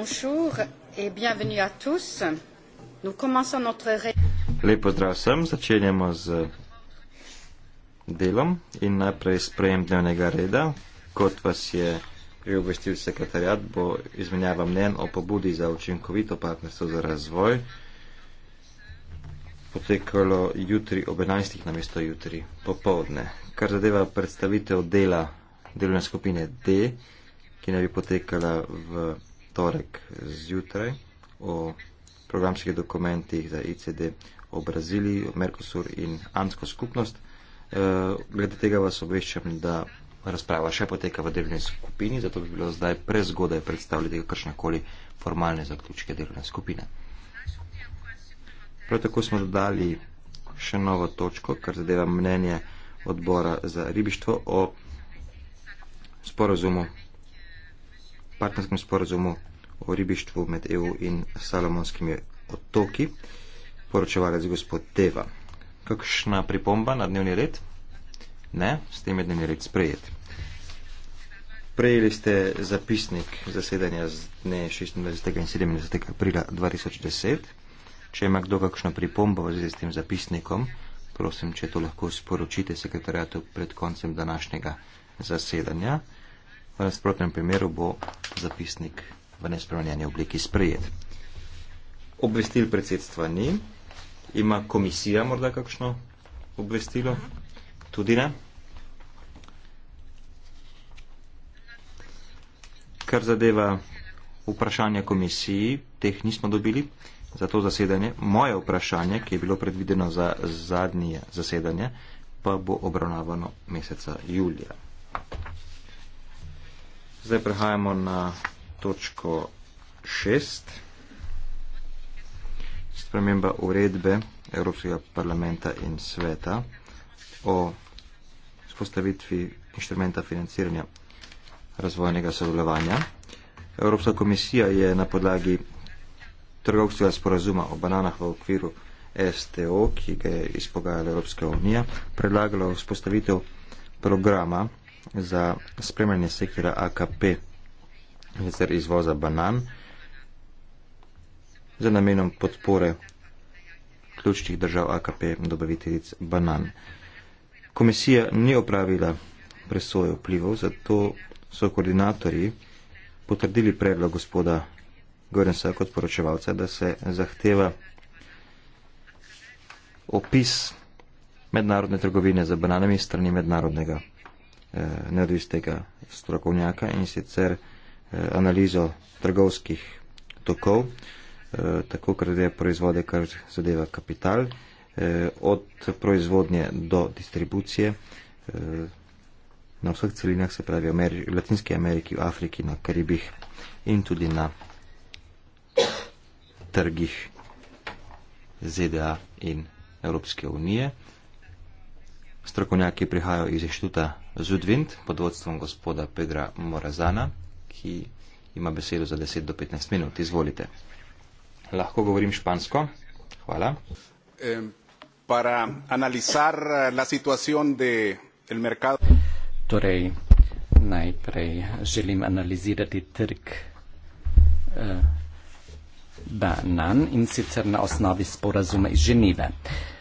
Bonjour et bienvenue à tous. Nous commençons notre Lep pozdrav vsem, začenjamo z delom in najprej sprejem dnevnega reda. Kot vas je že obvestil sekretarjat, bo izmenjava mnen o pobudi za učinkovito partnerstvo za razvoj potekalo jutri ob 11. na mesto jutri, popovdne. Kar zadeva predstavitev dela delovne skupine D, ki naj bi potekala v torek zjutraj o programskih dokumentih za ICD v Braziliji, v Merkosur in Ansko skupnost. Eh, glede tega vas obveščam, da razprava še poteka v delovni skupini, zato bi bilo zdaj prezgodaj predstavljati kakršnekoli formalne zaključke delovne skupine. Prav tako smo dodali še novo točko, kar zadeva mnenje odbora za ribištvo o sporozumu partnerskem sporazumu o ribištvu med EU in Salomonskimi otoki, poročevalec gospod Teva. Kakšna pripomba na dnevni red? Ne, s tem je dnevni red sprejet. Prejeli ste zapisnik zasedanja z dne 26. in 27. aprila 2010. Če ima kdo kakšno pripombo v zvezi s tem zapisnikom, prosim, če to lahko sporočite sekretarjatu pred koncem današnjega zasedanja. V nasprotnem primeru bo zapisnik v nespremenjeni obliki sprejet. Obvestil predsedstva ni. Ima komisija morda kakšno obvestilo? Tudi ne. Kar zadeva vprašanja komisiji, teh nismo dobili za to zasedanje. Moje vprašanje, ki je bilo predvideno za zadnje zasedanje, pa bo obravnavano meseca julija. Zdaj prehajamo na točko 6. Sprememba uredbe Evropskega parlamenta in sveta o spostavitvi inštrumenta financiranja razvojnega sodelovanja. Evropska komisija je na podlagi trgovskega sporazuma o bananah v okviru STO, ki ga je izpogajala Evropska unija, predlagala vzpostavitev programa za spremljanje sekira AKP, sicer izvoza banan, za namenom podpore ključnih držav AKP dobaviteljic banan. Komisija ni opravila presoje vplivov, zato so koordinatorji potrdili predlog gospoda Gorensa kot poročevalca, da se zahteva opis mednarodne trgovine za bananami strani mednarodnega neodvisnega strokovnjaka in sicer eh, analizo trgovskih tokov, eh, tako kar zadeva proizvode, kar zadeva kapital, eh, od proizvodnje do distribucije na vseh celinah, se pravi v Latinski Ameriki, v Afriki, na Karibih in tudi na trgih ZDA in Evropske unije. Strokovnjaki prihajajo iz inštituta Zudvind pod vodstvom gospoda Pedra Morazana, ki ima besedo za 10 do 15 minut. Izvolite. Lahko govorim špansko. Hvala. Para analizar eh, la situación de el mercado. Torej, najprej želim analizirati trg eh, banan in sicer na osnovi sporazuma iz Ženeve. Eh,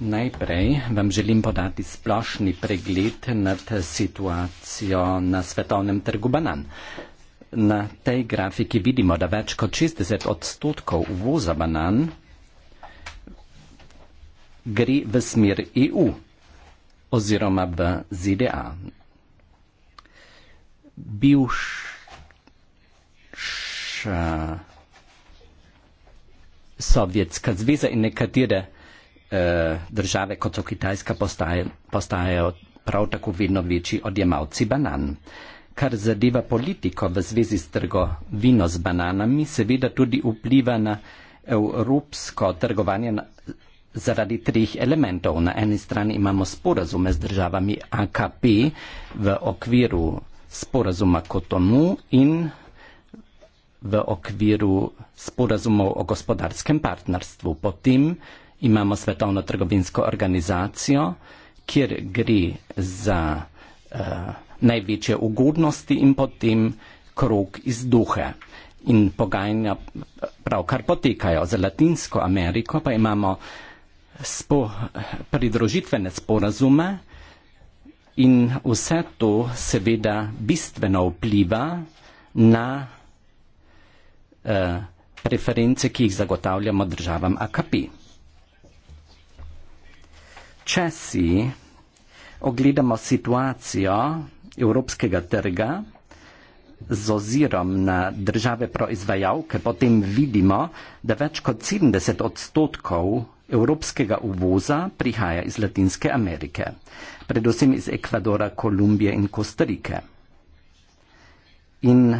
Najprej vam želim podati splošni pregled nad situacijo na svetovnem trgu banan. Na tej grafiki vidimo, da več kot 60 odstotkov uvoza banan gre v smer EU oziroma v ZDA. Bivša Sovjetska zveza in nekatere države Eh, države kot so Kitajska postajajo, postajajo prav tako vedno večji odjemalci banan. Kar zadeva politiko v zvezi s trgovino z bananami, seveda tudi vpliva na evropsko trgovanje na, zaradi treh elementov. Na eni strani imamo sporazume z državami AKP v okviru sporazuma Kotonu in v okviru sporazumov o gospodarskem partnerstvu. Potem imamo svetovno trgovinsko organizacijo, kjer gre za uh, največje ugodnosti in potem krok iz duha. In pogajanja eh, pravkar potekajo za Latinsko Ameriko, pa imamo spo, pridružitvene sporazume in vse to seveda bistveno vpliva na uh, preference, ki jih zagotavljamo državam AKP če si ogledamo situacijo evropskega trga z ozirom na države proizvajalke, potem vidimo, da več kot 70 odstotkov evropskega uvoza prihaja iz Latinske Amerike, predvsem iz Ekvadora, Kolumbije in Kostarike in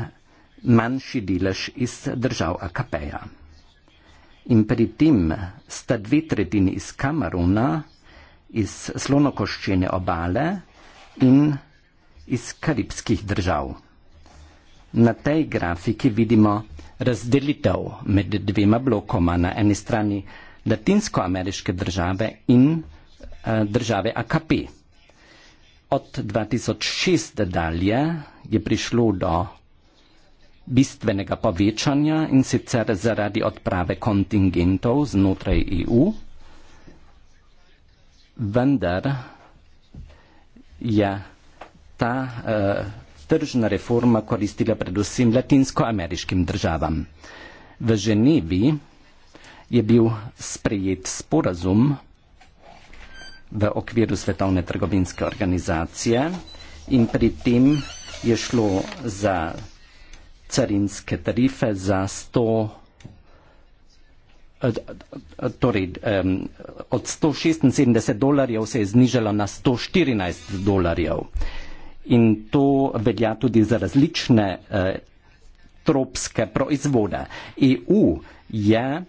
manjši delež iz držav AKP-ja. In pri tem sta dve tretjini iz Kameruna, iz slonokoščene obale in iz karibskih držav. Na tej grafiki vidimo razdelitev med dvema blokoma na eni strani latinskoameriške države in uh, države AKP. Od 2006 dalje je prišlo do bistvenega povečanja in sicer zaradi odprave kontingentov znotraj EU vendar je ta uh, tržna reforma koristila predvsem latinskoameriškim državam. V Ženevi je bil sprejet sporazum v okviru Svetovne trgovinske organizacije in pri tem je šlo za carinske tarife za 100 Eh, eh, torej, um, od 176 dolarjev se je znižala na 114 dolarjev. In to velja tudi za različne uh, tropske proizvode. EU je,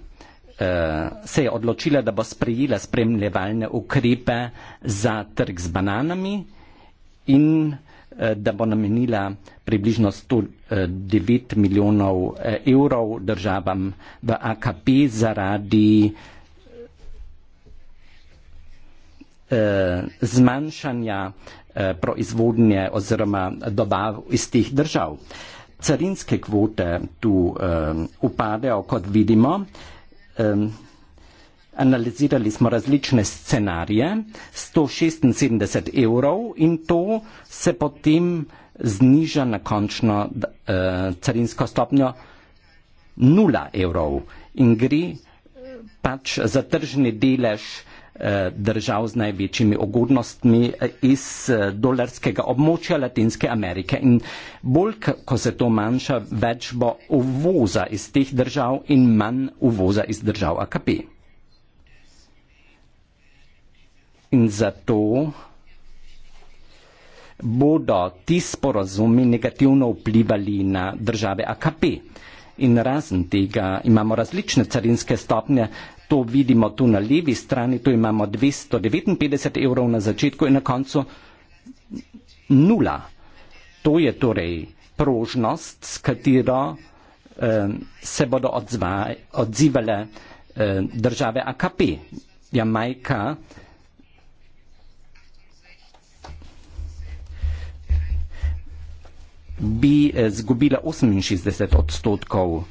uh, se je odločila, da bo sprejela spremljevalne ukrepe za trg z bananami in Eh, da bo namenila približno 109 eh, milijonov eh, evrov državam v AKP zaradi zmanjšanja proizvodnje oziroma dobav iz teh držav. Carinske kvote tu upadejo, kot vidimo analizirali smo različne scenarije, 176 evrov in to se potem zniža na končno uh, carinsko stopnjo 0 evrov in gre e, pač za tržni delež e, držav z največjimi ogodnostmi iz dolarskega območja Latinske Amerike. In bolj, ko se to manjša, več bo uvoza iz teh držav in manj uvoza iz držav AKP. in zato bodo ti sporazumi negativno vplivali na države AKP. In razen tega imamo različne carinske stopnje, to vidimo tu na levi strani, tu imamo 259 evrov na začetku in na koncu nula. To je torej prožnost, s katero eh, se bodo odzivale eh, države AKP. Jamajka bi izgubila eh, 68 odstotkov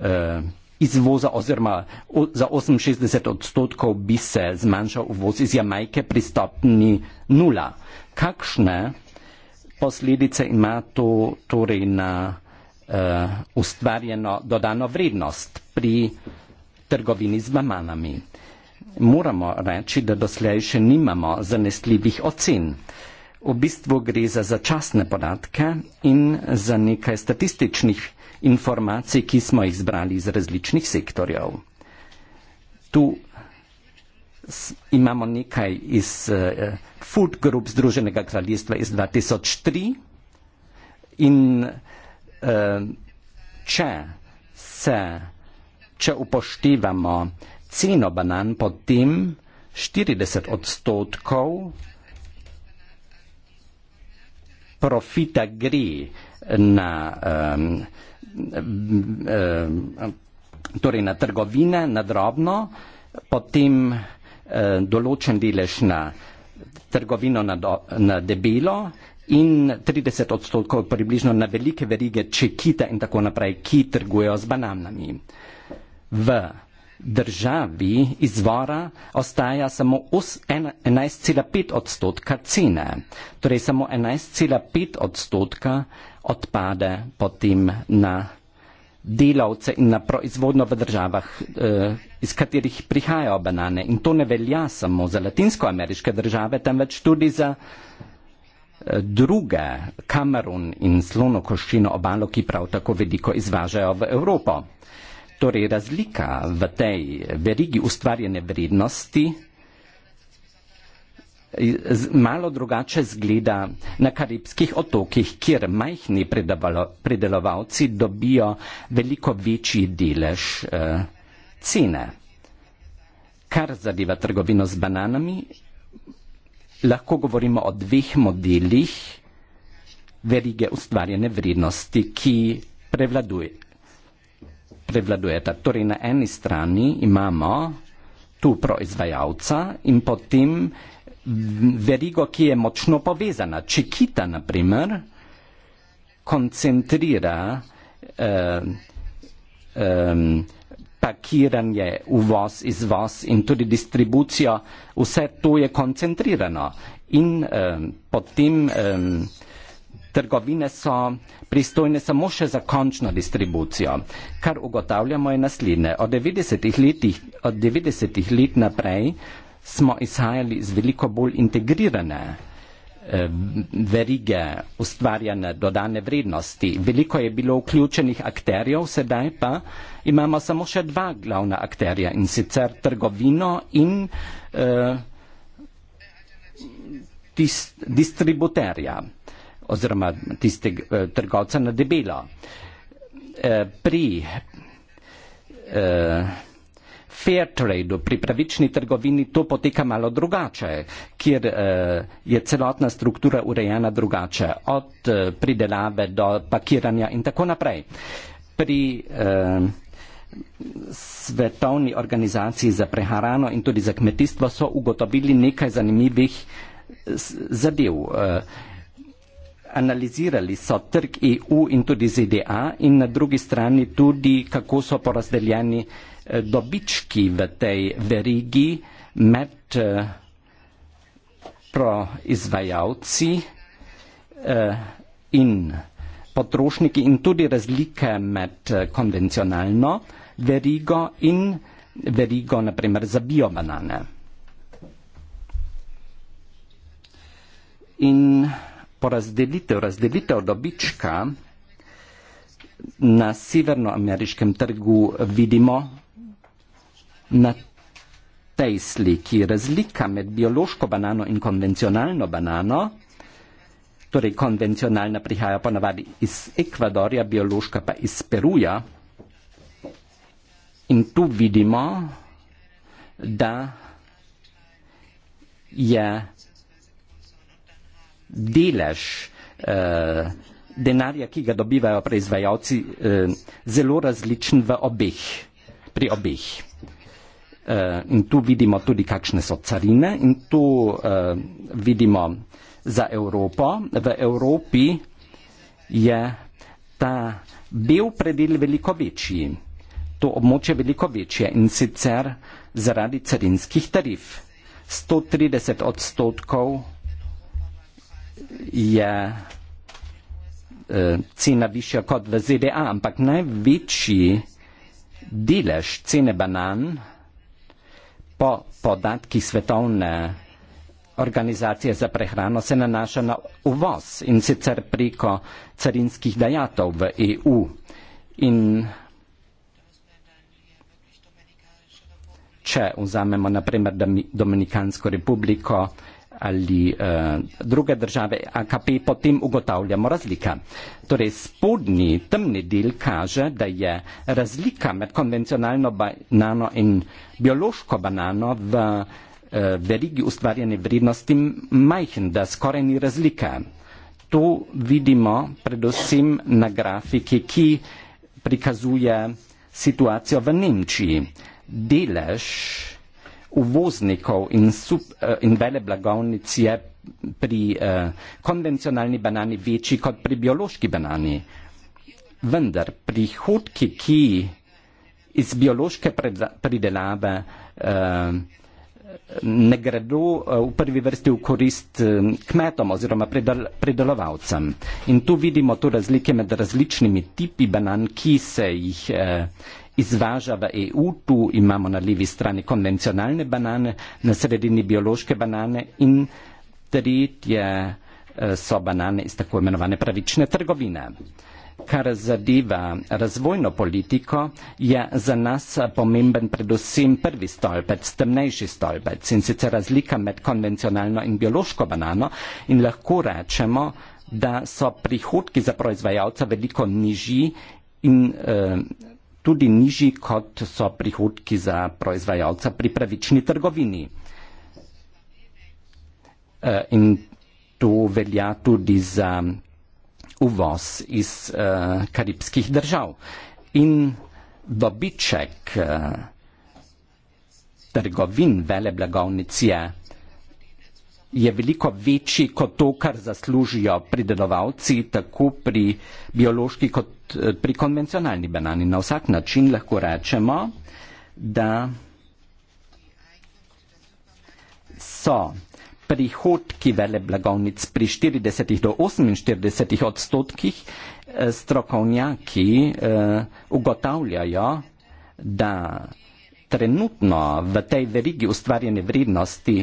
eh, izvoza oziroma o, za 68 odstotkov bi se zmanjšal uvoz iz Jamajke pri stopni nula. Kakšne posledice ima to torej na eh, ustvarjeno dodano vrednost pri trgovini z bananami? Moramo reči, da doslej še nimamo zanesljivih ocen. Eh, v bistvu gre za začasne podatke in za nekaj statističnih informacij, ki smo jih zbrali iz različnih sektorjev. Tu imamo nekaj iz uh, Food Group Združenega kraljestva iz 2003 in uh, če, se, če upoštevamo ceno banan, potem 40 odstotkov profita gri na, torej na trgovine, na drobno, potem določen delež na trgovino na, do, na debelo in 30 odstotkov približno na velike verige čekita in tako naprej, ki trgujejo z bananami. V državi izvora ostaja samo 11,5 odstotka cene. Torej samo 11,5 odstotka odpade potem na delavce in na proizvodno v državah, eh, iz katerih prihajajo banane. In to ne velja samo za latinskoameriške države, temveč tudi za eh, druge, Kamerun in slonokoščino obalo, ki prav tako veliko izvažajo v Evropo. Torej, razlika v tej verigi ustvarjene vrednosti malo drugače zgleda na karibskih otokih, kjer majhni predelovalci dobijo veliko večji delež eh, cene. Kar zadeva trgovino z bananami, lahko govorimo o dveh modelih verige ustvarjene vrednosti, ki prevladujejo prevladujeta. Torej, na eni strani imamo tu proizvajalca in potem verigo, ki je močno povezana. Če kita, na primer, koncentrira eh, eh, pakiranje, uvoz, izvoz in tudi distribucijo, vse to je koncentrirano. In eh, potem eh, trgovine so pristojne samo še za končno distribucijo. Kar ugotavljamo je naslednje. Od 90-ih let, 90 let naprej smo izhajali z veliko bolj integrirane eh, verige ustvarjane dodane vrednosti. Veliko je bilo vključenih akterjev, sedaj pa imamo samo še dva glavna akterja in sicer trgovino in uh, eh, tis, distributerja oziroma tistega eh, trgovca na debelo. Eh, pri eh, fair tradu, pri pravični trgovini to poteka malo drugače, kjer eh, je celotna struktura urejena drugače, od eh, pridelave do pakiranja in tako naprej. Pri eh, svetovni organizaciji za prehrano in tudi za kmetijstvo so ugotovili nekaj zanimivih eh, zadev. Eh, analizirali so trg EU in tudi ZDA in na drugi strani tudi, kako so porazdeljeni eh, dobički v tej verigi med eh, proizvajalci eh, in potrošniki in tudi razlike med konvencionalno verigo in verigo naprimer za biobanane. In uh, porazdelitev, razdelitev dobička na severnoameriškem trgu vidimo na tej sliki. Razlika med biološko banano in konvencionalno banano, torej konvencionalna prihaja ponavadi iz Ekvadorja, biološka pa iz Peruja. In tu vidimo, da je delež eh, denarja, ki ga dobivajo proizvajalci, eh, zelo različen obih, pri obeh. Eh, in tu vidimo tudi, kakšne so carine in tu eh, vidimo za Evropo. V Evropi je ta bel predel veliko večji, to območje veliko večje in sicer zaradi carinskih tarif. 130 odstotkov je eh, cena višja kot v ZDA, ampak največji delež cene banan po podatki svetovne organizacije za prehrano se nanaša na uvoz in sicer preko carinskih dajatov v EU. In če vzamemo naprimer Dominikansko republiko, ali uh, druge države AKP, potem ugotavljamo razlika. Torej, spodnji temni del kaže, da je razlika med konvencionalno banano in biološko banano v uh, verigi ustvarjene vrednosti majhen, da skoraj ni razlika. To vidimo predvsem na grafiki, ki prikazuje situacijo v Nemčiji. Delež uvoznikov in, sub, eh, in vele blagovnic je pri eh, konvencionalni banani večji kot pri biološki banani. Vendar prihodki, ki iz biološke pridelave eh, ne gredo eh, v prvi vrsti v korist eh, kmetom oziroma predel, predelovalcem. In tu vidimo tu razlike med različnimi tipi banan, ki se jih eh, izvaža v EU, tu imamo na levi strani konvencionalne banane, na sredini biološke banane in tretje eh, so banane iz tako imenovane pravične trgovine. Kar zadeva razvojno politiko, je za nas eh, pomemben predvsem prvi stolpec, temnejši stolpec in sicer razlika med konvencionalno in biološko banano in lahko rečemo, da so prihodki za proizvajalca veliko nižji in eh, tudi nižji, kot so prihodki za proizvajalca pri pravični trgovini. E, in to velja tudi za uvoz iz e, karibskih držav. In dobiček e, trgovin veleblagovnic je je veliko večji kot to, kar zaslužijo pridelovalci, tako pri biološki kot eh, pri konvencionalni banani. Na vsak način lahko rečemo, da so prihodki vele blagovnic pri 40 do 48 odstotkih eh, strokovnjaki eh, ugotavljajo, da trenutno v tej verigi ustvarjene vrednosti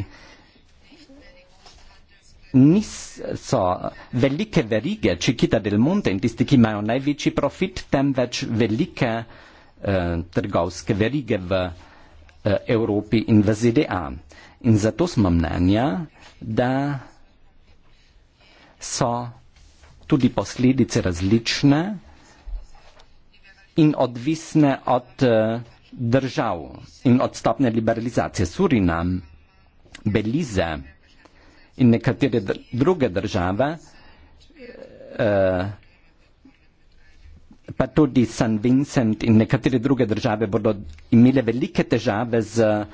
nis so velike verige, če kita del monte in tisti, ki imajo največji profit, temveč velike eh, trgovske verige v eh, Evropi in v ZDA. In zato smo mnenja, da so tudi posledice različne in odvisne od eh, držav in od stopne liberalizacije. Surinam, Belize, in nekatere dr druge države, eh, pa tudi San Vincent in nekatere druge države bodo imele velike težave z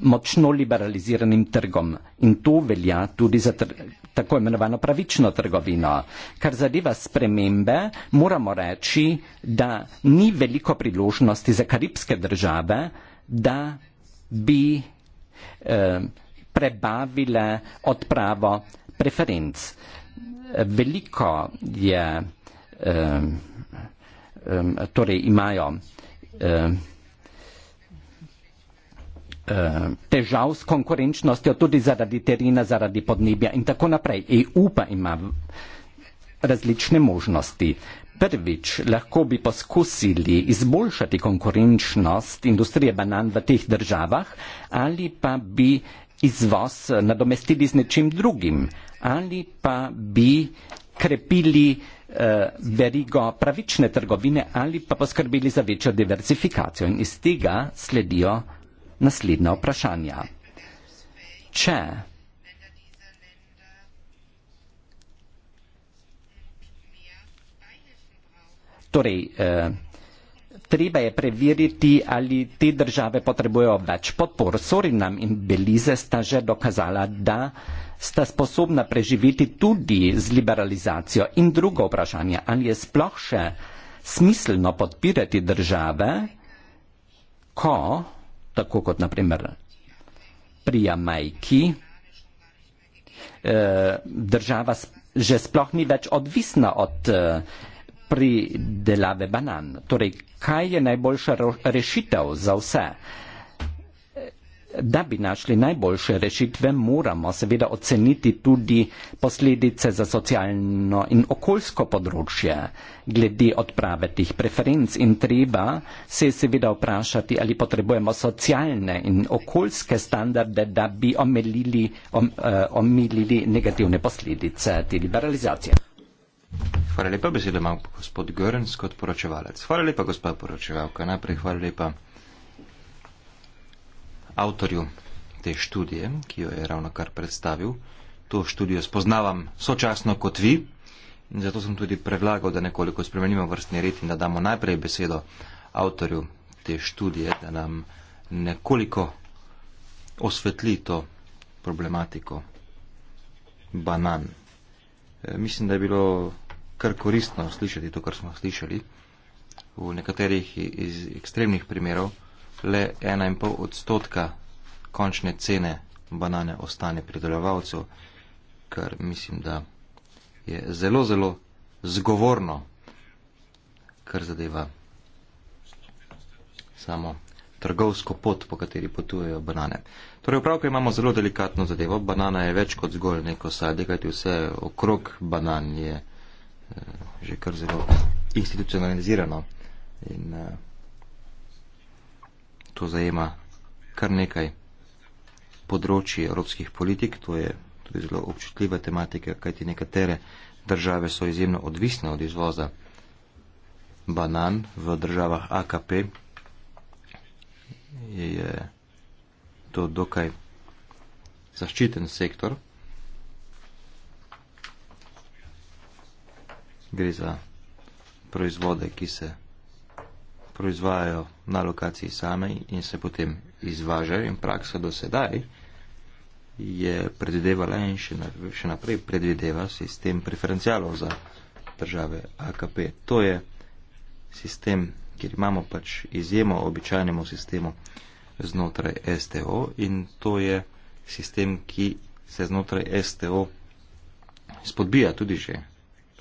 močno liberaliziranim trgom. In to velja tudi za tako imenovano pravično trgovino. Kar zadeva spremembe, moramo reči, da ni veliko priložnosti za karibske države, da bi eh, prebavile odpravo preferenc. Veliko je, um, um, torej imajo um, težav s konkurenčnostjo tudi zaradi terina, zaradi podnebja in tako naprej. EU pa ima različne možnosti. Prvič, lahko bi poskusili izboljšati konkurenčnost industrije banan v teh državah ali pa bi izvoz eh, nadomestili z nečim drugim ali pa bi krepili eh, verigo pravične trgovine ali pa poskrbili za večjo diversifikacijo. In iz tega sledijo naslednja vprašanja. Če torej eh, Treba je preveriti, ali te države potrebujejo več podpor. Sorinam in Belize sta že dokazala, da sta sposobna preživeti tudi z liberalizacijo. In drugo vprašanje, ali je sploh še smiselno podpirati države, ko, tako kot naprimer pri Jamajki, eh, država že sploh ni več odvisna od eh, pridelave banan. Torej, kaj je najboljša rešitev za vse? Da bi našli najboljše rešitve, moramo seveda oceniti tudi posledice za socialno in okoljsko področje glede odprave tih preferenc in treba se seveda vprašati, ali potrebujemo socialne in okoljske standarde, da bi omilili, om, eh, omilili negativne posledice te liberalizacije. Hvala lepa, besedo ima gospod Görns kot poročevalec. Hvala lepa, gospod poročevalka. Najprej hvala lepa avtorju te študije, ki jo je ravno kar predstavil. To študijo spoznavam sočasno kot vi in zato sem tudi predlagal, da nekoliko spremenimo vrstni red in da damo najprej besedo avtorju te študije, da nam nekoliko osvetli to problematiko banan. Eh, mislim, da je bilo kar koristno slišati to, kar smo slišali. V nekaterih iz ekstremnih primerov le 1,5 odstotka končne cene banane ostane pridelovalcev, kar mislim, da je zelo, zelo zgovorno, kar zadeva samo trgovsko pot, po kateri potujejo banane. Torej, pravko imamo zelo delikatno zadevo. Banana je več kot zgolj neko sadje, kajti vse okrog banan je eh, že kar zelo institucionalizirano in eh, to zajema kar nekaj področji evropskih politik. To je tudi zelo občutljiva tematika, kajti nekatere države so izjemno odvisne od izvoza banan v državah AKP. Je, to dokaj zaščiten sektor. Gre za proizvode, ki se proizvajajo na lokaciji samej in se potem izvažajo in praksa do sedaj je predvidevala in še naprej predvideva sistem preferencialov za države AKP. To je sistem, kjer imamo pač izjemo običajnemu sistemu uh, znotraj STO in to je sistem, ki se znotraj STO spodbija tudi že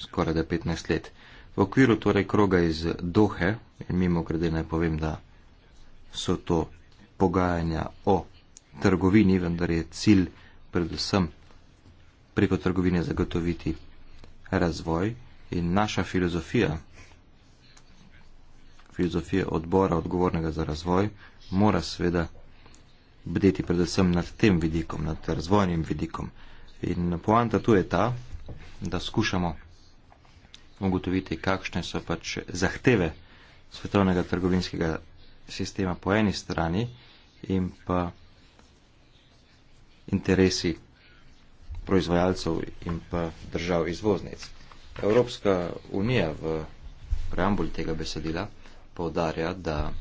skoraj da 15 let. V okviru torej kroga iz Dohe, in mimo grede naj povem, da so to pogajanja o trgovini, vendar je cilj predvsem preko trgovine zagotoviti razvoj in naša filozofija, filozofija odbora odgovornega za razvoj, mora seveda bdeti predvsem nad tem vidikom, nad razvojnim vidikom. In poanta tu je ta, da skušamo ugotoviti, kakšne so pač zahteve svetovnega trgovinskega sistema po eni strani in pa interesi proizvajalcev in pa držav izvoznic. Evropska unija v preambuli tega besedila poudarja, da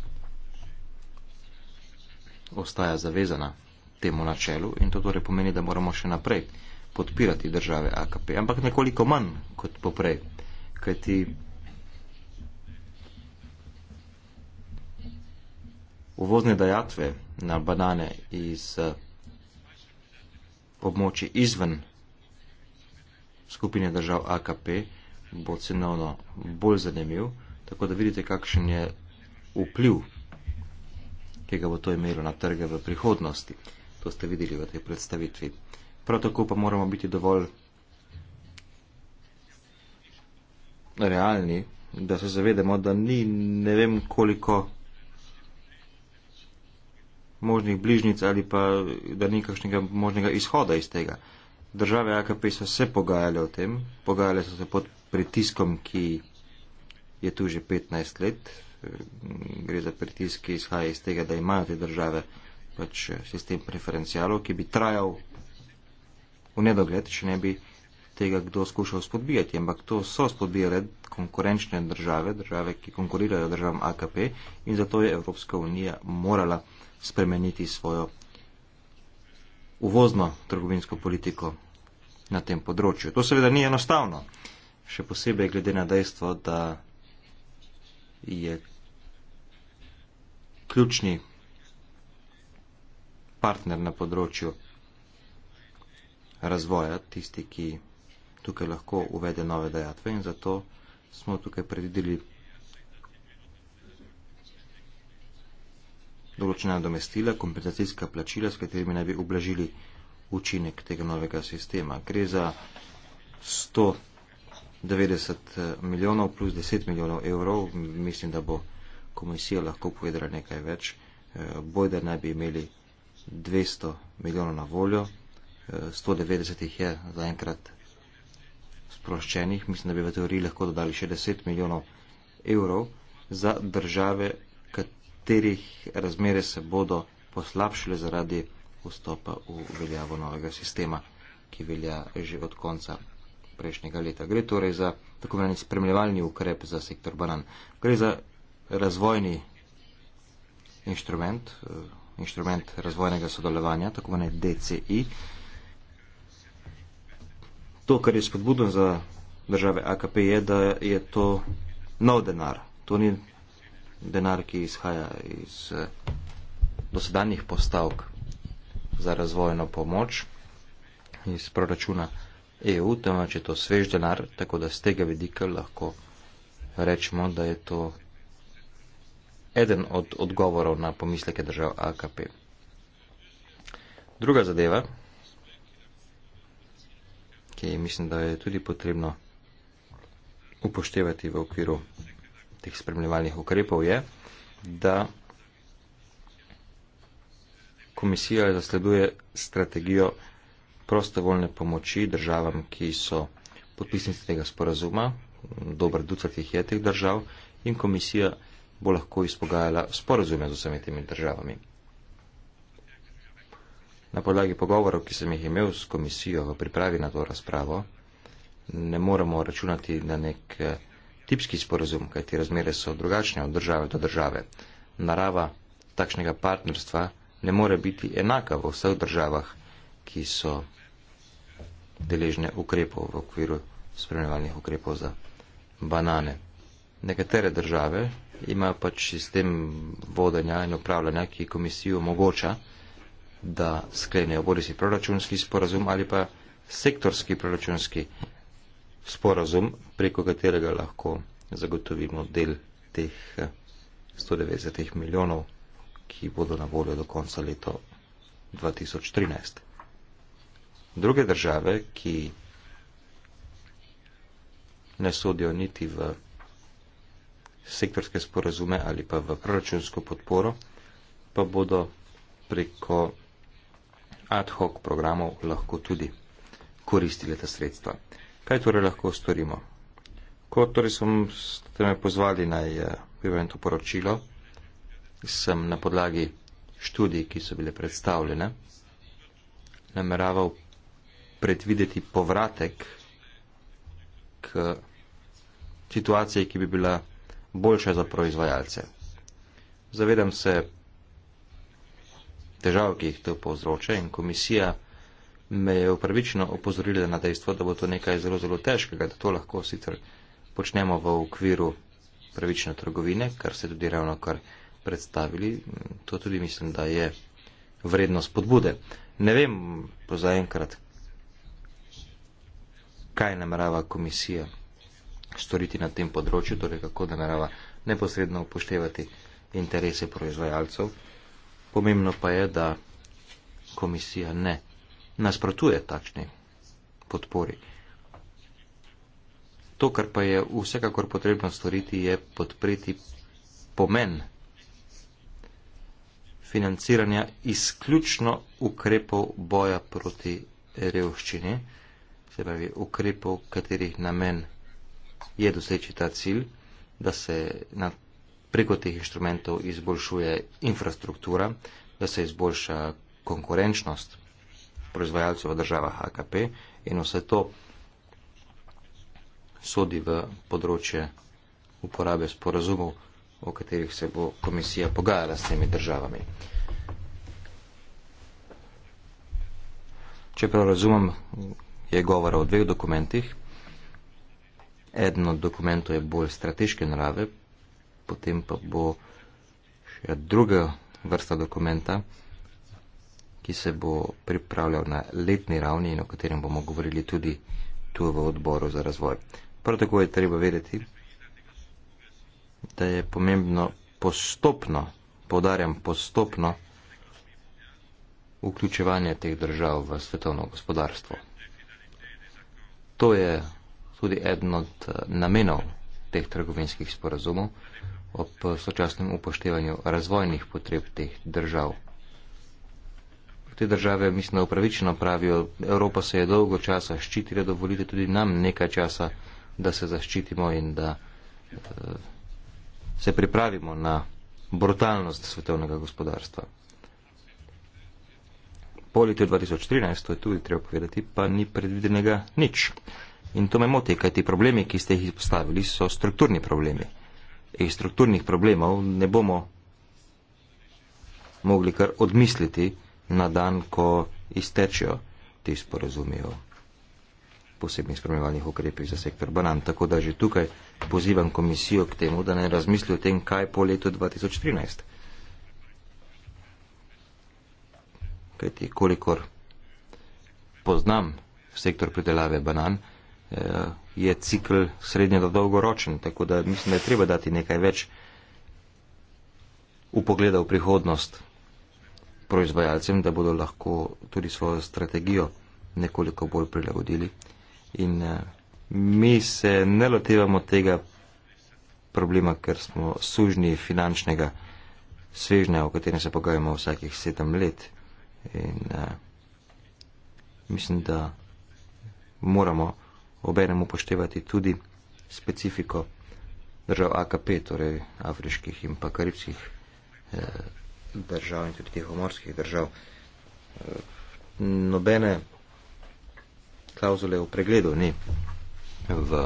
ostaja zavezana temu načelu in to torej pomeni, da moramo še naprej podpirati države AKP, ampak nekoliko manj kot poprej, kajti uvozne dajatve na banane iz eh, območja izven skupine držav AKP bo cenovno bolj zanimiv, tako da vidite, kakšen je vpliv ki ga bo to imelo na trge v prihodnosti. To ste videli v tej predstavitvi. Prav tako pa moramo biti dovolj realni, da se zavedemo, da ni ne vem koliko možnih bližnic ali pa da ni kakšnega možnega izhoda iz tega. Države AKP so se pogajale o tem, pogajale so se pod pritiskom, ki je tu že 15 let, gre za pritisk, ki izhaja iz tega, da imajo te države pač eh, sistem preferencialov, ki bi trajal v nedogled, če ne bi tega kdo skušal spodbijati. Ampak to so spodbijale konkurenčne države, države, ki konkurirajo državam AKP in zato je Evropska unija morala spremeniti svojo uvozno trgovinsko politiko na tem področju. To seveda ni enostavno, še posebej glede na dejstvo, da je ključni partner na področju razvoja, tisti, ki tukaj lahko uvede nove dejatve in zato smo tukaj predvideli določena domestila, kompenzacijska plačila, s katerimi naj bi ublažili učinek tega novega sistema. Gre za 100 90 eh, milijonov plus 10 milijonov evrov. Mislim, da bo komisija lahko povedala nekaj več. Eh, Boj, da naj bi imeli 200 milijonov na voljo, 190 eh, jih je zaenkrat sproščenih. Mislim, da bi v teoriji lahko dodali še 10 milijonov evrov za države, katerih razmere se bodo poslabšile zaradi vstopa v veljavo novega sistema, ki velja že od konca prejšnjega leta. Gre torej za tako imenovani spremljevalni ukrep za sektor banan. Gre za razvojni inštrument, eh, inštrument razvojnega sodelovanja, tako imenovani DCI. To, kar je spodbudno za države AKP, je, da je to nov denar. To ni denar, ki izhaja iz eh, dosedanjih postavk za razvojno pomoč iz proračuna EU, temveč je to svež denar, tako da z tega vidika lahko rečemo, da je to eden od odgovorov na pomisleke držav AKP. Druga zadeva, ki mislim, da je tudi potrebno upoštevati v okviru teh spremljevalnih ukrepov, je, da komisija zasleduje strategijo prostovoljne pomoči državam, ki so podpisnice tega sporazuma, dober ducat jih je teh držav in komisija bo lahko izpogajala sporazume z vsemi temi državami. Na podlagi pogovorov, ki sem jih imel s komisijo v pripravi na to razpravo, ne moremo računati na nek eh, tipski sporazum, kajti razmere so drugačne od države do države. Narava takšnega partnerstva ne more biti enaka v vseh državah, ki so deležne ukrepov v okviru spremljevalnih ukrepov za banane. Nekatere države imajo pač sistem vodenja in upravljanja, ki komisiji omogoča, da sklenejo bodi si proračunski sporazum ali pa sektorski proračunski sporazum, preko katerega lahko zagotovimo del teh 190 milijonov, ki bodo na voljo do konca leta 2013 druge države, ki ne sodijo niti v sektorske sporazume ali pa v proračunsko podporo, pa bodo preko ad hoc programov lahko tudi koristile ta sredstva. Kaj torej lahko storimo? Ko torej sem ste me pozvali naj eh, pripravim to poročilo, sem na podlagi študij, ki so bile predstavljene, nameraval predvideti povratek k situaciji, ki bi bila boljša za proizvajalce. Zavedam se težav, ki jih to povzroča in komisija me je upravičeno opozorila na dejstvo, da bo to nekaj zelo, zelo težkega, da to lahko sicer počnemo v okviru pravične trgovine, kar ste tudi ravno kar predstavili. To tudi mislim, da je vrednost podbude. Ne vem zaenkrat, kaj namerava komisija storiti na tem področju, torej kako namerava neposredno upoštevati interese proizvajalcev. Pomembno pa je, da komisija ne nasprotuje takšni podpori. To, kar pa je vsekakor potrebno storiti, je podpreti pomen financiranja izključno ukrepov boja proti revščini se pravi ukrepov, katerih namen je doseči ta cilj, da se na, preko teh inštrumentov izboljšuje infrastruktura, da se izboljša konkurenčnost proizvajalcev v državah AKP in vse to sodi v področje uporabe sporazumov, o katerih se bo komisija pogajala s temi državami. Čeprav razumem, je govora o dveh dokumentih. Eden od dokumentov je bolj strateške narave, potem pa bo še druga vrsta dokumenta, ki se bo pripravljal na letni ravni in o katerem bomo govorili tudi tu v odboru za razvoj. Prav tako je treba vedeti, da je pomembno postopno, podarjam postopno, vključevanje teh držav v svetovno gospodarstvo to je tudi eden od eh, namenov teh trgovinskih sporazumov ob sočasnem upoštevanju razvojnih potreb teh držav. Te države, mislim, da upravičeno pravijo, Evropa se je dolgo časa ščitila, dovolite tudi nam nekaj časa, da se zaščitimo in da eh, se pripravimo na brutalnost svetovnega gospodarstva po letu 2013, to je tudi treba povedati, pa ni predvidenega nič. In to me moti, kaj ti problemi, ki ste jih izpostavili, so strukturni problemi. Iz strukturnih problemov ne bomo mogli kar odmisliti na dan, ko iztečejo ti sporozumi o posebnih spremljevalnih ukrepih za sektor banan. Tako da že tukaj pozivam komisijo k temu, da ne razmisli o tem, kaj po letu 2013. kajti kolikor poznam sektor pridelave banan, eh, je cikl srednje do dolgoročen, tako da mislim, da je treba dati nekaj več upogleda v prihodnost proizvajalcem, da bodo lahko tudi svojo strategijo nekoliko bolj prilagodili. In eh, mi se ne lotevamo tega problema, ker smo sužni finančnega svežnja, o katerem se pogajamo vsakih sedem let. In uh, mislim, da moramo obenem upoštevati tudi specifiko držav AKP, torej afriških in pa karibskih eh, držav in tudi teh omorskih držav. Eh, nobene klauzule v pregledu ni v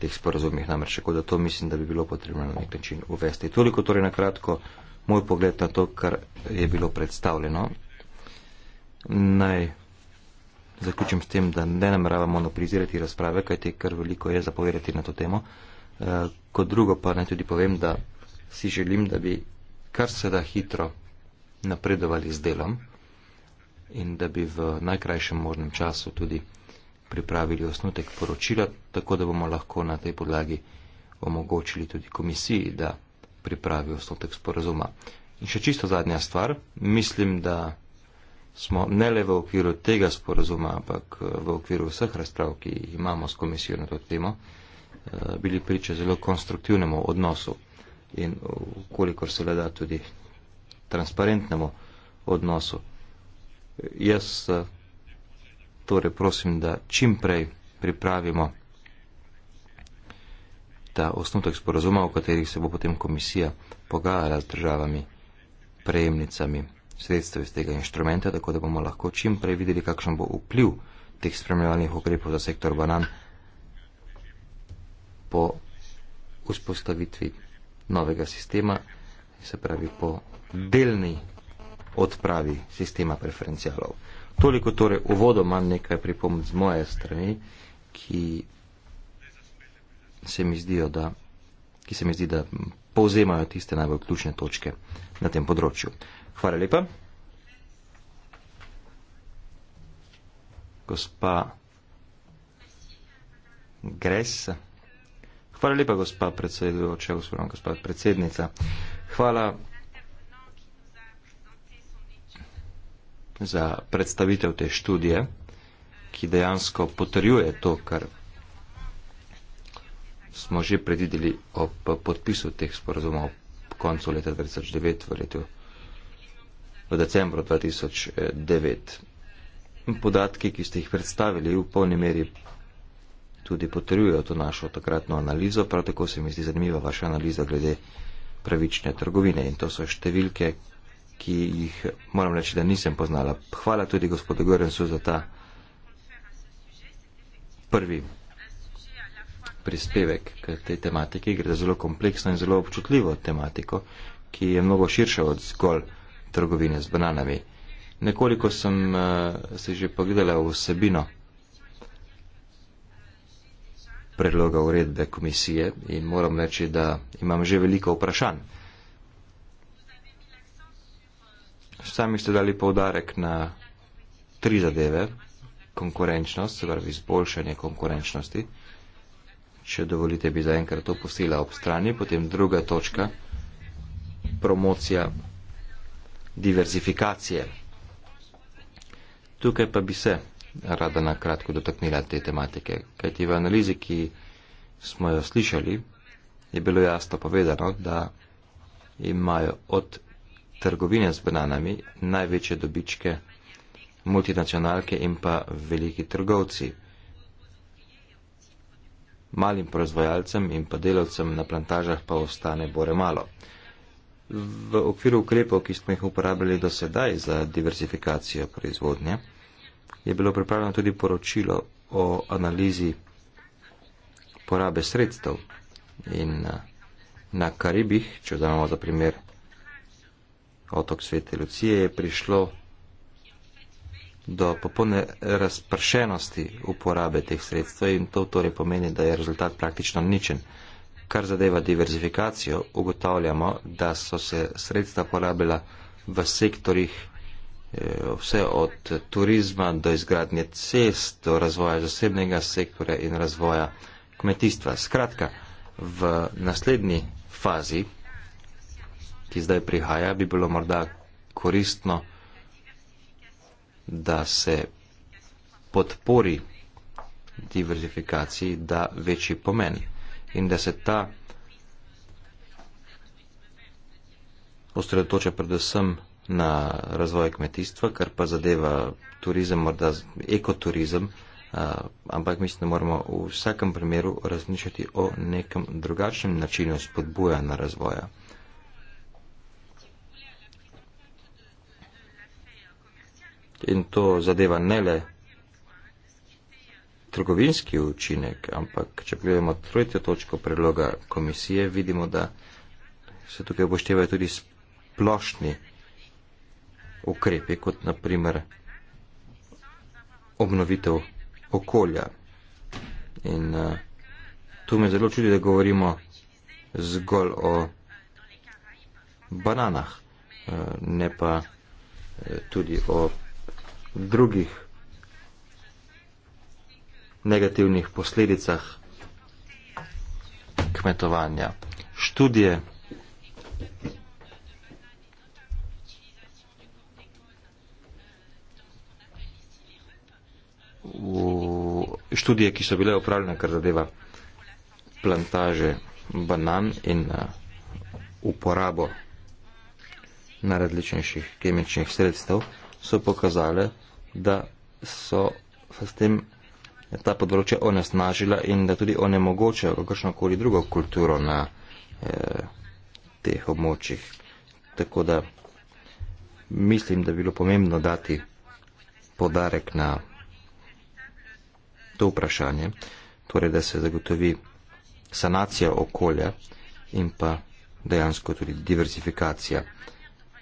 teh sporazumih namreč, tako da to mislim, da bi bilo potrebno na nek način uvesti. Toliko torej na kratko moj pogled na to, kar je bilo predstavljeno Naj zaključim s tem, da ne namerava monopolizirati razprave, kajte kar veliko je zapovedati na to temo. Eh, kot drugo pa naj tudi povem, da si želim, da bi kar se da hitro napredovali z delom in da bi v najkrajšem možnem času tudi pripravili osnutek poročila, tako da bomo lahko na tej podlagi omogočili tudi komisiji, da pripravi osnutek sporazuma. In še čisto zadnja stvar, mislim, da smo ne le v okviru tega sporazuma, ampak eh, v okviru vseh razprav, ki imamo s komisijo na to temo, eh, bili priča zelo konstruktivnemu odnosu in ukolikor se le da tudi transparentnemu odnosu. Jaz eh, torej prosim, da čim prej pripravimo ta osnutek sporazuma, v katerih se bo potem komisija pogajala z državami prejemnicami sredstev iz tega inštrumenta, tako da bomo lahko čim prej videli, kakšen bo vpliv teh spremljalnih ukrepov za sektor banan po vzpostavitvi novega sistema, se pravi po delni odpravi sistema preferencialov. Toliko torej uvodoma nekaj pripomb z moje strani, ki se mi zdijo, da, ki se mi zdi, da povzemajo tiste najbolj ključne točke na tem področju. Hvala lepa. Gospa Gres. Hvala lepa, gospa predsedujoča, oziroma gospa predsednica. Hvala za predstavitev te študije, ki dejansko potrjuje to, kar smo že predvideli ob podpisu teh sporazumov ob koncu leta 2009 v letu v decembru 2009. Podatki, ki ste jih predstavili, v polni meri tudi potrjujejo to našo takratno analizo, prav tako se mi zdi zanimiva vaša analiza glede pravične trgovine in to so številke, ki jih moram reči, da nisem poznala. Hvala tudi gospodu Gorensu za ta prvi prispevek k tej tematiki, gre za zelo kompleksno in zelo občutljivo tematiko, ki je mnogo širša od zgolj trgovine z bananami. Nekoliko sem uh, eh, se že pogledala vsebino predloga uredbe komisije in moram reči, da imam že veliko vprašanj. Sami ste dali povdarek na tri zadeve. Konkurenčnost, se pravi izboljšanje konkurenčnosti. Če dovolite, bi zaenkrat to pustila ob strani. Potem druga točka, promocija diverzifikacije. Tukaj pa bi se rada na kratko dotaknila te tematike, kajti v analizi, ki smo jo slišali, je bilo jasno povedano, da imajo od trgovine z bananami največje dobičke multinacionalke in pa veliki trgovci. Malim proizvajalcem in pa delavcem na plantažah pa ostane bore malo v okviru ukrepov, ki smo jih uporabljali do sedaj za diversifikacijo proizvodnje, je bilo pripravljeno tudi poročilo o analizi porabe sredstev in eh, na Karibih, če vzamemo za primer otok Svete Lucije, je prišlo do popolne razpršenosti uporabe teh sredstev in to torej pomeni, da je rezultat praktično ničen. Kar zadeva diverzifikacijo, ugotavljamo, da so se sredstva porabila v sektorjih eh, vse od turizma do izgradnje cest, do razvoja zasebnega sektora in razvoja kmetijstva. Skratka, v naslednji fazi, ki zdaj prihaja, bi bilo morda koristno, da se podpori diverzifikaciji da večji pomen in da se ta osredotoča predvsem na razvoj kmetijstva, kar pa zadeva turizem, morda ekoturizem, ampak mislim, da moramo v vsakem primeru razmišljati o nekem drugačnem načinu spodbujanja razvoja. In to zadeva ne le trgovinski učinek, ampak če gledamo tretjo točko predloga komisije, vidimo, da se tukaj upoštevajo tudi splošni ukrepi, kot naprimer obnovitev okolja. In uh, tu me zelo čudi, da govorimo zgolj o bananah, uh, ne pa uh, tudi o drugih negativnih posledicah kmetovanja. Študije V študije, ki so bile upravljene, kar zadeva plantaže banan in eh, uporabo najrazličnejših kemičnih sredstev, so pokazale, da so s tem ta področja onesnažila in da tudi onemogočajo kakršno koli drugo kulturo na eh, teh območjih. Tako da mislim, da bi bilo pomembno dati podarek na to vprašanje, torej da se zagotovi sanacija okolja in pa dejansko tudi diversifikacija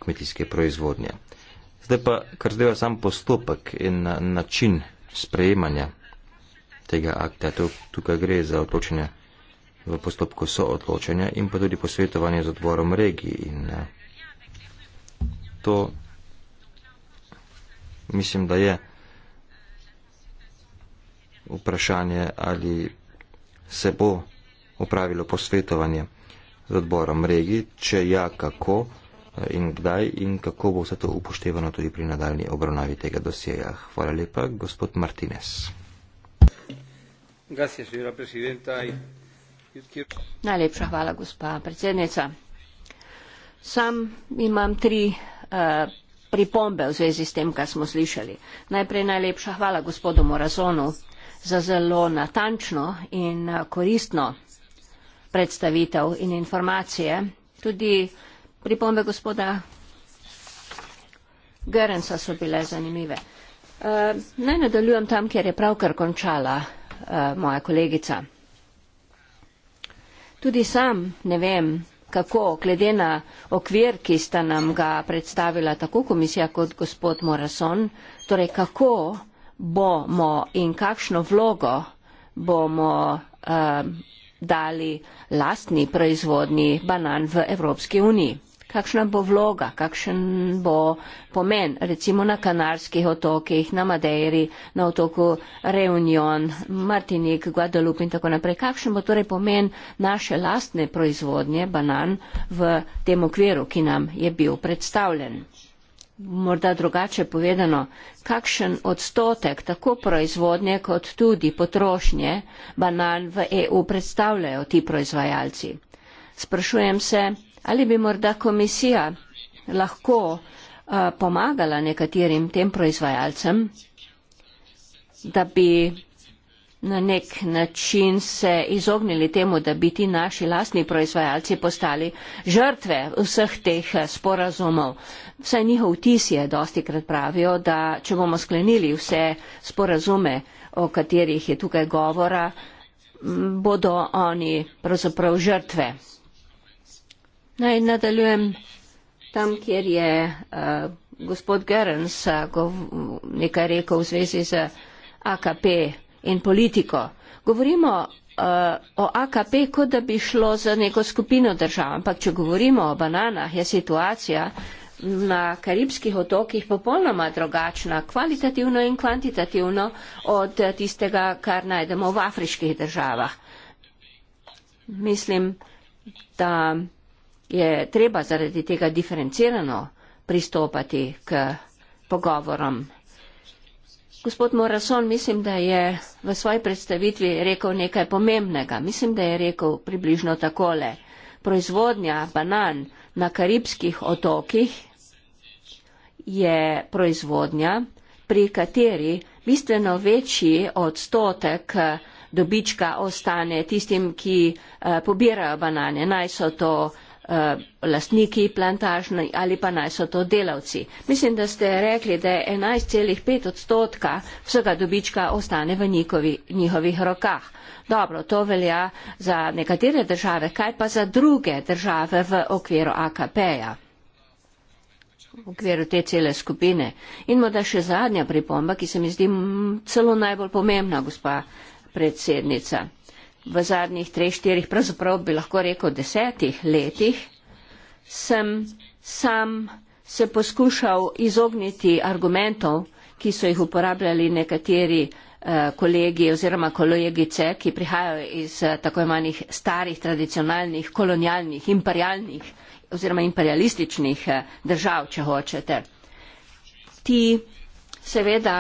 kmetijske proizvodnje. Zdaj pa, kar zdaj je sam postopek in eh, način sprejemanja tega akta. Tukaj gre za odločanje v postopku soodločanja in pa tudi posvetovanje z odborom regij. In eh, to mislim, da je vprašanje, ali se bo opravilo posvetovanje z odborom regij, če ja, kako eh, in kdaj in kako bo vse to upoštevano tudi pri nadaljni obravnavi tega dosjeja. Hvala lepa, gospod Martinez najlepša hvala gospa predsednica sam imam tri eh, pripombe v zvezi s tem kar smo slišali najprej najlepša hvala gospodu morazonu za zelo natančno in eh, koristno predstavitev in informacije tudi pripombe gospoda goerensa so bile zanimive eh, naj nadaljujem tam kjer je pravkar končala uh, moja kolegica. Tudi sam ne vem, kako, glede na okvir, ki sta nam ga predstavila tako komisija kot gospod Morason, torej kako bomo in kakšno vlogo bomo uh, dali lastni proizvodni banan v Evropski uniji kakšna bo vloga, kakšen bo pomen, recimo na Kanarskih otokih, na Madeiri, na otoku Reunion, Martinik, Guadalupe in tako naprej. Kakšen bo torej pomen naše lastne proizvodnje banan v tem okviru, ki nam je bil predstavljen? Morda drugače povedano, kakšen odstotek tako proizvodnje kot tudi potrošnje banan v EU predstavljajo ti proizvajalci? Sprašujem se, Ali bi morda komisija lahko uh, pomagala nekaterim tem proizvajalcem, da bi na nek način se izognili temu, da bi ti naši lastni proizvajalci postali žrtve vseh teh eh, sporazumov. Vsaj njihov vtis je dosti krat pravijo, da če bomo sklenili vse sporazume, o katerih je tukaj govora, bodo oni pravzaprav žrtve. Naj nadaljujem tam, kjer je uh, gospod Gerns uh, eh, nekaj rekel v zvezi z AKP in politiko. Govorimo uh, o AKP, kot da bi šlo za neko skupino držav, ampak če govorimo o bananah, je situacija na karibskih otokih popolnoma drugačna, kvalitativno in kvantitativno od tistega, kar najdemo v afriških državah. Mislim, da je treba zaradi tega diferencirano pristopati k pogovorom. Gospod Morason, mislim, da je v svoji predstavitvi rekel nekaj pomembnega. Mislim, da je rekel približno takole. Proizvodnja banan na karibskih otokih je proizvodnja, pri kateri bistveno večji odstotek dobička ostane tistim, ki eh, pobirajo banane. Naj so to uh, Eh, lastniki plantažn ali pa naj so to delavci. Mislim, da ste rekli, da 11,5 odstotka vsega dobička ostane v njihovi, njihovih rokah. Dobro, to velja za nekatere države, kaj pa za druge države v okviru AKP-ja, v okviru te cele skupine. In morda še zadnja pripomba, ki se mi zdi celo najbolj pomembna, gospa predsednica v zadnjih treh, štirih, pravzaprav bi lahko rekel desetih letih, sem sam se poskušal izogniti argumentov, ki so jih uporabljali nekateri eh, kolegi oziroma kolegice, ki prihajajo iz eh, tako imenih starih, tradicionalnih, kolonialnih, imperialnih oziroma imperialističnih eh, držav, če hočete. Ti seveda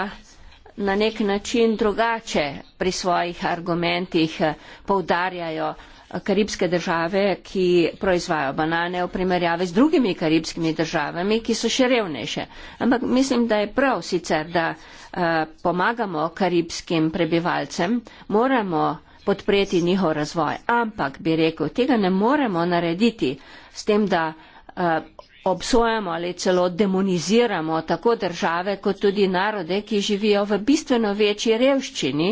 na nek način drugače pri svojih argumentih eh, poudarjajo eh, karibske države, ki proizvajajo banane v primerjavi z drugimi karibskimi državami, ki so še revnejše. Ampak mislim, da je prav sicer, da uh, pomagamo karibskim prebivalcem, moramo podpreti njihov razvoj. Ampak bi rekel, tega ne moremo narediti s tem, da uh, obsojamo ali celo demoniziramo tako države kot tudi narode, ki živijo v bistveno večji revščini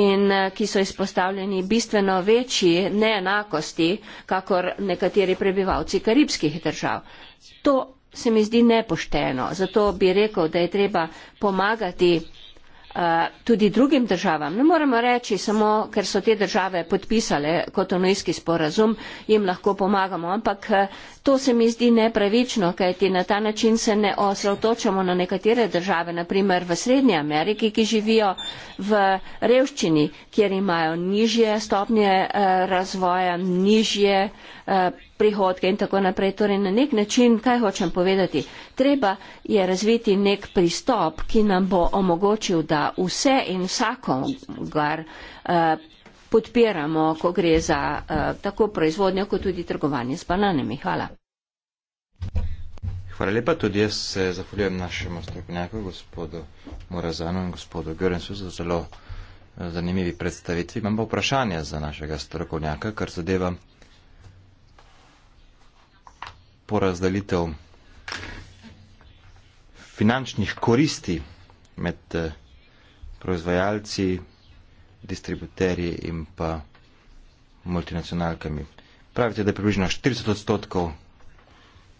in eh, ki so izpostavljeni bistveno večji neenakosti, kakor nekateri prebivalci karibskih držav. To se mi zdi nepošteno, zato bi rekel, da je treba pomagati Eh, tudi drugim državam. Ne moremo reči, samo ker so te države podpisale kotonujski sporazum, jim lahko pomagamo, ampak eh, to se mi zdi nepravično, kajti na ta način se ne osredotočamo na nekatere države, naprimer v Srednji Ameriki, ki živijo v revščini, kjer imajo nižje stopnje eh, razvoja, nižje prihodke in tako naprej. Torej, na nek način, kaj hočem povedati, treba je razviti nek pristop, ki nam bo omogočil, da vse in vsakogar eh, podpiramo, ko gre za eh, tako proizvodnjo, kot tudi trgovanje z bananami. Hvala. Hvala lepa. Tudi jaz se zahvaljujem našemu strokovnjaku, gospodu Morazanu in gospodu Görensu za zelo eh, zanimivi predstavitvi. Imam pa vprašanje za našega strokovnjaka, kar zadeva porazdelitev finančnih koristi med eh, proizvajalci, distributerji in pa multinacionalkami. Pravite, da je približno 40 odstotkov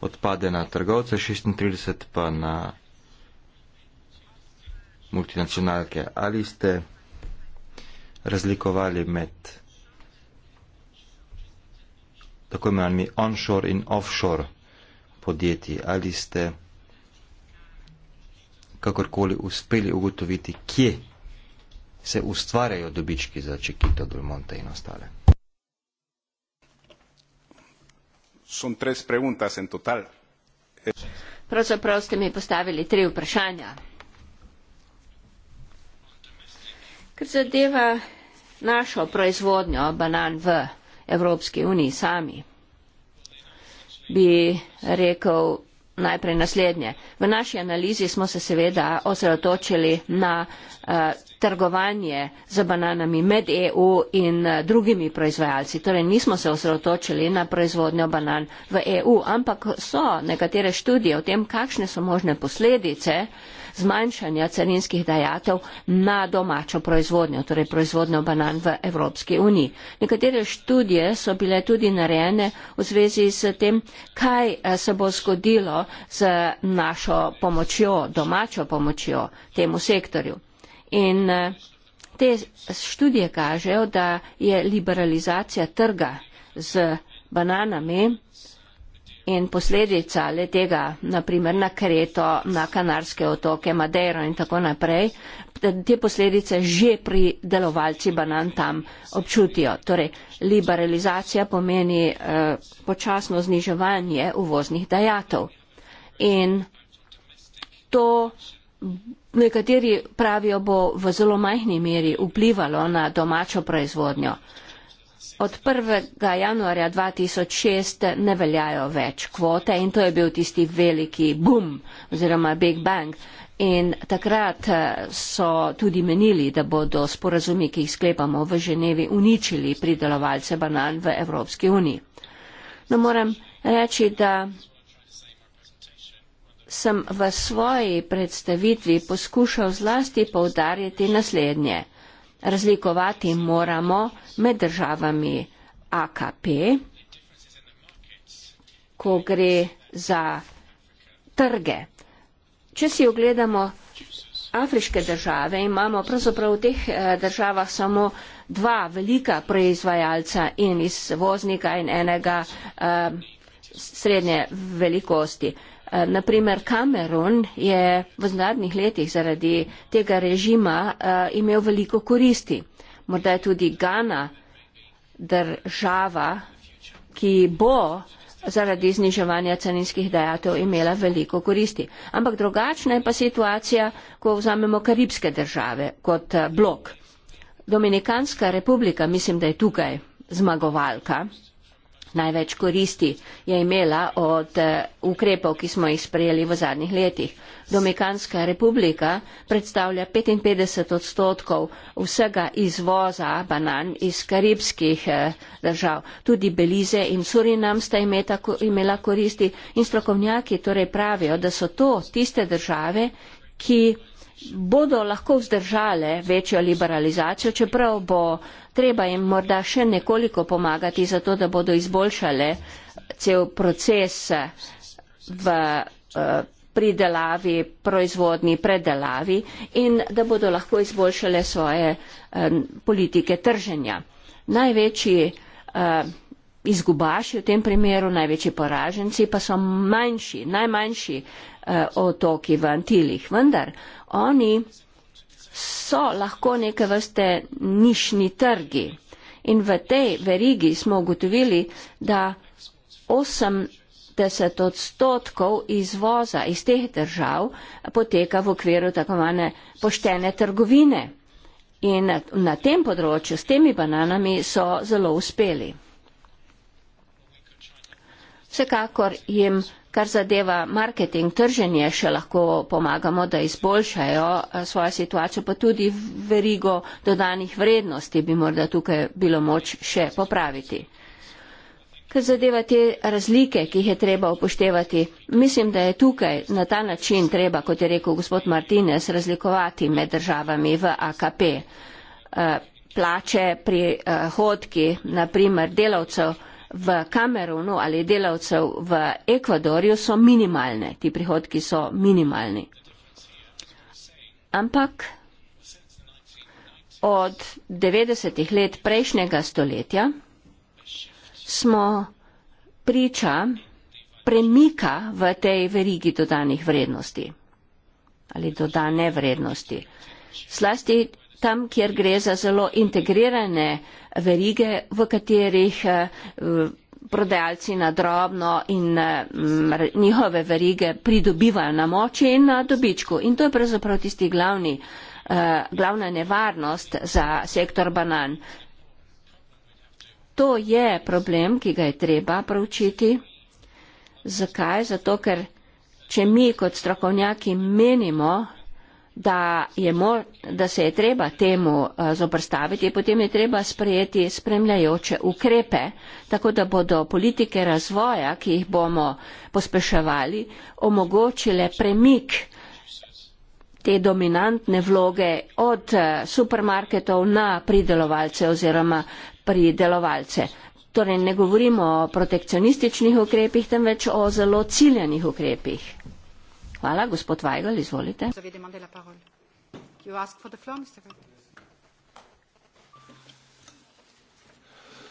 odpade na trgovce, 36 pa na multinacionalke. Ali ste razlikovali med tako imenovanimi onshore in offshore? podjetij, ali ste kakorkoli uspeli ugotoviti, kje se ustvarjajo dobički za Čekito, Dolmonte in ostale. Pravzaprav ste mi postavili tri vprašanja. Kar zadeva našo proizvodnjo banan v Evropski uniji sami bi rekel najprej naslednje. V naši analizi smo se seveda osredotočili na uh, trgovanje z bananami med EU in uh, drugimi proizvajalci. Torej nismo se osredotočili na proizvodnjo banan v EU, ampak so nekatere študije o tem, kakšne so možne posledice uh, zmanjšanja carinskih dajatev na domačo proizvodnjo, torej proizvodnjo banan v Evropski uniji. Nekatere študije so bile tudi narejene v zvezi s tem, kaj eh, se bo zgodilo z našo pomočjo, domačo pomočjo temu sektorju. In eh, te študije kažejo, da je liberalizacija trga z bananami In posledica le tega, naprimer na Kreto, na Kanarske otoke, Madeiro in tako naprej, te posledice že pri delovalci banan tam občutijo. Torej, liberalizacija pomeni eh, počasno zniževanje uvoznih dajatov. In to nekateri pravijo bo v zelo majhni meri vplivalo na domačo proizvodnjo. Eh, od 1. januarja 2006 ne veljajo več kvote in to je bil tisti veliki boom oziroma Big Bang. In takrat eh, so tudi menili, da bodo sporazumi, ki jih sklepamo v Ženevi, uničili pridelovalce banan v Evropski uniji. No, moram reči, da sem v svoji predstavitvi poskušal zlasti povdarjati naslednje razlikovati moramo med državami AKP, ko gre za trge. Če si ogledamo afriške države, imamo pravzaprav v teh eh, državah samo dva velika proizvajalca in izvoznika in enega uh, srednje velikosti. Uh, Eh, Naprimer, Kamerun je v zadnjih letih zaradi tega režima eh, imel veliko koristi. Morda je tudi Gana država, ki bo zaradi zniževanja caninskih dejatev imela veliko koristi. Ampak drugačna je pa situacija, ko vzamemo karibske države kot eh, blok. Dominikanska republika, mislim, da je tukaj zmagovalka največ koristi je imela od eh, ukrepov, ki smo jih sprejeli v zadnjih letih. Dominikanska republika predstavlja 55 odstotkov vsega izvoza banan iz karibskih eh, držav. Tudi Belize in Surinam sta imela koristi in strokovnjaki torej pravijo, da so to tiste države, ki bodo lahko vzdržale večjo liberalizacijo, čeprav bo treba jim morda še nekoliko pomagati za to, da bodo izboljšale cel proces v eh, pridelavi, proizvodni predelavi in da bodo lahko izboljšale svoje politike trženja. Največji eh, izgubaši v tem primeru, največji poraženci pa so manjši, najmanjši eh, otoki v Antilih. Vendar oni so lahko neke vrste nišni trgi. In v tej verigi smo ugotovili, da 80 odstotkov izvoza iz teh držav poteka v okviru tako imenovane poštene trgovine. In na tem področju s temi bananami so zelo uspeli. Vsekakor jim, kar zadeva marketing, trženje, še lahko pomagamo, da izboljšajo eh, svojo situacijo, pa tudi verigo dodanih vrednosti bi morda tukaj bilo moč še popraviti. Kar zadeva te razlike, ki jih je treba upoštevati, mislim, da je tukaj na ta način treba, kot je rekel gospod Martinez, razlikovati med državami v AKP. Eh, Plače, prihodki, naprimer delavcev, v Kamerunu ali delavcev v Ekvadorju so minimalne, ti prihodki so minimalni. Ampak od 90-ih let prejšnjega stoletja smo priča premika v tej verigi dodanih vrednosti ali dodane vrednosti. Slasti tam, kjer gre za zelo integrirane verige, v katerih eh, prodajalci na drobno in mm, njihove verige pridobivajo na moči in na dobičku. In to je pravzaprav tisti glavni, eh, glavna nevarnost za sektor banan. To je problem, ki ga je treba pravčiti. Zakaj? Zato, ker če mi kot strokovnjaki menimo, da, je mo, da se je treba temu eh, zoprstaviti, potem je treba sprejeti spremljajoče ukrepe, tako da bodo politike razvoja, ki jih bomo pospeševali, omogočile premik te dominantne vloge od eh, supermarketov na pridelovalce oziroma pridelovalce. Torej ne govorimo o protekcionističnih ukrepih, temveč o zelo ciljenih ukrepih. Hvala. Gospod Weigl, izvolite.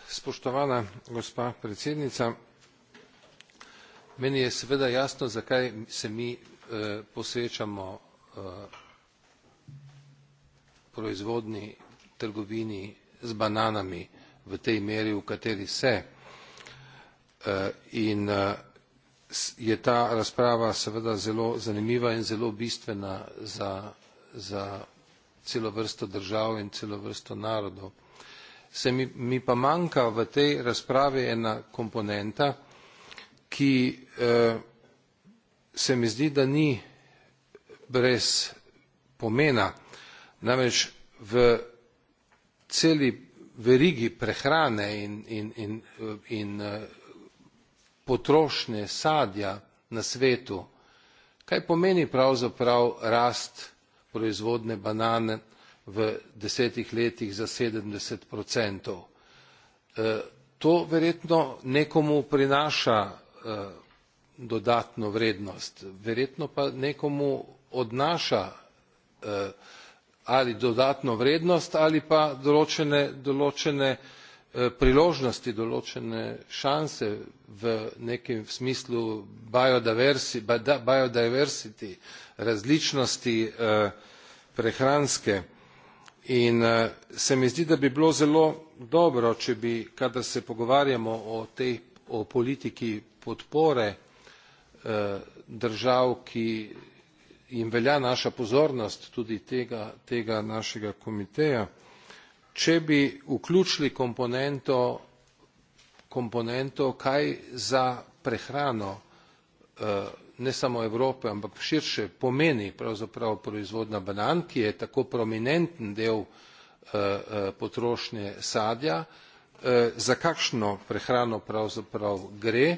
Spoštovana gospa predsednica, meni je seveda jasno, zakaj se mi eh, posvečamo eh, proizvodni trgovini z bananami v tej meri, v kateri se. Eh, in, eh, je ta razprava seveda zelo zanimiva in zelo bistvena za, za celo vrsto držav in celo vrsto narodov. Se mi, mi pa manjka v tej razpravi ena komponenta, ki eh, se mi zdi, da ni brez pomena. Namreč v celi verigi prehrane in, in, in, eh, in, in eh, potrošnje sadja na svetu kaj pomeni pravzaprav rast proizvodne banane v desetih letih za sedemdeset procentov e, to verjetno nekomu prinaša e, dodatno vrednost verjetno pa nekomu odnaša e, ali dodatno vrednost ali pa določene določene Eh, priložnosti določene šanse v nekem smislu biodiversity različnosti eh, prehranske in eh, se mi zdi da bi bilo zelo dobro če bi kadar se pogovarjamo o tej o politiki podpore držav ki jim velja naša pozornost tudi tega tega našega komiteja če bi vključili komponento kaj za prehrano eh, ne samo evrope ampak širše pomeni pravzaprav proizvodnja banan ki je tako prominenten del eh, eh, potrošnje sadja za kakšno prehrano pravzaprav gre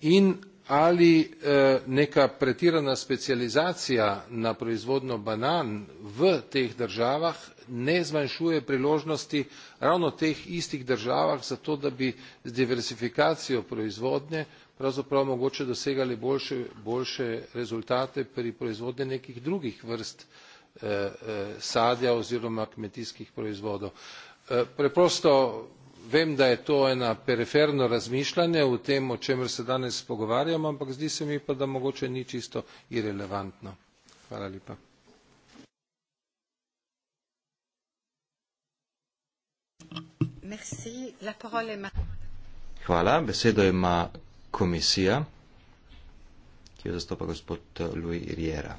in ali eh, neka pretirana specializacija na proizvodnjo banan v teh državah ne zmanjšuje priložnosti ravno teh istih državah za to, da bi z diversifikacijo proizvodnje pravzaprav mogoče dosegali boljše, boljše rezultate pri proizvodnji nekih drugih vrst eh, eh sadja oziroma kmetijskih proizvodov. Eh, preprosto vem da je to eno periferno razmišljanje o tem o čemer se danes pogovarjamo ampak zdi se mi pa da mogoče ni čisto irelevantno. Hvala, besedo ima komisija, ki jo zastopa gospod Louis Riera.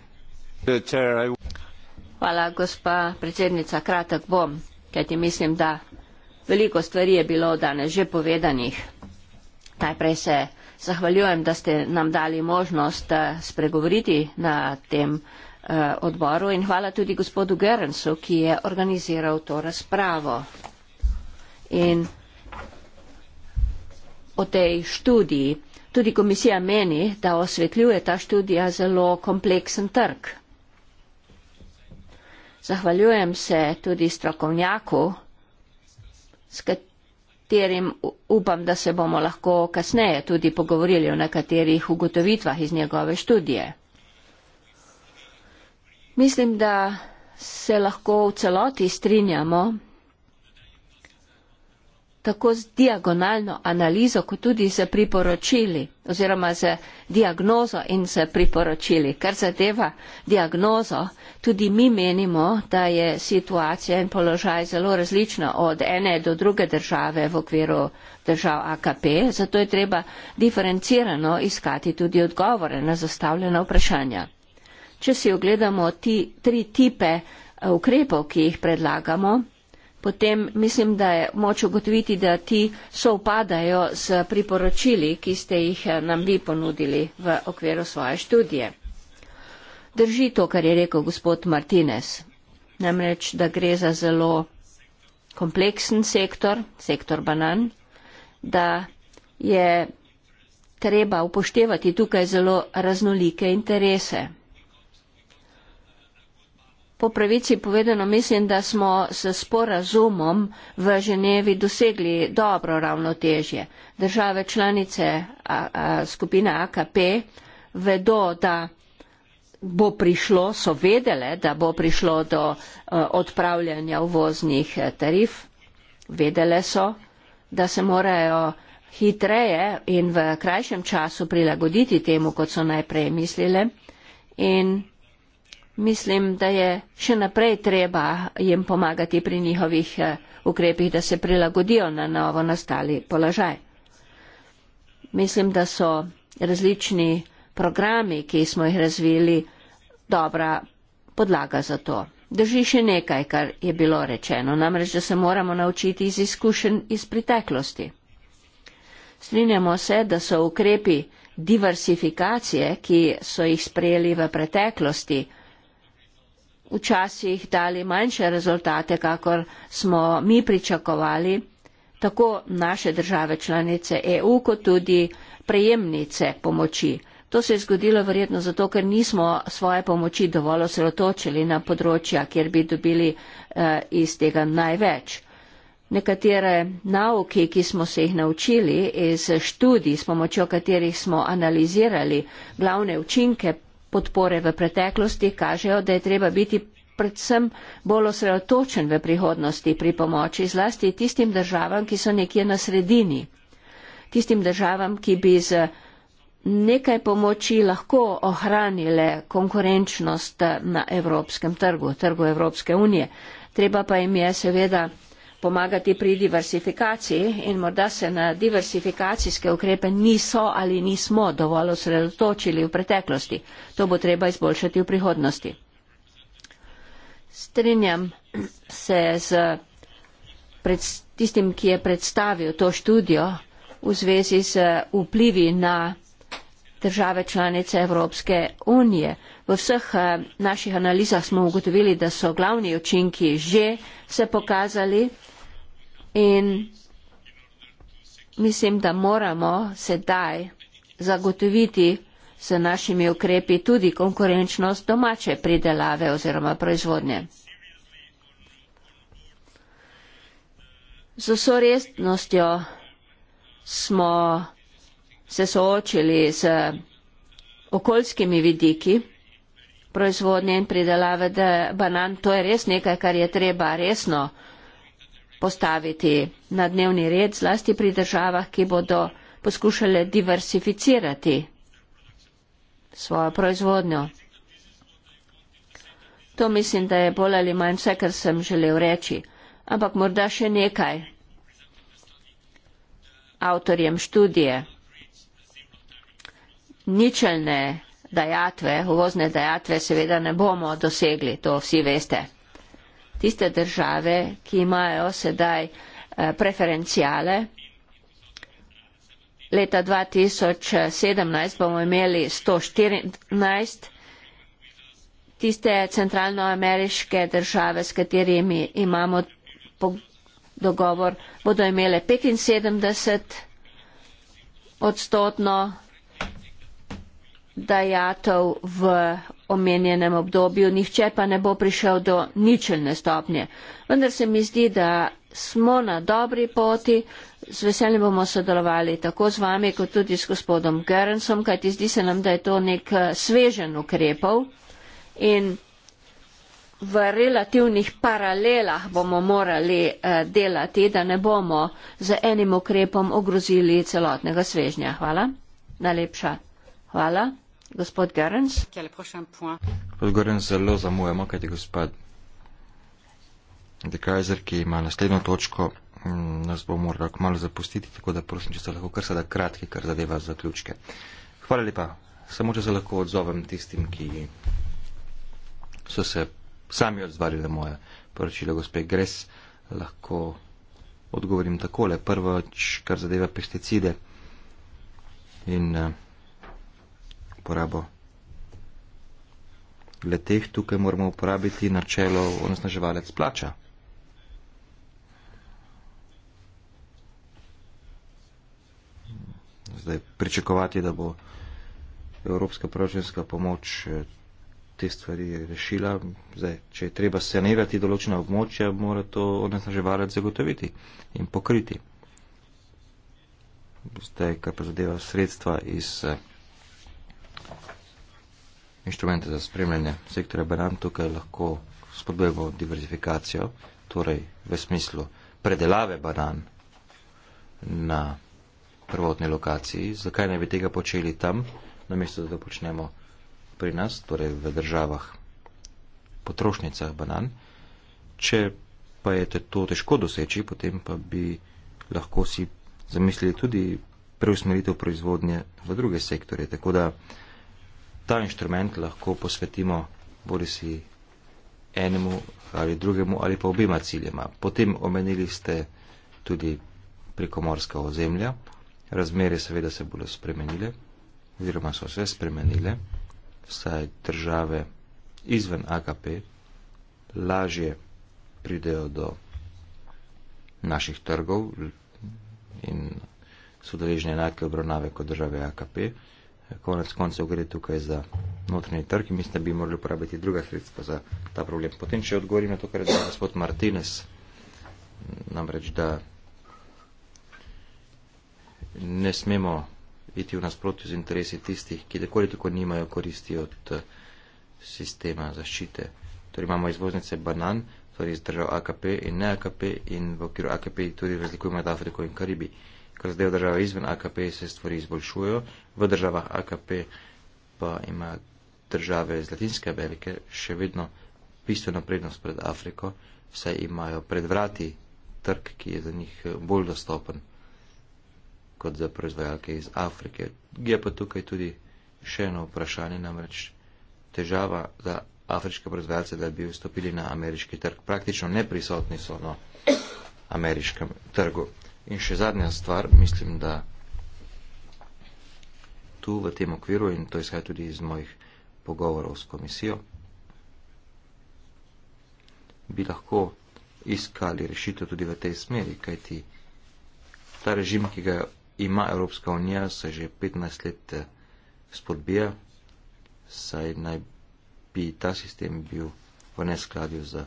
Hvala, gospa predsednica, kratek bom, kajti mislim, da Veliko stvari je bilo danes že povedanih. Najprej se zahvaljujem, da ste nam dali možnost eh, spregovoriti na tem eh, odboru in hvala tudi gospodu Gerensu, ki je organiziral to razpravo in o tej študiji. Tudi komisija meni, da osvetljuje ta študija zelo kompleksen trg. Zahvaljujem se tudi strokovnjaku, s katerim upam, da se bomo lahko kasneje tudi pogovorili o nekaterih ugotovitvah iz njegove študije. Mislim, da se lahko v celoti strinjamo, tako z diagonalno analizo, kot tudi z priporočili oziroma z diagnozo in z priporočili. Kar zadeva diagnozo, tudi mi menimo, da je situacija in položaj zelo različna od ene do druge države v okviru držav AKP, zato je treba diferencirano iskati tudi odgovore na zastavljena vprašanja. Če si ogledamo ti, tri tipe eh, ukrepov, ki jih predlagamo, potem mislim, da je moč ugotoviti, da ti soupadajo s priporočili, ki ste jih eh, nam vi ponudili v okviru svoje študije. Drži to, kar je rekel gospod Martinez, namreč, da gre za zelo kompleksen sektor, sektor banan, da je treba upoštevati tukaj zelo raznolike interese po pravici povedano mislim, da smo s sporazumom v Ženevi dosegli dobro ravnotežje. Države članice a, a, skupine AKP vedo, da bo prišlo, so vedele, da bo prišlo do a, e, odpravljanja uvoznih e, tarif, vedele so, da se morajo hitreje in v krajšem času prilagoditi temu, kot so najprej mislile. In Mislim, da je še naprej treba jim pomagati pri njihovih eh, ukrepih, da se prilagodijo na novo nastali položaj. Mislim, da so različni programi, ki smo jih razvili, dobra podlaga za to. Drži še nekaj, kar je bilo rečeno, namreč, da se moramo naučiti iz izkušenj iz preteklosti. Strinjamo se, da so ukrepi diversifikacije, ki so jih sprejeli v preteklosti, včasih dali manjše rezultate, kakor smo mi pričakovali, tako naše države članice EU, kot tudi prejemnice pomoči. To se je zgodilo verjetno zato, ker nismo svoje pomoči dovolj osredotočili na področja, kjer bi dobili eh, iz tega največ. Nekatere nauke, ki smo se jih naučili iz študij, s pomočjo katerih smo analizirali glavne učinke podpore v preteklosti kažejo, da je treba biti predvsem bolj osredotočen v prihodnosti pri pomoči zlasti tistim državam, ki so nekje na sredini, tistim državam, ki bi z nekaj pomoči lahko ohranile konkurenčnost na evropskem trgu, trgu Evropske unije. Treba pa jim je seveda pomagati pri diversifikaciji in morda se na diversifikacijske ukrepe niso ali nismo dovolj osredotočili v preteklosti. To bo treba izboljšati v prihodnosti. Strinjam se z pred, tistim, ki je predstavil to študijo v zvezi z vplivi na države članice Evropske unije. V vseh eh, naših analizah smo ugotovili, da so glavni učinki že se pokazali. In mislim, da moramo sedaj zagotoviti z našimi ukrepi tudi konkurenčnost domače pridelave oziroma proizvodnje. Z vso resnostjo smo se soočili z okoljskimi vidiki proizvodnje in pridelave banan. To je res nekaj, kar je treba resno postaviti na dnevni red, zlasti pri državah, ki bodo poskušale diversificirati svojo proizvodnjo. To mislim, da je bolj ali manj vse, kar sem želel reči. Ampak morda še nekaj. Avtorjem študije ničelne dajatve, uvozne dajatve seveda ne bomo dosegli, to vsi veste tiste države, ki imajo sedaj eh, preferencijale. Leta 2017 bomo imeli 114 tiste centralnoameriške države, s katerimi imamo dogovor, bodo imele 75 odstotno dajatev v omenjenem obdobju, nihče pa ne bo prišel do ničelne stopnje. Vendar se mi zdi, da smo na dobri poti, z veseljem bomo sodelovali tako z vami, kot tudi s gospodom Gerensom, kajti zdi se nam, da je to nek eh, svežen ukrepov in v relativnih paralelah bomo morali eh, delati, da ne bomo z enim ukrepom ogrozili celotnega svežnja. Hvala. Najlepša. Hvala. Gospod Gorenc, zelo zamujamo, kajti gospod Dekajzer, ki ima naslednjo točko, mm, nas bo moral kmalo zapustiti, tako da prosim, če ste lahko kar sada kratki, kar zadeva zaključke. Hvala lepa. Samo, če se lahko odzovem tistim, ki so se sami odzvali na moje poročilo, gospod Gres, lahko odgovorim takole. Prvo, kar zadeva pesticide in uh, uporabo. Le teh tukaj moramo uporabiti načelo onesnaževalec plača. Zdaj pričakovati, da bo evropska proračunska pomoč eh, te stvari rešila. Zdaj, če je treba sanirati določena območja, mora to onesnaževalec zagotoviti in pokriti. Zdaj, kar pa zadeva sredstva iz eh, inštrumente za spremljanje sektorja banan, tukaj lahko spodbujemo diverzifikacijo, torej v smislu predelave banan na prvotni lokaciji. Zakaj ne bi tega počeli tam, namesto da to počnemo pri nas, torej v državah potrošnicah banan. Če pa je to težko doseči, potem pa bi lahko si zamislili tudi preusmeritev proizvodnje v druge sektorje. Tako da ta inštrument lahko posvetimo bodi si enemu ali drugemu ali pa obima ciljema. Potem omenili ste tudi prikomorska ozemlja. Razmere seveda se bodo spremenile, oziroma so se spremenile, saj države izven AKP lažje pridejo do naših trgov in so deležne enake obravnave kot države AKP konec koncev gre tukaj za notranji trg in mislim, da bi morali uporabiti druga sredstva za ta problem. Potem, če odgovorim na to, kar je zdaj gospod Martinez, namreč, da ne smemo iti v nasprotju z interesi tistih, ki takoli tako nimajo koristi od eh, sistema zaščite. Torej imamo izvoznice banan, torej iz držav AKP in ne AKP in v okviru AKP tudi razlikujemo med Afriko in Karibijo ker zdaj v državah izven AKP se stvari izboljšujejo, v državah AKP pa ima države iz Latinske Amerike še vedno bistveno prednost pred Afriko, saj imajo pred vrati trg, ki je za njih bolj dostopen kot za proizvajalke iz Afrike. Je pa tukaj tudi še eno vprašanje, namreč težava za afriške proizvajalce, da bi vstopili na ameriški trg. Praktično neprisotni so na ameriškem trgu. In še zadnja stvar, mislim, da tu v tem okviru, in to izhaja tudi iz mojih pogovorov s komisijo, bi lahko iskali rešitev tudi v tej smeri, kajti ta režim, ki ga ima Evropska unija, se že 15 let eh, spodbija, saj naj bi ta sistem bil v neskladju za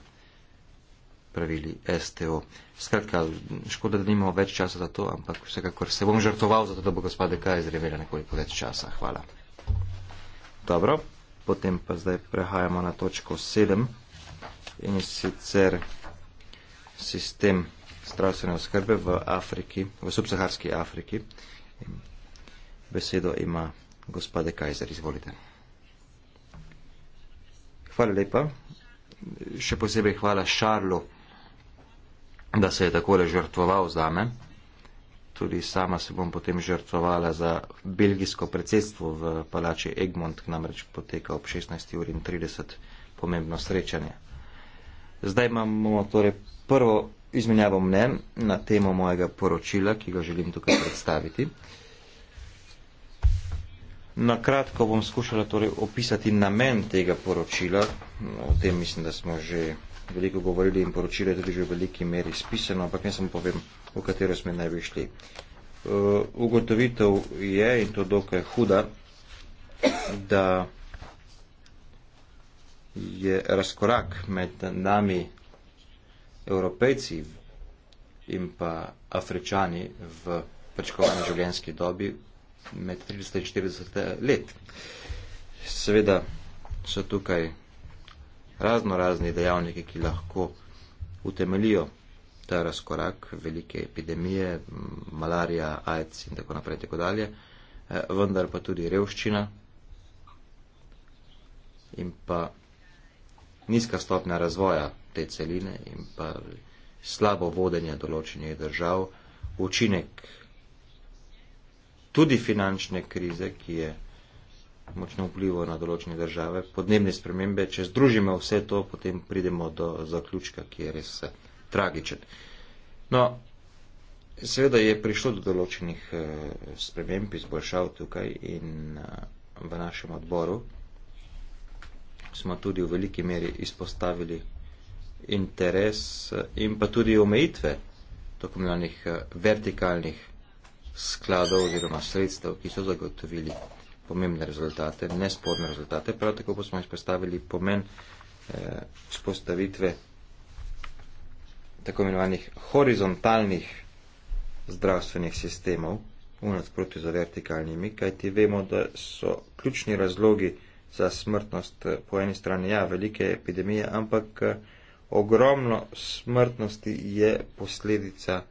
pravili STO. Skratka, škoda, da nimamo več časa za to, ampak vsekakor se bom žrtoval za to, da bo gospod DK izrevela nekoliko več časa. Hvala. Dobro, potem pa zdaj prehajamo na točko 7 in sicer sistem zdravstvene oskrbe v Afriki, v subsaharski Afriki. Besedo ima gospod Kajzer, izvolite. Hvala lepa. Še posebej hvala Šarlu, da se je takole žrtvoval za me. Tudi sama se bom potem žrtvovala za belgijsko predsedstvo v palači Egmont, namreč poteka ob 16.30 pomembno srečanje. Zdaj imamo torej prvo izmenjavo mnen na temo mojega poročila, ki ga želim tukaj predstaviti. Na kratko bom skušala torej opisati namen tega poročila, o tem mislim, da smo že veliko govorili in poročilo je tudi že v veliki meri spisano, ampak ne samo povem, v katero smo naj bi šli. Uh, ugotovitev je, in to dokaj huda, da je razkorak med nami, evropejci in pa afričani v pričakovani življenjski dobi med 30 in 40 let. Seveda so tukaj razno razni dejavniki, ki lahko utemelijo ta razkorak velike epidemije, malarija, AIDS in tako naprej, tako dalje, eh, vendar pa tudi revščina in pa nizka stopnja razvoja te celine in pa slabo vodenje določenih držav, učinek tudi finančne krize, ki je močno vplivajo na določene države, podnebne spremembe, če združimo vse to, potem pridemo do zaključka, ki je res eh, tragičen. No, seveda je prišlo do določenih eh, sprememb, izboljšav tukaj in eh, v našem odboru smo tudi v veliki meri izpostavili interes in pa tudi omejitve tako imenovanih vertikalnih skladov oziroma sredstev, ki so zagotovili pomembne rezultate, nesporne rezultate. Prav tako pa smo izpostavili pomen eh, vzpostavitve eh, tako imenovanih horizontalnih zdravstvenih sistemov v nasprotju z vertikalnimi, kajti vemo, da so ključni razlogi za smrtnost eh, po eni strani, ja, velike epidemije, ampak eh, ogromno smrtnosti je posledica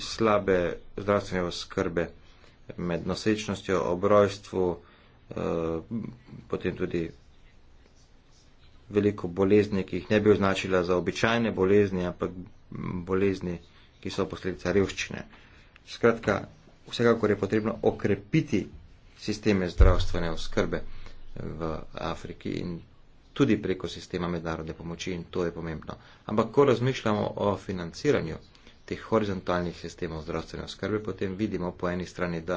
slabe zdravstvene oskrbe med nosečnostjo, obrojstvu, eh, potem tudi veliko bolezni, ki jih ne bi označila za običajne bolezni, ampak bolezni, ki so posledica revščine. Skratka, vsekakor je potrebno okrepiti sisteme zdravstvene oskrbe eh, v Afriki in tudi preko sistema mednarodne pomoči in to je pomembno. Ampak ko razmišljamo o financiranju, teh horizontalnih sistemov zdravstvene oskrbe, potem vidimo po eni strani, da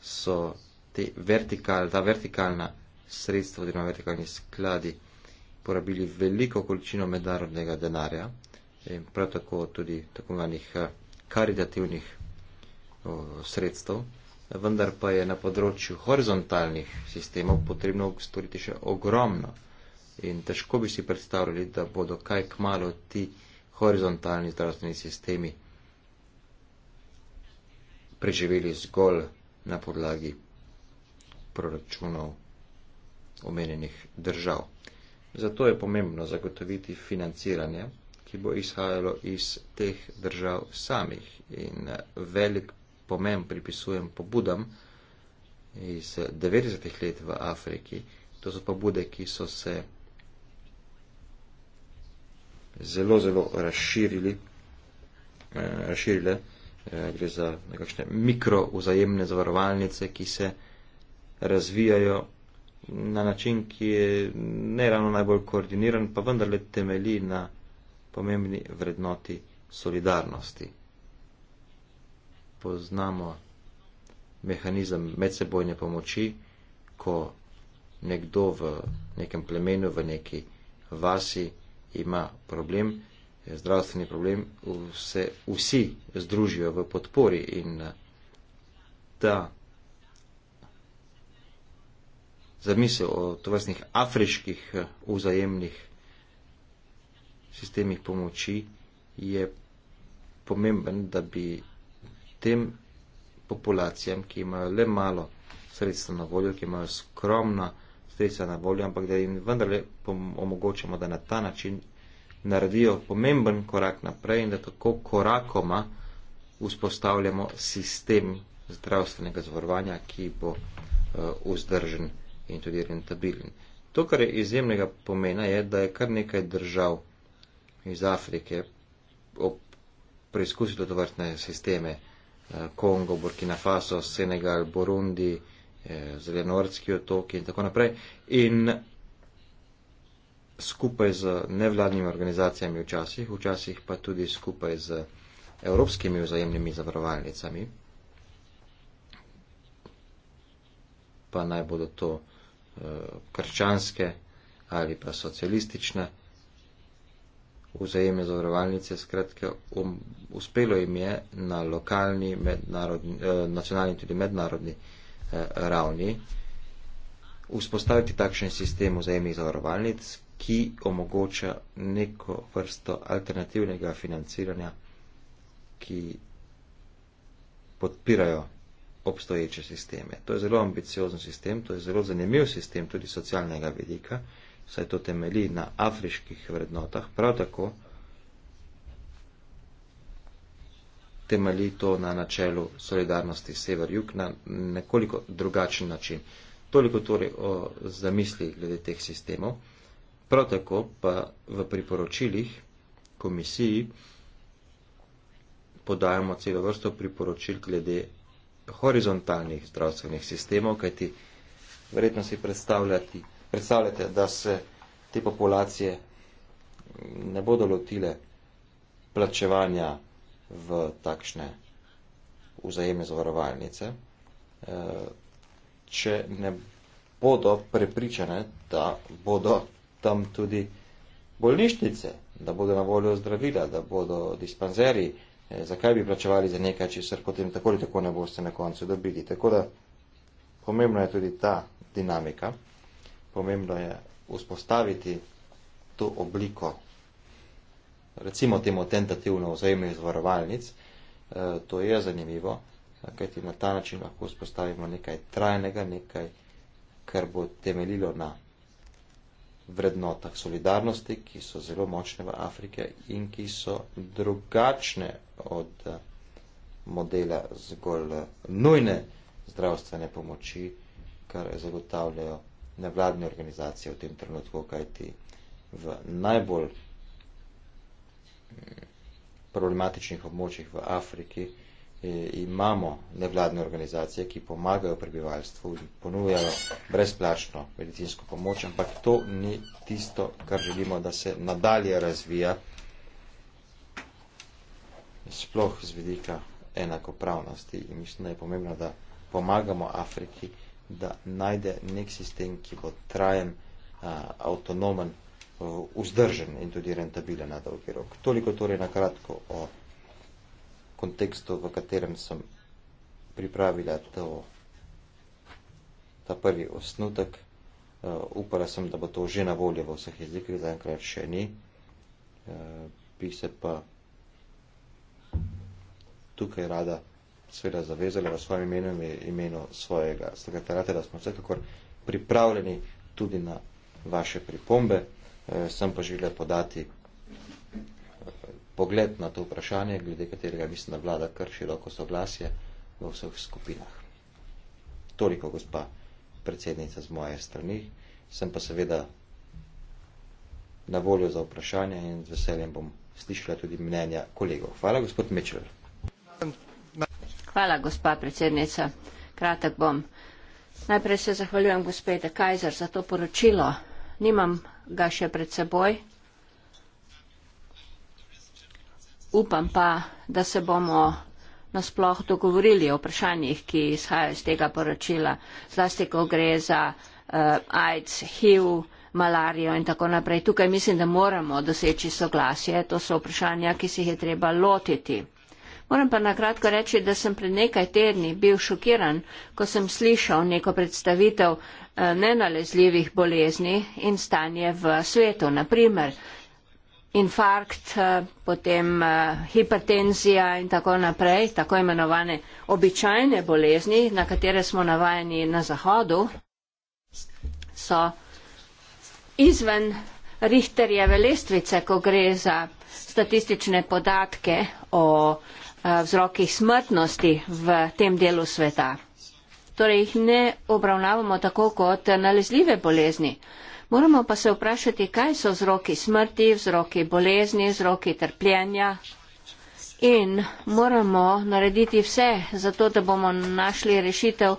so te vertikal, da vertikalna sredstva oziroma vertikalni skladi porabili veliko količino mednarodnega denarja in prav tako tudi tako manjih eh, karidativnih sredstev, vendar pa je na področju horizontalnih sistemov potrebno storiti še ogromno in težko bi si predstavljali, da bodo kaj kmalo ti horizontalni zdravstveni sistemi preživeli zgolj na podlagi proračunov omenjenih držav. Zato je pomembno zagotoviti financiranje, ki bo izhajalo iz teh držav samih in eh, velik pomen pripisujem pobudam iz 90-ih let v Afriki. To so pobude, ki so se zelo, zelo razširili, razširile. Eh, Eh, gre za nekakšne mikrouzajemne zavarovalnice, ki se razvijajo na način, ki je ne ravno najbolj koordiniran, pa vendarle temelji na pomembni vrednoti solidarnosti. Poznamo mehanizem medsebojne pomoči, ko nekdo v nekem plemenu, v neki vasi ima problem, zdravstveni problem, se vsi združijo v podpori in eh, ta zamisel o tovrstnih afriških eh, vzajemnih sistemih pomoči je pomemben, da bi tem populacijam, ki imajo le malo sredstva na voljo, ki imajo skromna sredstva na voljo, ampak da jim vendarle omogočamo, da na ta način naredijo pomemben korak naprej in da tako korakoma vzpostavljamo sistem zdravstvenega zavarovanja, ki bo uh, vzdržen in tudi rentabilen. To, kar je izjemnega pomena, je, da je kar nekaj držav iz Afrike preizkusilo tovrstne sisteme. Eh, Kongo, Burkina Faso, Senegal, Burundi, eh, Zelenorski otoki in tako naprej. In skupaj z nevladnimi organizacijami včasih, včasih pa tudi skupaj z evropskimi vzajemnimi zavarovalnicami, pa naj bodo to uh, krščanske ali pa socialistične vzajemne zavarovalnice, skratka, um, uspelo jim je na lokalni, eh, nacionalni in tudi mednarodni eh, ravni. Vzpostaviti takšen sistem vzajemnih zavarovalnic, ki omogoča neko vrsto alternativnega financiranja, ki podpirajo obstoječe sisteme. To je zelo ambiciozen sistem, to je zelo zanimiv sistem tudi socialnega vidika, saj to temelji na afriških vrednotah, prav tako temelji to na načelu solidarnosti sever-jug na nekoliko drugačen način. Toliko torej o zamisli glede teh sistemov. Prav tako pa v priporočilih komisiji podajamo celo vrsto priporočil glede horizontalnih zdravstvenih sistemov, kajti verjetno si predstavljate, da se te populacije ne bodo lotile plačevanja v takšne vzajemne zavarovalnice, eh, če ne bodo prepričane, da bodo tam tudi bolnišnice, da bodo na voljo zdravila, da bodo dispanzeri, eh, zakaj bi plačevali za nekaj, če se potem tako ali tako ne boste na koncu dobili. Tako da pomembna je tudi ta dinamika, pomembno je vzpostaviti to obliko, recimo temu tentativno vzajemnih zvarovalnic, eh, to je zanimivo, kajti na ta način lahko vzpostavimo nekaj trajnega, nekaj, kar bo temeljilo na vrednotah solidarnosti, ki so zelo močne v Afriki in ki so drugačne od eh, modela zgolj eh, nujne zdravstvene pomoči, kar zagotavljajo nevladne organizacije v tem trenutku, kajti v najbolj mm, problematičnih območjih v Afriki. Eh, imamo nevladne organizacije, ki pomagajo prebivalstvu in ponujajo brezplačno medicinsko pomoč, ampak to ni tisto, kar želimo, da se nadalje razvija sploh z vidika enakopravnosti. In mislim, da je pomembno, da pomagamo Afriki, da najde nek sistem, ki bo trajen, avtonomen, vzdržen in tudi rentabilen na dolgi rok. Toliko torej na kratko o kontekstu, v katerem sem pripravila to, ta prvi osnutek. Uh, upala sem, da bo to že na voljo v vseh jezikih, zaenkrat še ni. Uh, bi se pa tukaj rada seveda zavezala v svojem imenu in imenu svojega sekretarata, da smo vsekakor pripravljeni tudi na vaše pripombe. Uh, sem pa želela podati pogled na to vprašanje, glede katerega mislim, da vlada kar široko soglasje v vseh skupinah. Toliko, gospa predsednica, z moje strani. Sem pa seveda na voljo za vprašanje in z veseljem bom slišala tudi mnenja kolegov. Hvala, gospod Mečel. Hvala, gospa predsednica. Kratek bom. Najprej se zahvaljujem gospe De Kajzer za to poročilo. Nimam ga še pred seboj, upam pa, da se bomo nasploh dogovorili o vprašanjih, ki izhajajo iz tega poročila, zlasti ko gre za uh, AIDS, HIV, malarijo in tako naprej. Tukaj mislim, da moramo doseči soglasje, to so vprašanja, ki se jih je treba lotiti. Moram pa nakratko reči, da sem pred nekaj tedni bil šokiran, ko sem slišal neko predstavitev eh, nenalezljivih bolezni in stanje v svetu. Naprimer, infarkt, eh, potem eh, hipertenzija in tako naprej, tako imenovane običajne bolezni, na katere smo navajeni na Zahodu, so izven Richterjeve lestvice, ko gre za statistične podatke o eh, vzrokih smrtnosti v tem delu sveta. Torej jih ne obravnavamo tako kot nalezljive bolezni. Moramo pa se vprašati, kaj so vzroki smrti, vzroki bolezni, vzroki trpljenja. In moramo narediti vse, zato da bomo našli rešitev,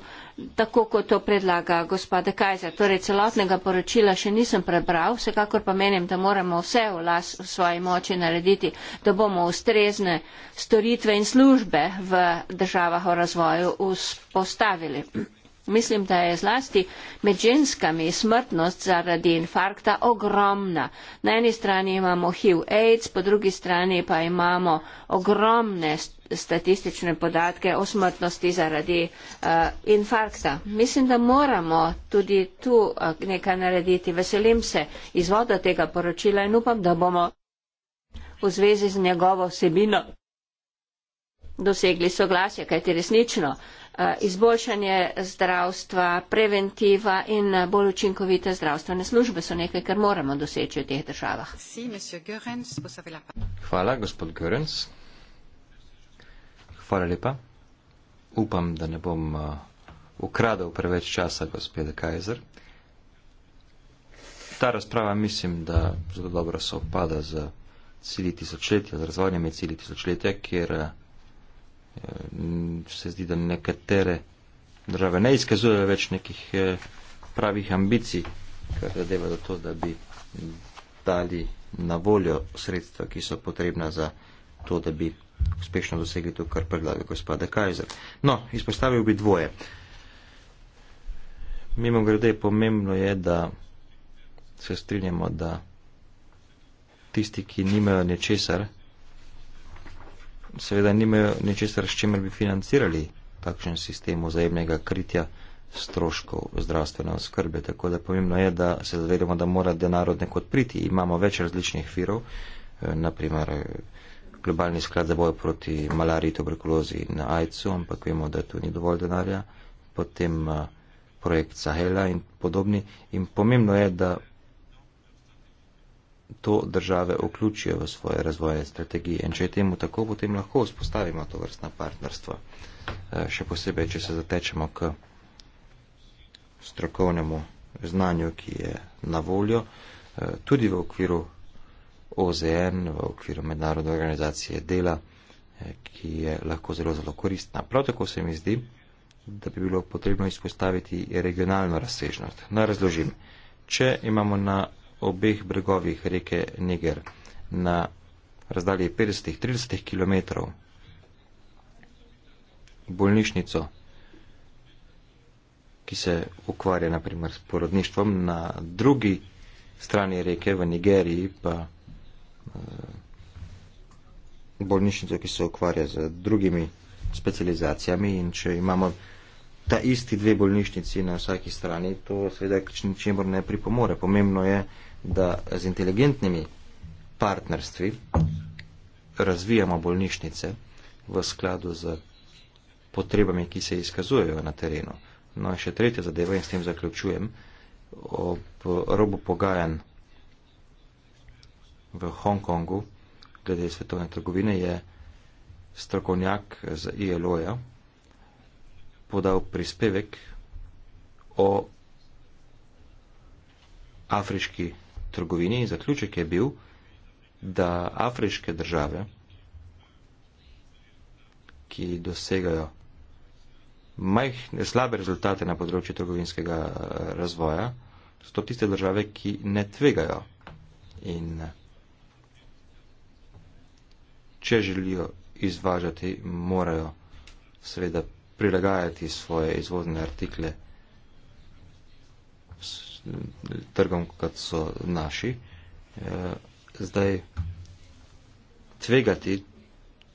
tako kot to predlaga gospode Kajzer. Torej, celotnega poročila še nisem prebral, vsekakor pa menim, da moramo vse v, las, v svoji moči narediti, da bomo ustrezne storitve in službe v državah o razvoju vzpostavili. Mislim, da je zlasti med ženskami smrtnost zaradi infarkta ogromna. Na eni strani imamo HIV AIDS, po drugi strani pa imamo ogromne statistične podatke o smrtnosti zaradi uh, infarkta. Mislim, da moramo tudi tu uh, nekaj narediti. Veselim se izvoda tega poročila in upam, da bomo v zvezi z njegovo vsebino dosegli soglasje, kajti resnično. Uh, Eh, izboljšanje zdravstva, preventiva in eh, bolj učinkovite zdravstvene službe so nekaj, kar moramo doseči v teh državah. Hvala, gospod Görens. Hvala lepa. Upam, da ne bom eh, ukradel preveč časa, gospod Kajzer. Ta razprava mislim, da zelo dobro se opada z cilji tisočletja, z razvojnimi cilji tisočletja, kjer Eh, se zdi, da nekatere države ne izkazujejo več nekih eh, pravih ambicij, kar zadeva do to, da bi dali na voljo sredstva, ki so potrebna za to, da bi uspešno dosegli to, kar predlaga gospoda Kajzer. No, izpostavil bi dvoje. Mimo grede, pomembno je, da se strinjamo, da tisti, ki nimajo nečesar, seveda nimajo ničesar, s čimer bi financirali takšen sistem vzajemnega kritja stroškov zdravstvene oskrbe. Tako da pomembno je, da se zavedamo, da mora denar od nekod priti. Imamo več različnih virov, eh, naprimer eh, globalni sklad za boj proti malariji, tuberkulozi in AIDS-u, ampak vemo, da tu ni dovolj denarja. Potem eh, projekt Sahela in podobni. In pomembno je, da to države vključijo v svoje razvoje strategije. In če je temu tako, potem lahko vzpostavimo to vrstna partnerstva. Eh, še posebej, če se zatečemo k strokovnemu znanju, ki je na voljo, eh, tudi v okviru OZN, v okviru Mednarodne organizacije dela, eh, ki je lahko zelo, zelo koristna. Prav tako se mi zdi, da bi bilo potrebno izpostaviti regionalno razsežnost. Naj razložim. Če imamo na obeh bregovih reke Niger na razdalji 50-30 km bolnišnico, ki se ukvarja naprimer s porodništvom, na drugi strani reke v Nigeriji pa eh, bolnišnico, ki se ukvarja z drugimi specializacijami in če imamo ta isti dve bolnišnici na vsaki strani, to seveda k čemur ne pripomore. Pomembno je, da z inteligentnimi partnerstvi razvijamo bolnišnice v skladu z potrebami, ki se izkazujejo na terenu. No in še tretja zadeva in s tem zaključujem, ob robu pogajan v Hongkongu glede svetovne trgovine je strokovnjak z ILO-ja podal prispevek o afriški trgovini in zaključek je bil, da afriške države, ki dosegajo majhne, slabe rezultate na področju trgovinskega eh, razvoja, so to tiste države, ki ne tvegajo. In eh, če želijo izvažati, morajo seveda prilagajati svoje izvozne artikle trgom, kot so naši, eh, zdaj tvegati,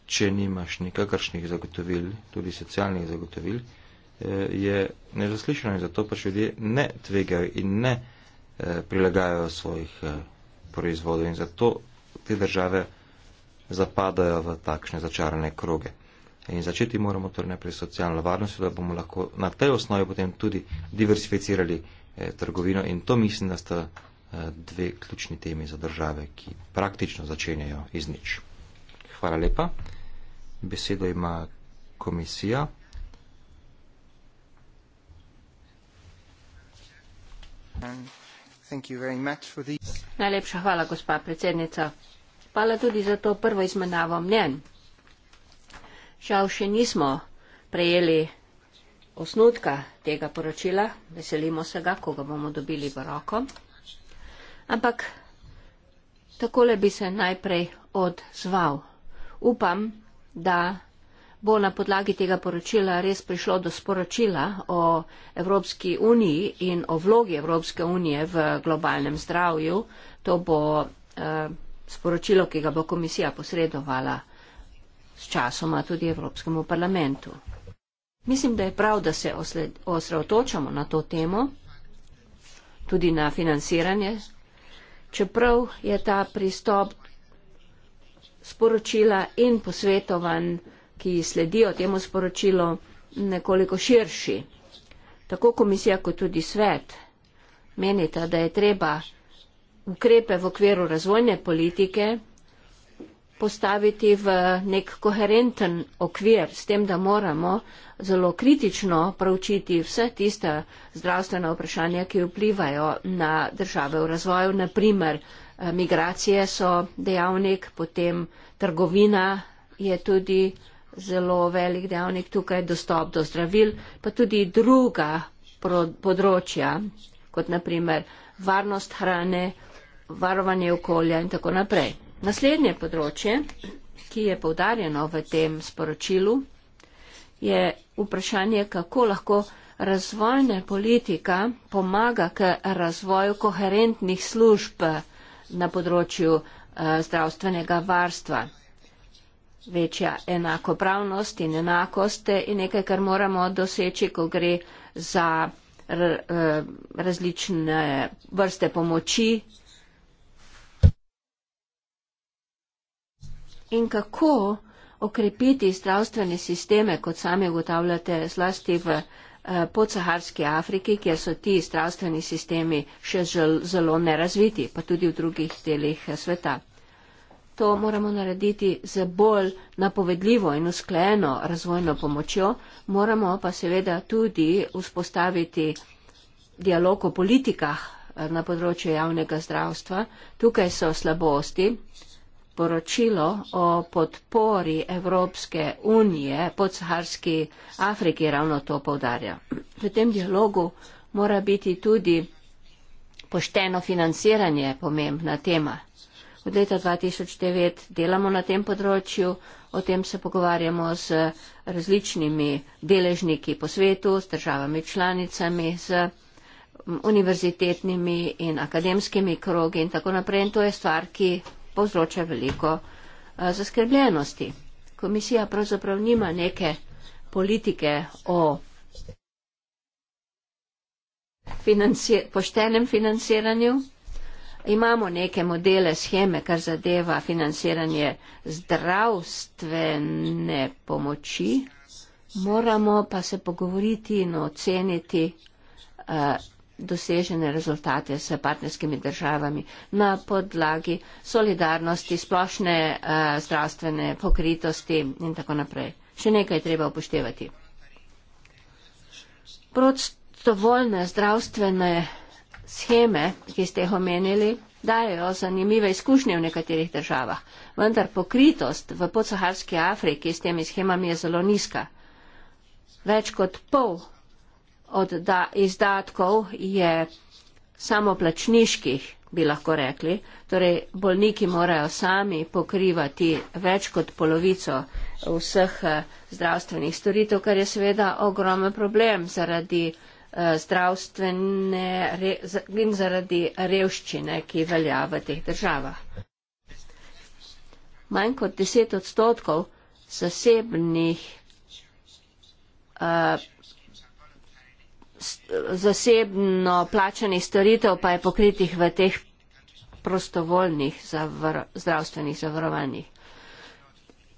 če nimaš nikakršnih zagotovil, tudi socialnih zagotovil, eh, je nezaslišano in zato pač ljudje ne tvegajo in ne eh, prilagajajo svojih proizvodov in zato te države zapadajo v takšne začarane kroge. In začeti moramo torej najprej s socialno varnostjo, da bomo lahko na tej osnovi potem tudi diversificirali eh, Eh, trgovino in to mislim, da sta eh, dve ključni temi za države, ki praktično začenjajo iz nič. Hvala lepa. Besedo ima komisija. Najlepša hvala, gospa predsednica. Hvala tudi za to prvo izmenavo mnen. Žal še nismo prejeli osnutka tega poročila, veselimo se ga, ko ga bomo dobili v roko. Ampak takole bi se najprej odzval. Upam, da bo na podlagi tega poročila res prišlo do sporočila o Evropski uniji in o vlogi Evropske unije v globalnem zdravju. To bo eh, sporočilo, ki ga bo komisija posredovala s časoma tudi Evropskemu parlamentu. Mislim, da je prav, da se osredotočamo na to temo, tudi na financiranje, čeprav je ta pristop sporočila in posvetovan, ki sledijo temu sporočilu, nekoliko širši. Tako komisija kot tudi svet menita, da je treba ukrepe v okviru razvojne politike postaviti v nek koherenten okvir s tem, da moramo zelo kritično pravčiti vse tiste zdravstvene vprašanja, ki vplivajo na države v razvoju. Naprimer, eh, migracije so dejavnik, potem trgovina je tudi zelo velik dejavnik tukaj, dostop do zdravil, pa tudi druga področja, kot naprimer varnost hrane, varovanje okolja in tako naprej. Naslednje področje, ki je povdarjeno v tem sporočilu, je vprašanje, kako lahko razvojna politika pomaga k razvoju koherentnih služb na področju eh, zdravstvenega varstva. Večja enakopravnost in enakost je nekaj, kar moramo doseči, ko gre za eh, različne vrste pomoči in kako okrepiti zdravstvene sisteme, kot sami ugotavljate, zlasti v eh, podsaharski Afriki, kjer so ti zdravstveni sistemi še zelo nerazviti, pa tudi v drugih delih eh, sveta. To moramo narediti z bolj napovedljivo in usklejeno razvojno pomočjo, moramo pa seveda tudi vzpostaviti dialog o politikah eh, na področju javnega zdravstva. Tukaj so slabosti, poročilo o podpori Evropske unije pod Saharski Afriki ravno to povdarja. V tem dialogu mora biti tudi pošteno financiranje pomembna tema. Od leta 2009 delamo na tem področju, o tem se pogovarjamo z različnimi deležniki po svetu, s državami članicami, z univerzitetnimi in akademskimi krogi in tako naprej. In to je stvar, ki povzroča veliko eh, zaskrbljenosti. Komisija pravzaprav nima neke politike o financi poštenem financiranju. Imamo neke modele, scheme, kar zadeva financiranje zdravstvene pomoči. Moramo pa se pogovoriti in oceniti, eh, dosežene rezultate s partnerskimi državami na podlagi solidarnosti, splošne uh, zdravstvene pokritosti in tako naprej. Še nekaj treba upoštevati. Prostovoljne zdravstvene scheme, ki ste jih omenili, dajo zanimive izkušnje v nekaterih državah, vendar pokritost v podsaharski Afriki s temi schemami je zelo nizka. Več kot pol od izdatkov je samoplačniških, bi lahko rekli, torej bolniki morajo sami pokrivati več kot polovico vseh eh, zdravstvenih storitev, kar je seveda ogromen problem zaradi eh, zdravstvene in zaradi revščine, ki velja v teh državah. Manj kot 10 odstotkov zasebnih eh, zasebno plačanih storitev pa je pokritih v teh prostovoljnih zavr zdravstvenih zavarovanjih.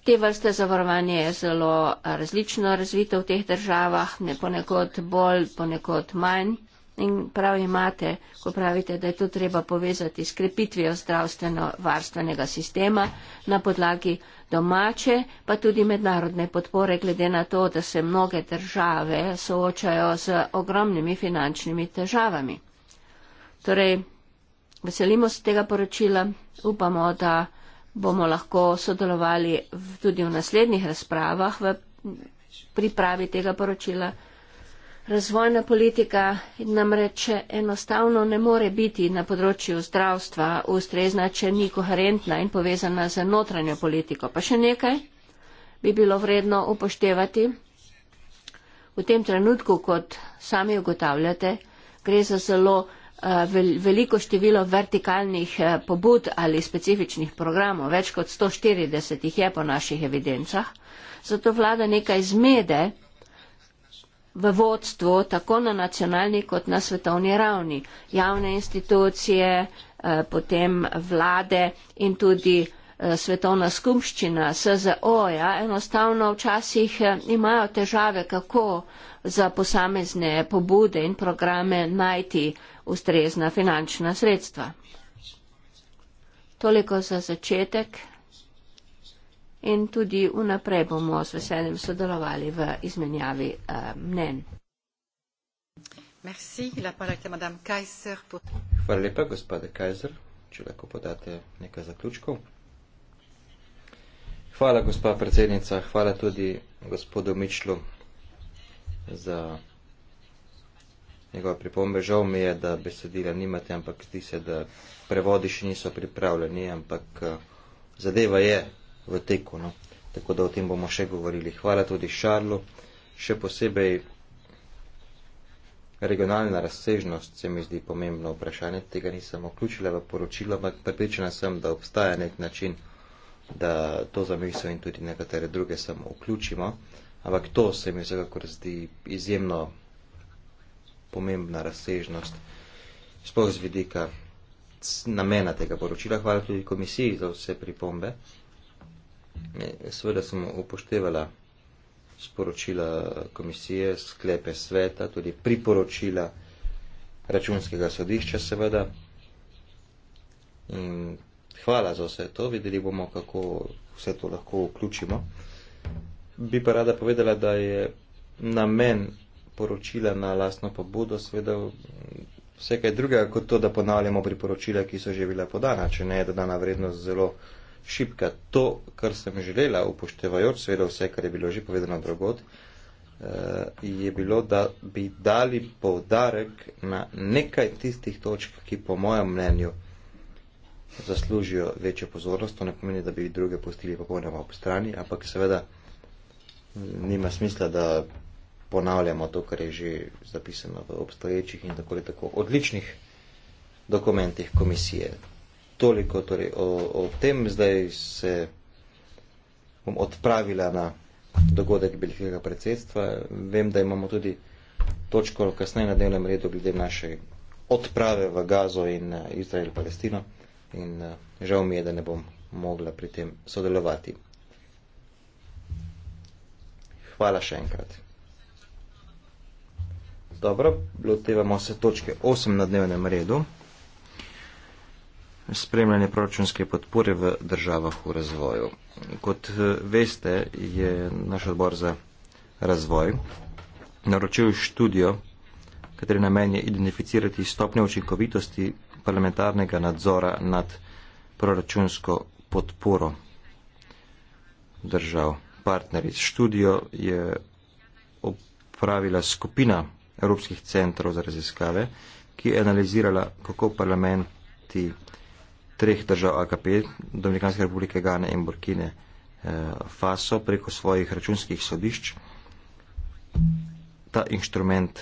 Te vrste zavarovanja je zelo različno razvito v teh državah, ne ponekod bolj, ponekod manj. In prav imate, ko pravite, da je to treba povezati s krepitvijo zdravstveno-varstvenega sistema na podlagi domače, pa tudi mednarodne podpore, glede na to, da se mnoge države soočajo z ogromnimi finančnimi težavami. Torej, veselimo se tega poročila, upamo, da bomo lahko sodelovali tudi v naslednjih razpravah v pripravi tega poročila. Razvojna politika namreč enostavno ne more biti na področju zdravstva ustrezna, če ni koherentna in povezana z notranjo politiko. Pa še nekaj bi bilo vredno upoštevati. V tem trenutku, kot sami ugotavljate, gre za zelo eh, veliko število vertikalnih eh, pobud ali specifičnih programov, več kot 140 jih je po naših evidencah. Zato vlada nekaj zmede v vodstvu, tako na nacionalni kot na svetovni ravni, javne institucije, eh, potem vlade in tudi eh, svetovna skupščina, SZO, ja, enostavno včasih eh, imajo težave, kako za posamezne pobude in programe najti ustrezna finančna sredstva. Toliko za začetek in tudi vnaprej bomo z veseljem sodelovali v izmenjavi eh, mnen. Hvala lepa, gospode Kajzer, če lahko podate nekaj zaključkov. Hvala, gospa predsednica, hvala tudi gospodu Mičlu za njegove pripombe. Žal mi je, da besedila nimate, ampak zdi se, da prevodi še niso pripravljeni, ampak eh, zadeva je v teku. No. Tako da o tem bomo še govorili. Hvala tudi Šarlu. Še posebej regionalna razsežnost se mi zdi pomembno vprašanje. Tega nisem vključila v poročilo, ampak pripričana sem, da obstaja nek način, da to zamisel in tudi nekatere druge samo vključimo. Ampak to se mi vsekakor zdi izjemno pomembna razsežnost, sploh z vidika namena tega poročila. Hvala tudi komisiji za vse pripombe. Seveda smo upoštevala sporočila komisije, sklepe sveta, tudi priporočila računskega sodišča seveda. In hvala za vse to, videli bomo, kako vse to lahko vključimo. Bi pa rada povedala, da je namen poročila na lastno pobudo seveda vse kaj drugega, kot to, da ponavljamo priporočila, ki so že bila podana, če ne je dodana vrednost zelo šipka. To, kar sem želela, upoštevajoč seveda vse, kar je bilo že povedano drugod, eh, je bilo, da bi dali povdarek na nekaj tistih točk, ki po mojem mnenju zaslužijo večjo pozornost. To ne pomeni, da bi druge pustili popolnoma ob strani, ampak seveda mm, nima smisla, da ponavljamo to, kar je že zapisano v obstoječih in tako ali tako odličnih dokumentih komisije toliko torej, o, o tem, zdaj se bom odpravila na dogodek Belgijskega predsedstva. Vem, da imamo tudi točko kasneje na dnevnem redu glede naše odprave v Gazo in eh, Izrael-Palestino in eh, žal mi je, da ne bom mogla pri tem sodelovati. Hvala še enkrat. Dobro, lotevamo se točke 8 na dnevnem redu spremljanje proračunske podpore v državah v razvoju. Kot eh, veste, je naš odbor za razvoj naročil študijo, kateri namen je identificirati stopnje učinkovitosti parlamentarnega nadzora nad proračunsko podporo držav partneric. Študijo je opravila skupina Evropskih centrov za raziskave, ki je analizirala, kako parlamenti treh držav AKP, Dominikanske republike Gane in Burkine eh, Faso, preko svojih računskih sodišč ta inštrument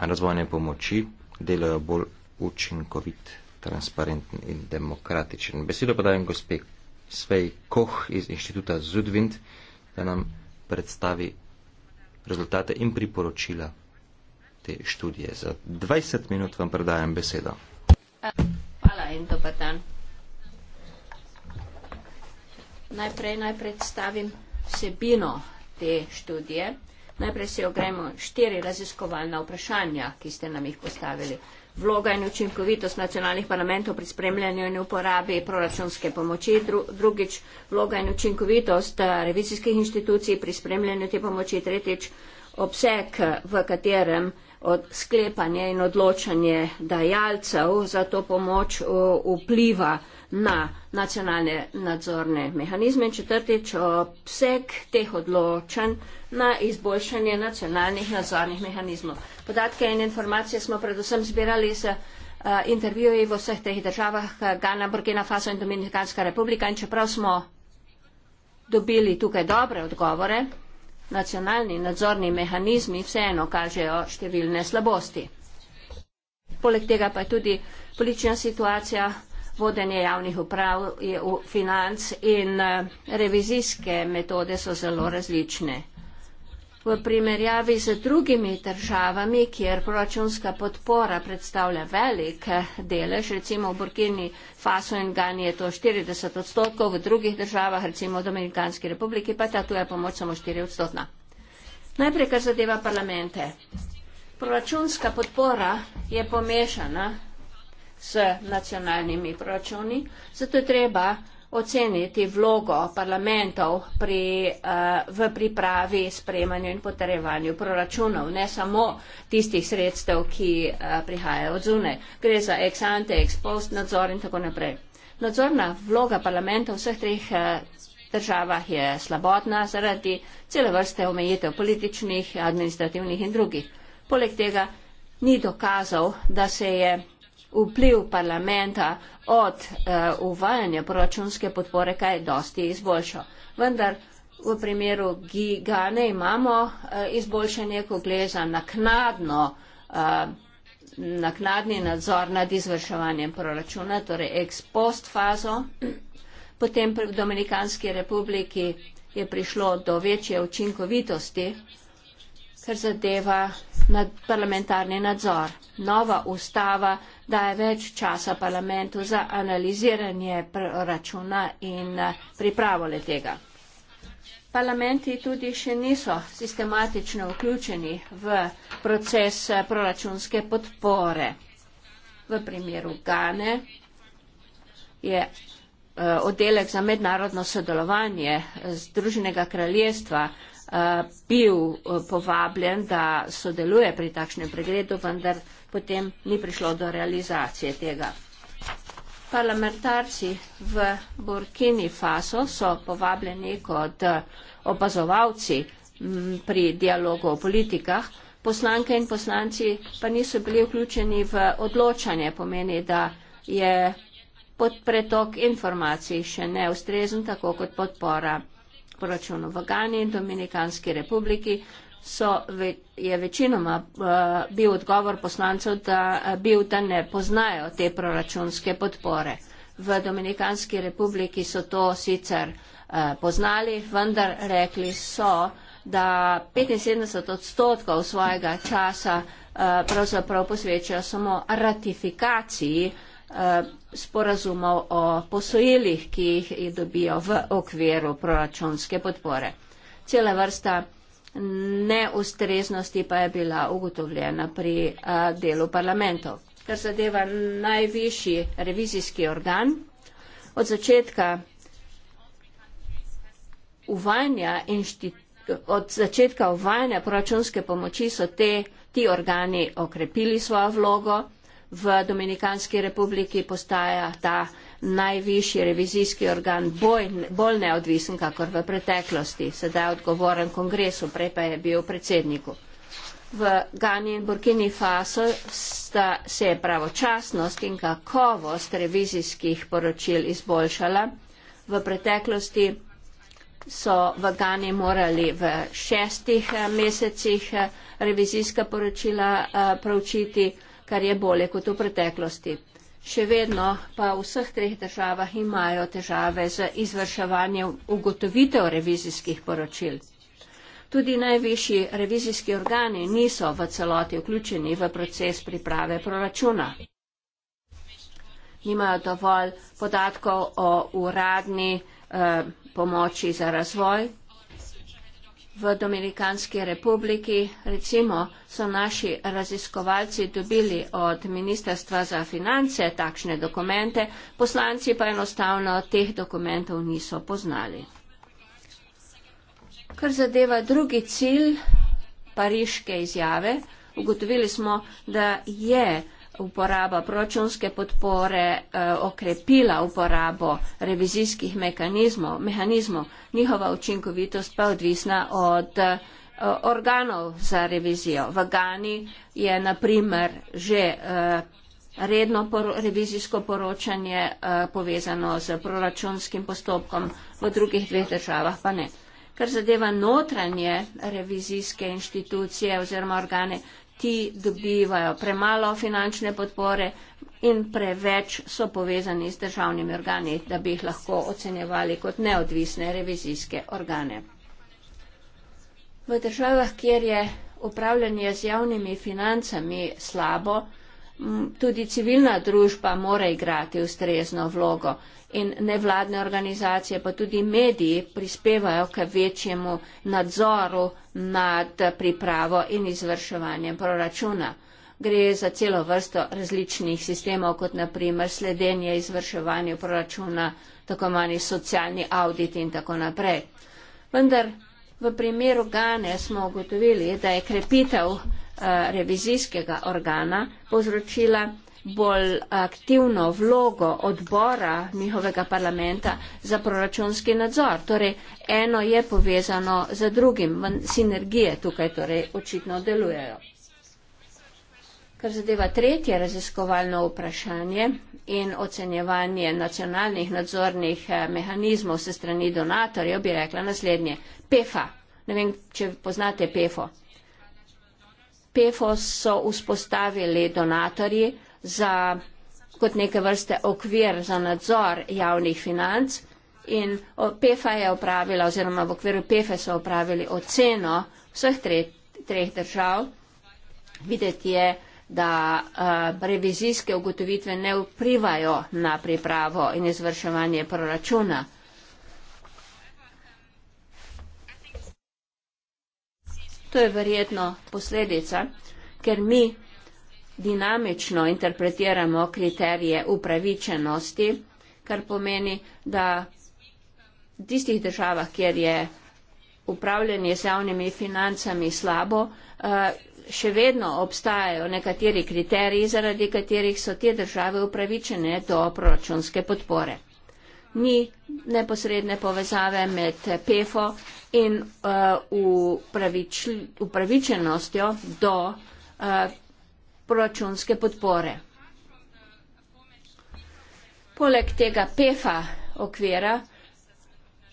razvojne pomoči delajo bolj učinkovit, transparenten in demokratičen. Besedo pa dajem gospe Svej Koh iz inštituta Zudvind, da nam predstavi rezultate in priporočila te študije. Za 20 minut vam predajam besedo. Uh. Hvala in dober dan. Najprej naj predstavim vsebino te študije. Najprej se ogremo štiri raziskovalna vprašanja, ki ste nam jih postavili. Vloga in učinkovitost nacionalnih parlamentov pri spremljanju in uporabi proračunske pomoči. Drugič, vloga in učinkovitost eh, revizijskih inštitucij pri spremljanju te pomoči. Tretjič, obseg, v katerem od sklepanje in odločanje dajalcev za to pomoč vpliva na nacionalne nadzorne mehanizme. Četrtič, obseg teh odločanj na izboljšanje nacionalnih nadzornih mehanizmov. Podatke in informacije smo predvsem zbirali z eh, intervjuji v vseh teh državah, eh, Gana, Burkina Faso in Dominikanska republika in čeprav smo dobili tukaj dobre odgovore, nacionalni nadzorni mehanizmi vseeno kažejo številne slabosti. Poleg tega pa je tudi politična situacija, vodenje javnih uprav, financ in eh, revizijske metode so zelo različne. V primerjavi z drugimi državami, kjer proračunska podpora predstavlja velik eh, delež, recimo v Burkini Faso in Gani je to 40 odstotkov, v drugih državah, recimo v Dominikanski republiki, pa ta tu je pomoč samo 4 odstotna. Najprej, kar zadeva parlamente. Proračunska podpora je pomešana s nacionalnimi proračuni, zato je treba oceniti vlogo parlamentov pri, eh, v pripravi, spremanju in potrejevanju proračunov, ne samo tistih sredstev, ki eh, prihajajo od zune. Gre za ex ante, ex post nadzor in tako naprej. Nadzorna vloga parlamenta v vseh treh eh, državah je slabotna zaradi cele vrste omejitev političnih, administrativnih in drugih. Poleg tega ni dokazov, da se je vpliv parlamenta od uh, uvajanja proračunske podpore kaj dosti izboljšal. Vendar v primeru gigane imamo uh, izboljšanje, ko gre za naknadno, uh, naknadni nadzor nad izvrševanjem proračuna, torej ex post fazo. Potem v Dominikanski republiki je prišlo do večje učinkovitosti, kar zadeva nad parlamentarni nadzor. Nova ustava daje več časa parlamentu za analiziranje računa in eh, pripravo le tega. Parlamenti tudi še niso sistematično vključeni v proces eh, proračunske podpore. V primeru Gane je eh, oddelek za mednarodno sodelovanje Združenega kraljestva Eh, bil eh, povabljen, da sodeluje pri takšnem pregledu, vendar potem ni prišlo do realizacije tega. Parlamentarci v Burkini Faso so povabljeni kot eh, opazovalci pri dialogu o politikah, poslanke in poslanci pa niso bili vključeni v odločanje, pomeni, da je pod pretok informacij še neustrezen, tako kot podpora proračunu. V Gani in Dominikanski republiki so, je večinoma eh, bil odgovor poslancev, da, eh, bil, da ne poznajo te proračunske podpore. V Dominikanski republiki so to sicer eh, poznali, vendar rekli so, da 75 odstotkov svojega časa pravzaprav posvečajo samo ratifikaciji uh, Eh, sporazumov o posojilih, ki jih dobijo v okviru proračunske podpore. Cela vrsta neustreznosti pa je bila ugotovljena pri eh, delu parlamentov. Kar zadeva najvišji revizijski organ, od začetka uvajanja inštitucij Od začetka uvajanja proračunske pomoči so te, ti organi okrepili svojo vlogo v Dominikanski republiki postaja ta najvišji revizijski organ bolj, bolj neodvisen, kakor v preteklosti. Sedaj je odgovoren kongresu, prej pa je bil predsedniku. V Gani in Burkini Faso sta se je pravočasnost in kakovost revizijskih poročil izboljšala. V preteklosti so v Gani morali v šestih eh, mesecih eh, revizijska poročila eh, proučiti. Uh, kar je bolje kot v preteklosti. Še vedno pa v vseh treh državah imajo težave z izvrševanjem ugotovitev revizijskih poročil. Tudi najvišji revizijski organi niso v celoti vključeni v proces priprave proračuna. Nimajo dovolj podatkov o uradni eh, pomoči za razvoj, v Dominikanski republiki, recimo so naši raziskovalci dobili od Ministrstva za finance takšne dokumente, poslanci pa enostavno teh dokumentov niso poznali. Kar zadeva drugi cilj pariške izjave, ugotovili smo, da je uporaba proračunske podpore eh, okrepila uporabo revizijskih mehanizmov, mehanizmov, njihova učinkovitost pa odvisna od eh, organov za revizijo. V Gani je naprimer že eh, redno por revizijsko poročanje eh, povezano z proračunskim postopkom, v drugih dveh državah pa ne. Kar zadeva notranje revizijske inštitucije oziroma organe, ti dobivajo premalo finančne podpore in preveč so povezani z državnimi organi, da bi jih lahko ocenjevali kot neodvisne revizijske organe. V državah, kjer je upravljanje z javnimi financami slabo, tudi civilna družba mora igrati ustrezno vlogo in nevladne organizacije, pa tudi mediji prispevajo k večjemu nadzoru nad pripravo in izvrševanjem proračuna. Gre za celo vrsto različnih sistemov, kot naprimer sledenje izvrševanju proračuna, tako manj socialni audit in tako naprej. Vendar v primeru Gane smo ugotovili, da je krepitev eh, revizijskega organa povzročila bolj aktivno vlogo odbora njihovega parlamenta za proračunski nadzor. Torej, eno je povezano z drugim, sinergije tukaj torej očitno delujejo. Kar zadeva tretje raziskovalno vprašanje in ocenjevanje nacionalnih nadzornih eh, mehanizmov se strani donatorjev, bi rekla naslednje. PEFA. Ne vem, če poznate PEFO. PEFO so vzpostavili donatorji, za, kot neke vrste okvir za nadzor javnih financ in PEFA je opravila oziroma v okviru PEFA so opravili oceno vseh treh, treh držav. Videti je, da uh, revizijske ugotovitve ne vplivajo na pripravo in izvrševanje proračuna. To je verjetno posledica, ker mi dinamično interpretiramo kriterije upravičenosti, kar pomeni, da v tistih državah, kjer je upravljanje z javnimi financami slabo, eh, še vedno obstajajo nekateri kriteriji, zaradi katerih so te države upravičene do proračunske podpore. Ni neposredne povezave med PEFO in eh, upravičenostjo do eh, proračunske podpore. Poleg tega PEFA okvira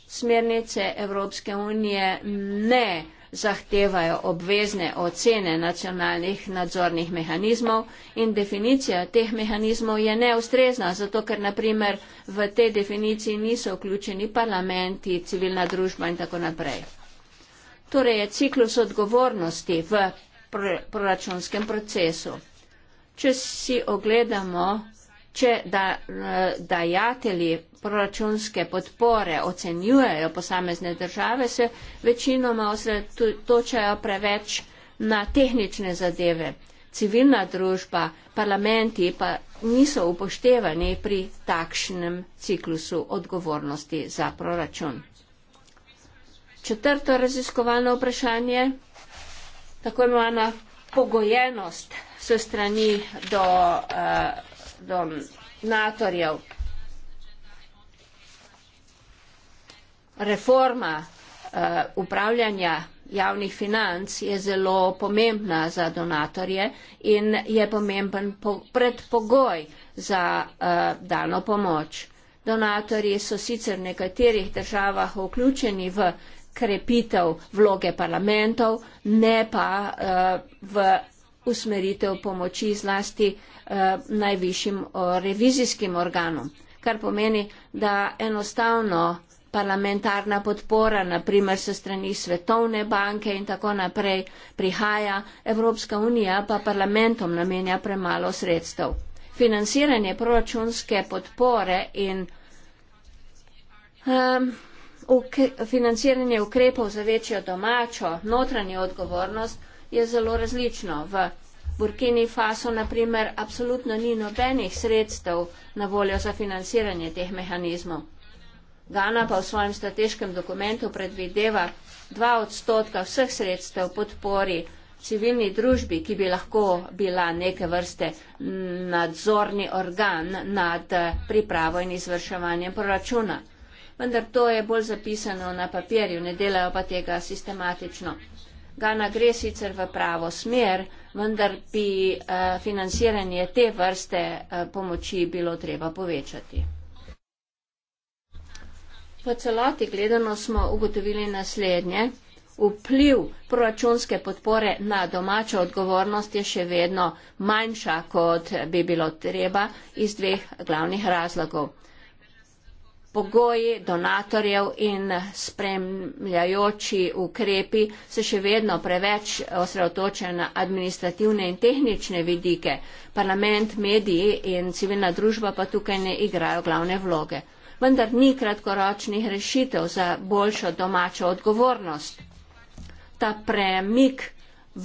smernice Evropske unije ne zahtevajo obvezne ocene nacionalnih nadzornih mehanizmov in definicija teh mehanizmov je neustrezna, zato ker naprimer v te definiciji niso vključeni parlamenti, civilna družba in tako naprej. Torej je ciklus odgovornosti v proračunskem procesu. Če si ogledamo, če da, dajatelji proračunske podpore ocenjujejo posamezne države, se večinoma osredotočajo preveč na tehnične zadeve. Civilna družba, parlamenti pa niso upoštevani pri takšnem ciklusu odgovornosti za proračun. Četrto raziskovalno vprašanje tako imenovana pogojenost s strani do, uh, do natorjev. Reforma uh, upravljanja javnih financ je zelo pomembna za donatorje in je pomemben po predpogoj za uh, dano pomoč. Donatorji so sicer v nekaterih državah vključeni v krepitev vloge parlamentov, ne pa uh, v usmeritev pomoči zlasti uh, najvišjim revizijskim organom. Kar pomeni, da enostavno parlamentarna podpora, naprimer se strani Svetovne banke in tako naprej, prihaja, Evropska unija pa parlamentom namenja premalo sredstev. Financiranje proračunske podpore in um, financiranje ukrepov za večjo domačo notranjo odgovornost je zelo različno. V Burkini Faso naprimer absolutno ni nobenih sredstev na voljo za financiranje teh mehanizmov. Gana pa v svojem strateškem dokumentu predvideva dva odstotka vseh sredstev podpori civilni družbi, ki bi lahko bila neke vrste nadzorni organ nad pripravo in izvrševanjem proračuna vendar to je bolj zapisano na papirju, ne delajo pa tega sistematično. Gana gre sicer v pravo smer, vendar bi eh, financiranje te vrste eh, pomoči bilo treba povečati. V celoti gledano smo ugotovili naslednje. Vpliv proračunske podpore na domačo odgovornost je še vedno manjša, kot bi bilo treba, iz dveh glavnih razlogov pogoji donatorjev in spremljajoči ukrepi se še vedno preveč osredotočajo na administrativne in tehnične vidike. Parlament, mediji in civilna družba pa tukaj ne igrajo glavne vloge. Vendar ni kratkoročnih rešitev za boljšo domačo odgovornost. Ta premik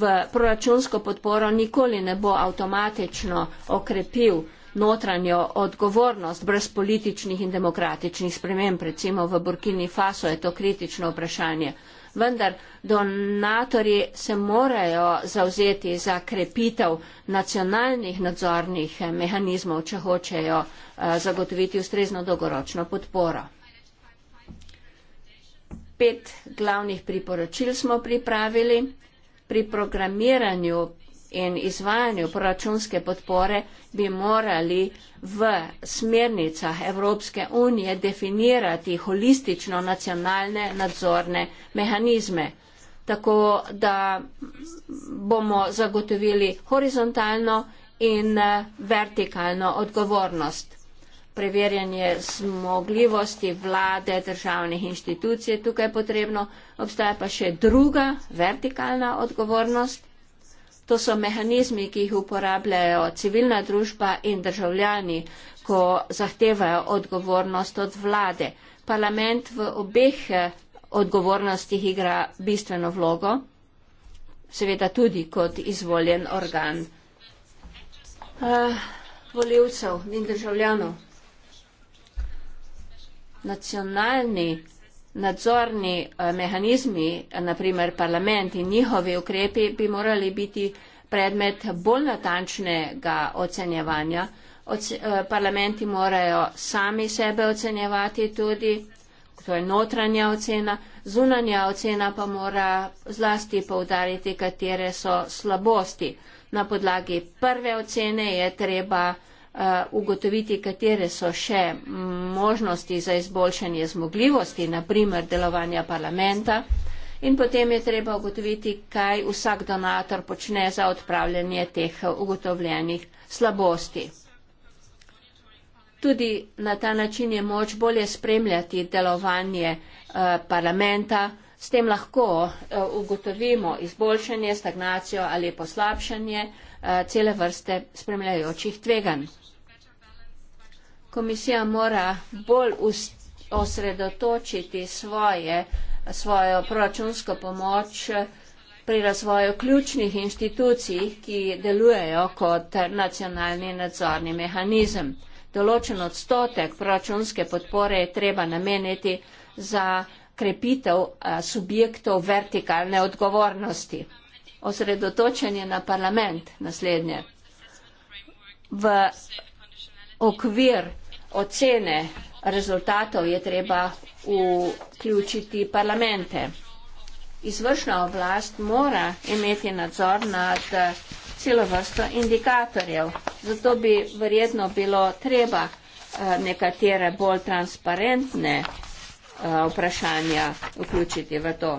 v proračunsko podporo nikoli ne bo avtomatično okrepil notranjo odgovornost brez političnih in demokratičnih sprememb, recimo v Burkini Faso je to kritično vprašanje. Vendar donatorji se morajo zauzeti za krepitev nacionalnih nadzornih eh, mehanizmov, če hočejo eh, zagotoviti ustrezno dolgoročno podporo. Pet glavnih priporočil smo pripravili. Pri programiranju in izvajanju proračunske podpore bi morali v smernicah Evropske unije definirati holistično nacionalne nadzorne mehanizme, tako da bomo zagotovili horizontalno in eh, vertikalno odgovornost. Preverjanje zmogljivosti vlade, državnih inštitucij je tukaj potrebno. Obstaja pa še druga vertikalna odgovornost, To so mehanizmi, ki jih uporabljajo civilna družba in državljani, ko zahtevajo odgovornost od vlade. Parlament v obeh eh, odgovornostih igra bistveno vlogo, seveda tudi kot izvoljen organ uh, eh, voljivcev in državljanov. Nacionalni nadzorni eh, mehanizmi, naprimer parlament in njihovi ukrepi, bi morali biti predmet bolj natančnega ocenjevanja. Eh, parlamenti morajo sami sebe ocenjevati tudi, to je notranja ocena, zunanja ocena pa mora zlasti povdariti, katere so slabosti. Na podlagi prve ocene je treba Eh, ugotoviti, katere so še možnosti za izboljšanje zmogljivosti, naprimer delovanja parlamenta. In potem je treba ugotoviti, kaj vsak donator počne za odpravljanje teh ugotovljenih slabosti. Tudi na ta način je moč bolje spremljati delovanje eh, parlamenta, s tem lahko eh, ugotovimo izboljšanje, stagnacijo ali poslabšanje cele vrste spremljajočih tveganj komisija mora bolj osredotočiti svoje, svojo proračunsko pomoč eh, pri razvoju ključnih inštitucij, ki delujejo kot nacionalni nadzorni mehanizem. Določen odstotek proračunske podpore je treba nameniti za krepitev eh, subjektov vertikalne odgovornosti. Osredotočen je na parlament naslednje. V okvir ocene rezultatov je treba vključiti parlamente. Izvršna oblast mora imeti nadzor nad eh, celo vrsto indikatorjev. Zato bi verjetno bilo treba eh, nekatere bolj transparentne eh, vprašanja vključiti v to.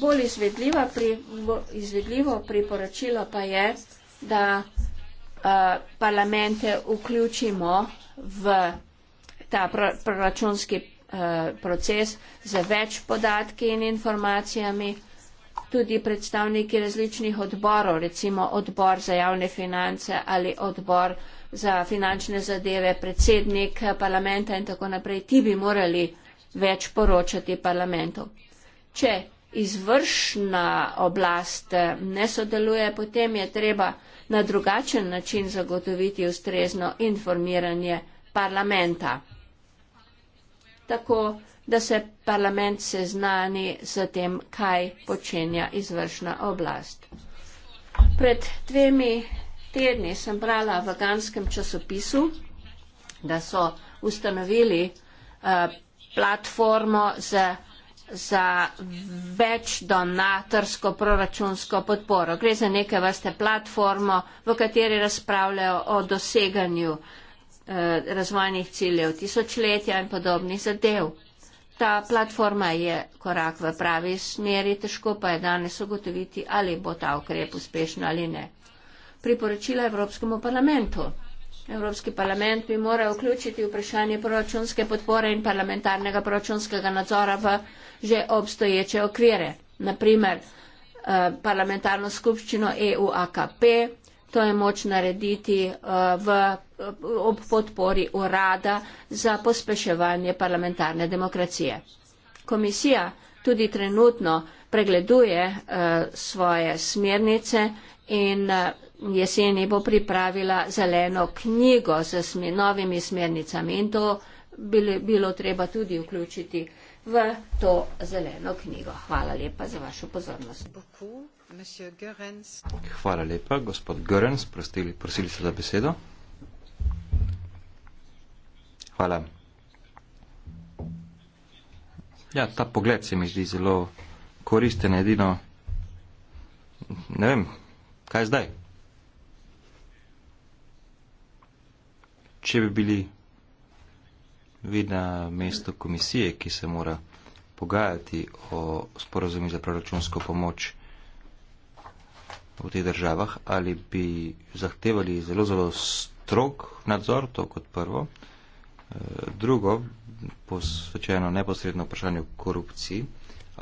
Bolj izvedljivo priporočilo pa je, da Eh, parlamente vključimo v ta pr proračunski eh, proces z več podatki in informacijami, tudi predstavniki različnih odborov, recimo odbor za javne finance ali odbor za finančne zadeve, predsednik eh, parlamenta in tako naprej, ti bi morali več poročati parlamentu. Če izvršna oblast ne sodeluje, potem je treba na drugačen način zagotoviti ustrezno informiranje parlamenta. Tako, da se parlament seznani z tem, kaj počenja izvršna oblast. Pred dvemi tedni sem brala v ganskem časopisu, da so ustanovili uh, platformo za za več donatorsko proračunsko podporo. Gre za neke vrste platformo, v kateri razpravljajo o doseganju eh, razvojnih ciljev tisočletja in podobnih zadev. Ta platforma je korak v pravi smeri, težko pa je danes ugotoviti, ali bo ta ukrep uspešen ali ne. Priporočila Evropskemu parlamentu. Evropski parlament bi moral vključiti vprašanje proračunske podpore in parlamentarnega proračunskega nadzora v že obstoječe okvire. Naprimer, eh, parlamentarno skupščino EU-AKP, to je moč narediti eh, v, ob podpori urada za pospeševanje parlamentarne demokracije. Komisija tudi trenutno pregleduje eh, svoje smernice in jeseni bo pripravila zeleno knjigo z novimi smernicami in to bi bilo treba tudi vključiti v to zeleno knjigo. Hvala lepa za vašo pozornost. Hvala lepa, gospod Görens, prosili, prosili ste za besedo. Hvala. Ja, ta pogled se mi zdi zelo koristen, edino ne vem, kaj zdaj. če bi bili vi na mesto komisije, ki se mora pogajati o sporozumi za proračunsko pomoč v teh državah, ali bi zahtevali zelo, zelo strog nadzor, to kot prvo. Eh, drugo, posvečeno neposredno vprašanje o korupciji,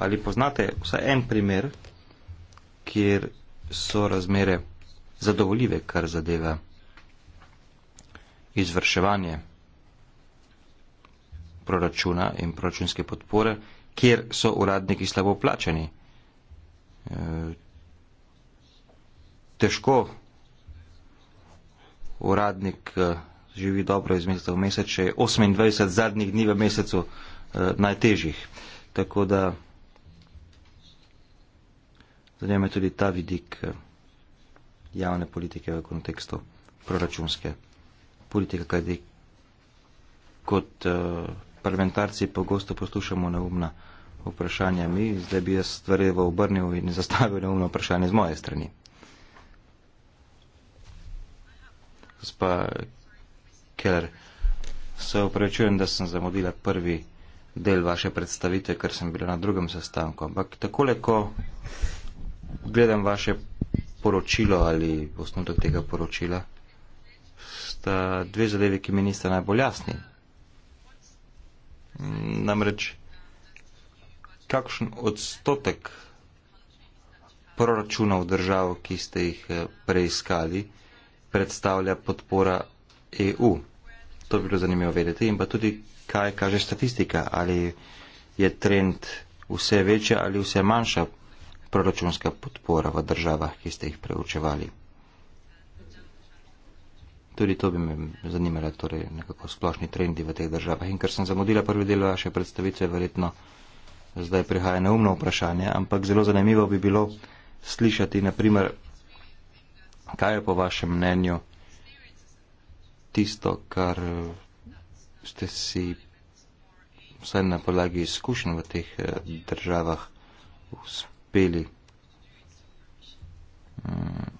ali poznate vsaj en primer, kjer so razmere zadovoljive, kar zadeva izvrševanje proračuna in proračunske podpore, kjer so uradniki slabo plačani. E, težko uradnik e, živi dobro iz meseca v mesec, če je 28 zadnjih dni v mesecu e, najtežjih. Tako da zanima me tudi ta vidik javne politike v kontekstu proračunske politika, kajti kot eh, parlamentarci pogosto poslušamo neumna vprašanja mi, zdaj bi jaz stvari v obrnil in zastavil neumno vprašanje z moje strani. Gospa Keller, se upravičujem, da sem zamudila prvi del vaše predstavitve, ker sem bila na drugem sestanku, ampak takole, ko gledam vaše poročilo ali osnutek tega poročila, sta dve zadeve, ki mi nista najbolj jasni. Namreč, kakšen odstotek proračunov držav, ki ste jih eh, preiskali, predstavlja podpora EU. To bi bilo zanimivo vedeti. In pa tudi, kaj kaže statistika, ali je trend vse večja ali vse manjša proračunska podpora v državah, ki ste jih preučevali. Tudi to bi me zanimalo, torej nekako splošni trendi v teh državah. In ker sem zamudila prvi del vaše predstavitve, verjetno zdaj prihaja neumno vprašanje, ampak zelo zanimivo bi bilo slišati, naprimer, kaj je po vašem mnenju tisto, kar ste si vsaj na podlagi izkušenj v teh eh, državah uspeli mm,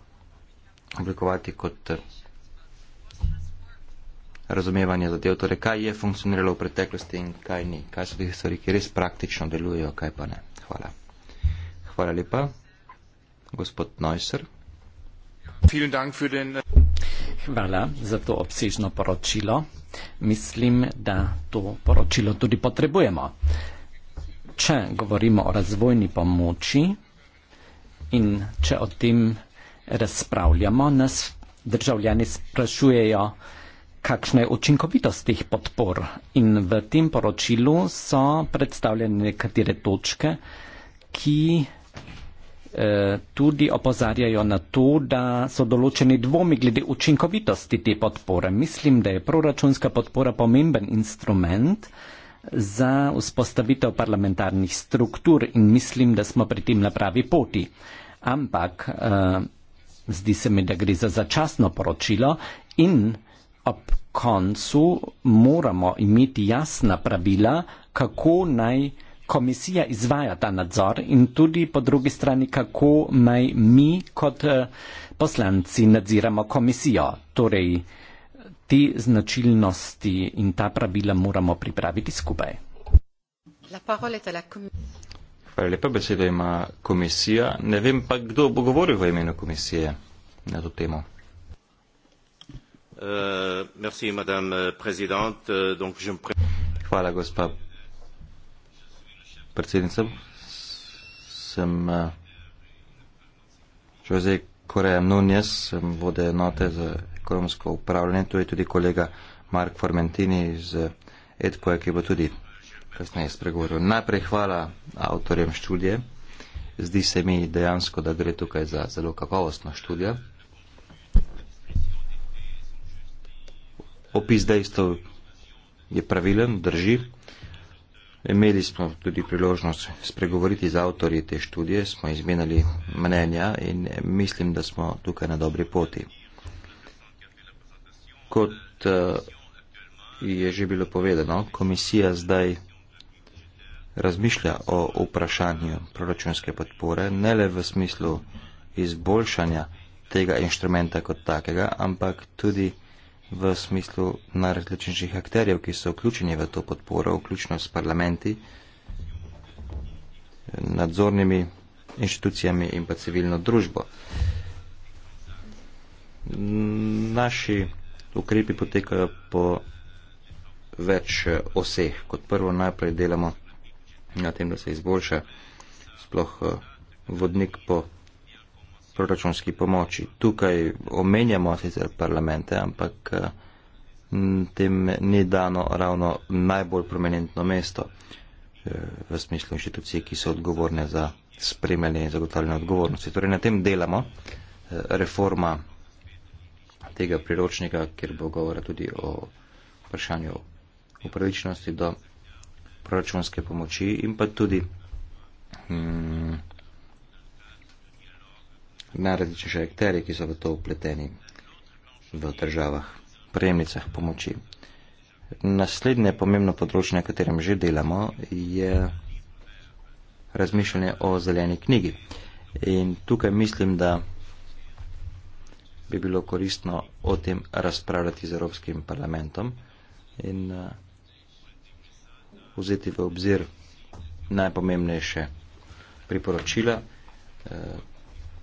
oblikovati kot eh, razumevanje zadev, torej kaj je funkcioniralo v preteklosti in kaj ni, kaj so tih stvari, ki res praktično delujejo, kaj pa ne. Hvala. Hvala lepa. Gospod Neusser. Äh, Hvala za to obsežno poročilo. Mislim, da to poročilo tudi potrebujemo. Če govorimo o razvojni pomoči in če o tem razpravljamo, nas državljani sprašujejo, kakšna je učinkovitost teh podpor. In v tem poročilu so predstavljene nekatere točke, ki eh, tudi opozarjajo na to, da so določeni dvomi glede učinkovitosti te podpore. Mislim, da je proračunska podpora pomemben instrument za vzpostavitev parlamentarnih struktur in mislim, da smo pri tem na pravi poti. Ampak eh, zdi se mi, da gre za začasno poročilo in ob koncu moramo imeti jasna pravila, kako naj komisija izvaja ta nadzor in tudi po drugi strani, kako naj mi kot eh, poslanci nadziramo komisijo. Torej, te značilnosti in ta pravila moramo pripraviti skupaj. Hvala lepa, besedo ima komisija. Ne vem pa, kdo bo govoril v imenu komisije na to temo. Euh, madame la présidente euh, donc je me voilà gospa sem eh, José Correa Núñez, sem vode enote za ekonomsko upravljanje, tu je tudi kolega Mark Formentini iz eh, Edko, ki bo tudi kasneje spregovoril. Najprej hvala avtorjem študije. Zdi se mi dejansko, da gre tukaj za zelo kakovostno študijo. opis dejstev je pravilen, drži. Imeli smo tudi priložnost spregovoriti z avtorji te študije, smo izmenjali mnenja in mislim, da smo tukaj na dobri poti. Kot eh, je že bilo povedano, komisija zdaj razmišlja o vprašanju proračunske podpore, ne le v smislu izboljšanja tega inštrumenta kot takega, ampak tudi izboljšanja v smislu najrazličnejših akterjev, ki so vključeni v to podporo, vključno s parlamenti, nadzornimi inštitucijami in pa civilno družbo. Naši ukrepi potekajo po več eh, oseh. Kot prvo najprej delamo na tem, da se izboljša sploh eh, vodnik po proračunski pomoči. Tukaj omenjamo sicer parlamente, ampak eh, tem ni dano ravno najbolj prominentno mesto eh, v smislu inštitucije, ki so odgovorne za spremljanje in zagotavljanje odgovornosti. Torej na tem delamo eh, reforma tega priročnika, ker bo govora tudi o vprašanju upravičnosti do proračunske pomoči in pa tudi mm, najrazličnejše akterje, ki so v to upleteni v državah, prejemnicah pomoči. Naslednje pomembno področje, na katerem že delamo, je razmišljanje o zeleni knjigi. In tukaj mislim, da bi bilo koristno o tem razpravljati z Evropskim parlamentom in uh, vzeti v obzir najpomembnejše priporočila, uh,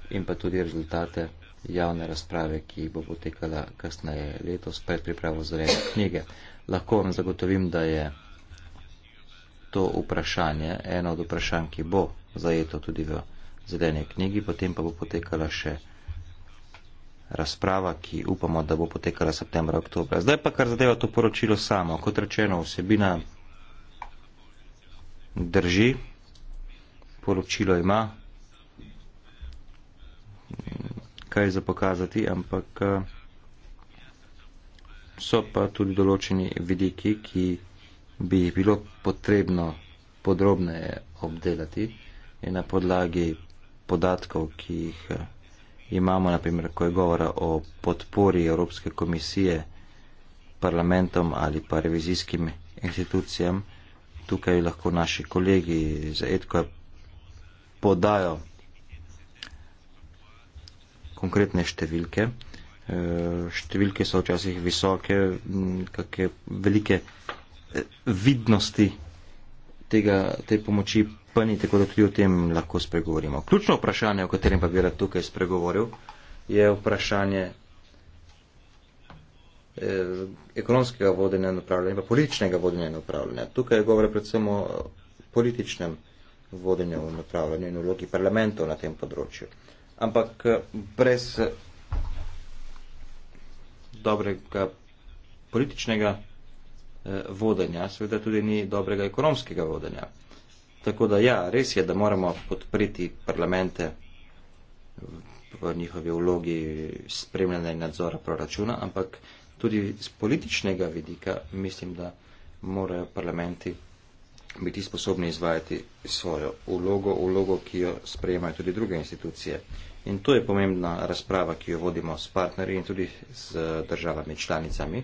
in pa tudi rezultate javne razprave, ki bo potekala kasneje letos pred pripravo zelene knjige. Lahko vam zagotovim, da je to vprašanje eno od vprašanj, ki bo zajeto tudi v zelene knjigi, potem pa bo potekala še razprava, ki upamo, da bo potekala septembra, oktobra. Zdaj pa kar zadeva to poročilo samo. Kot rečeno, vsebina drži, poročilo ima, kaj za pokazati, ampak eh, so pa tudi določeni vidiki, ki bi jih bilo potrebno podrobneje obdelati in na podlagi podatkov, ki jih eh, imamo, naprimer, ko je govora o podpori Evropske komisije parlamentom ali pa revizijskim institucijam, tukaj lahko naši kolegi za etko podajo konkretne številke. E, številke so včasih visoke, kakšne velike e, vidnosti tega, te pomoči pa ni, tako da tudi o tem lahko spregovorimo. Ključno vprašanje, o katerem pa bi rad tukaj spregovoril, je vprašanje e, ekonomskega vodenja in upravljanja, pa političnega vodenja in upravljanja. Tukaj je govore predvsem o političnem vodenju in upravljanju in vlogi parlamentov na tem področju ampak eh, brez eh, dobrega političnega eh, vodenja, seveda tudi ni dobrega ekonomskega vodenja. Tako da ja, res je, da moramo podpriti parlamente v njihovi vlogi spremljanja in nadzora proračuna, ampak tudi z političnega vidika mislim, da morajo parlamenti biti sposobni izvajati svojo vlogo, vlogo, ki jo sprejemajo tudi druge institucije. In to je pomembna razprava, ki jo vodimo s partnerji in tudi s državami članicami,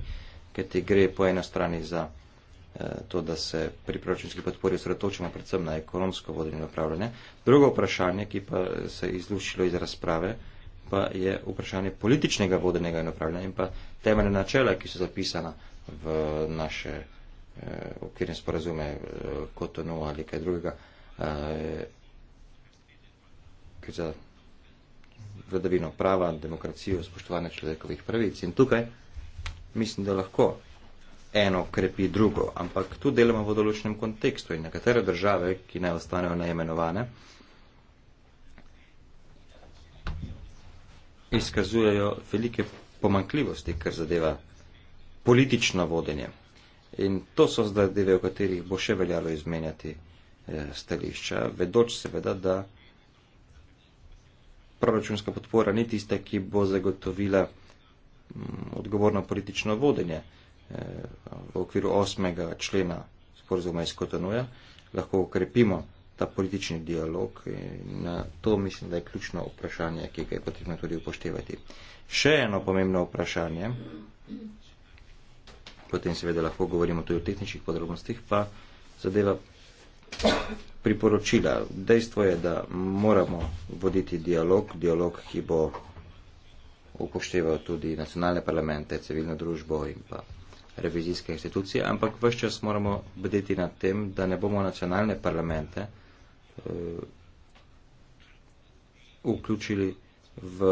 ker ti gre po eni strani za eh, to, da se pri proračunski podpori osredotočimo predvsem na ekonomsko vodenje upravljanja. Drugo vprašanje, ki pa se je izlušilo iz razprave, pa je vprašanje političnega vodenega in upravljanja in pa temeljne načela, ki so zapisana v naše eh, okvirne sporazume, eh, kot ono ali kaj drugega. Eh, vladavino prava, demokracijo, spoštovanje človekovih pravic. In tukaj mislim, da lahko eno krepi drugo, ampak tu delamo v določenem kontekstu in nekatere države, ki ne ostanejo neimenovane, izkazujejo velike pomankljivosti, kar zadeva politično vodenje. In to so zdaj deve, v katerih bo še veljalo izmenjati eh, stališča, vedoč seveda, da proračunska podpora ni tista, ki bo zagotovila mm, odgovorno politično vodenje eh, v okviru osmega člena sporozuma iz Kotonuja, lahko ukrepimo ta politični dialog in to mislim, da je ključno vprašanje, ki ga je potrebno tudi upoštevati. Še eno pomembno vprašanje, potem seveda lahko govorimo tudi o tehničnih podrobnostih, pa zadeva priporočila. Dejstvo je, da moramo voditi dialog, dialog, ki bo upošteval tudi nacionalne parlamente, civilno družbo in pa revizijske institucije, ampak vse čas moramo bdeti nad tem, da ne bomo nacionalne parlamente uh, vključili v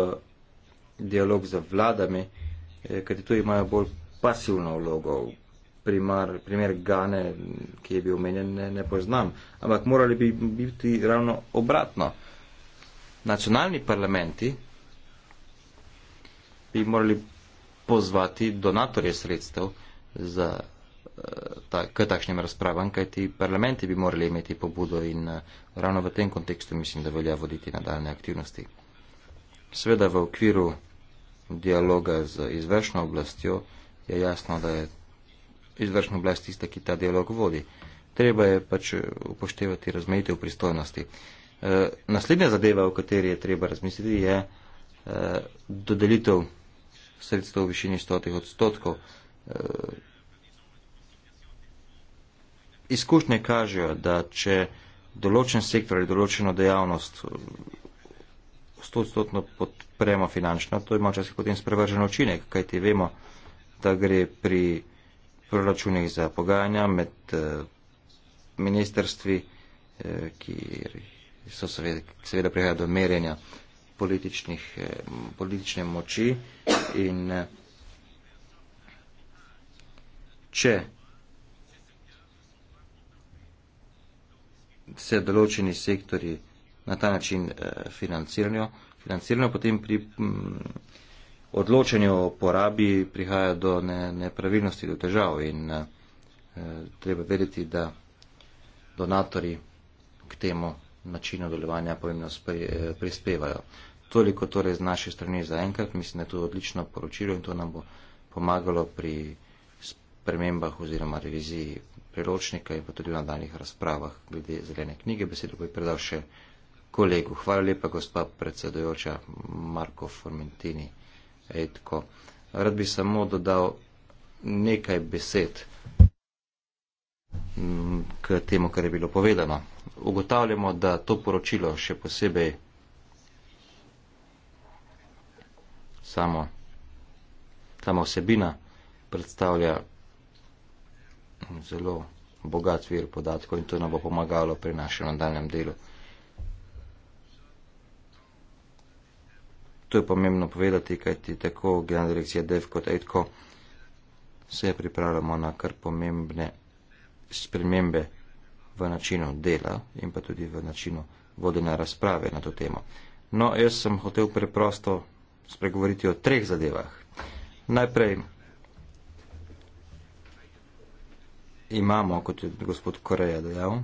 dialog z vladami, eh, kajti tu imajo bolj pasivno vlogo, primar, primer Gane, ki je bil omenjen, ne, ne poznam. Ampak morali bi biti ravno obratno. Nacionalni parlamenti bi morali pozvati donatorje sredstev za, eh, ta, k takšnim razpravam, kajti parlamenti bi morali imeti pobudo in eh, ravno v tem kontekstu mislim, da velja voditi nadaljne aktivnosti. Sveda v okviru dialoga z izvršno oblastjo je jasno, da je izvršna oblast tista, ki ta dialog vodi. Treba je pač upoštevati razmejitev pristojnosti. E, naslednja zadeva, o kateri je treba razmisliti, je e, dodelitev sredstev v višini 100 odstotkov. E, izkušnje kažejo, da če določen sektor ali določeno dejavnost 100 odstotno podpremo finančno, to ima včasih potem sprevržen učinek, kajti vemo, da gre pri proračunih za pogajanja med eh, ministerstvi, eh, ki so seveda, seveda prihajali do merjenja političnih, eh, politične moči in če se določeni sektori na ta način financirajo, financirajo potem pri m, mm, odločanju o porabi prihaja do ne, nepravilnosti, do težav in eh, treba vedeti, da donatori k temu načinu delovanja pomembno eh, prispevajo. Toliko torej z naše strani zaenkrat, mislim, da je to odlično poročilo in to nam bo pomagalo pri spremembah oziroma reviziji priročnika in pa tudi v nadaljnih razpravah glede zelene knjige. Besedo bo predal še kolegu. Hvala lepa, gospa predsedojoča Marko Formentini. Etko. Rad bi samo dodal nekaj besed k temu, kar je bilo povedano. Ugotavljamo, da to poročilo še posebej samo, sama osebina predstavlja zelo bogat vir podatkov in to nam bo pomagalo pri našem nadaljem delu. To je pomembno povedati, kaj ti tako generalna direkcija DEV kot EITKO se pripravljamo na kar pomembne spremembe v načinu dela in pa tudi v načinu vodene razprave na to temo. No, jaz sem hotel preprosto spregovoriti o treh zadevah. Najprej imamo, kot je gospod Koreja dejal,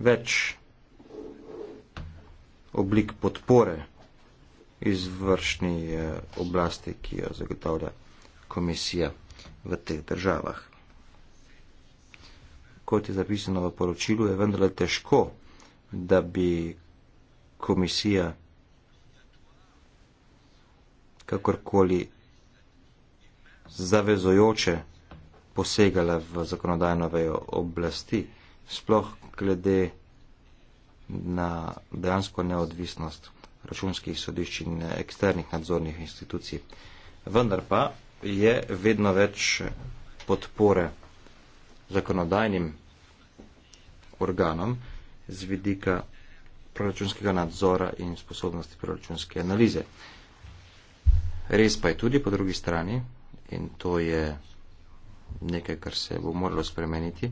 več oblik podpore izvršni eh, oblasti, ki jo zagotavlja komisija v teh državah. Kot je zapisano v poročilu, je vendarle težko, da bi komisija kakorkoli zavezojoče posegala v zakonodajno vejo oblasti sploh glede na dejansko neodvisnost računskih sodišč in eksternih nadzornih institucij. Vendar pa je vedno več podpore zakonodajnim organom z vidika proračunskega nadzora in sposobnosti proračunske analize. Res pa je tudi po drugi strani, in to je nekaj, kar se bo moralo spremeniti,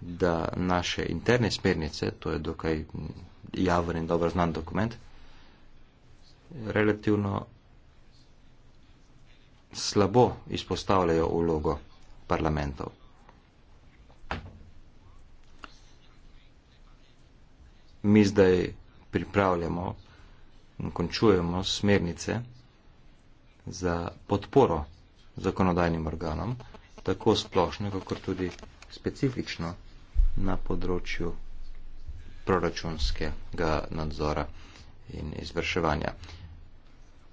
da naše interne smernice, to je dokaj javen in dobro znan dokument, relativno slabo izpostavljajo vlogo parlamentov. Mi zdaj pripravljamo in končujemo smernice za podporo zakonodajnim organom, tako splošno, kot tudi specifično na področju proračunskega nadzora in izvrševanja.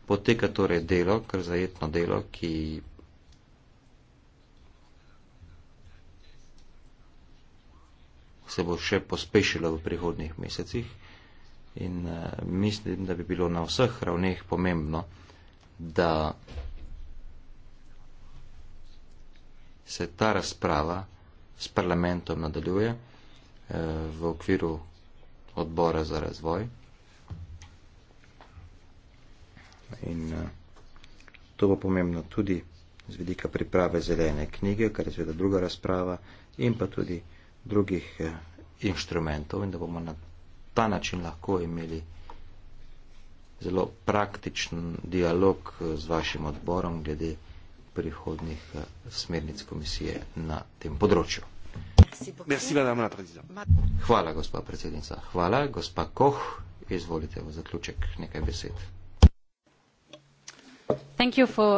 Poteka torej delo, kar zajetno delo, ki se bo še pospešilo v prihodnih mesecih in eh, mislim, da bi bilo na vseh ravneh pomembno, da se ta razprava s parlamentom nadaljuje eh, v okviru odbora za razvoj. In eh, to bo pomembno tudi z vidika priprave zelene knjige, kar je seveda druga razprava, in pa tudi drugih eh, inštrumentov, in da bomo na ta način lahko imeli zelo praktičen dialog z vašim odborom glede prihodnih eh, smernic komisije na tem področju. Hvala, gospa predsednica. Hvala, gospa Koh. Izvolite v zaključek nekaj besed. For...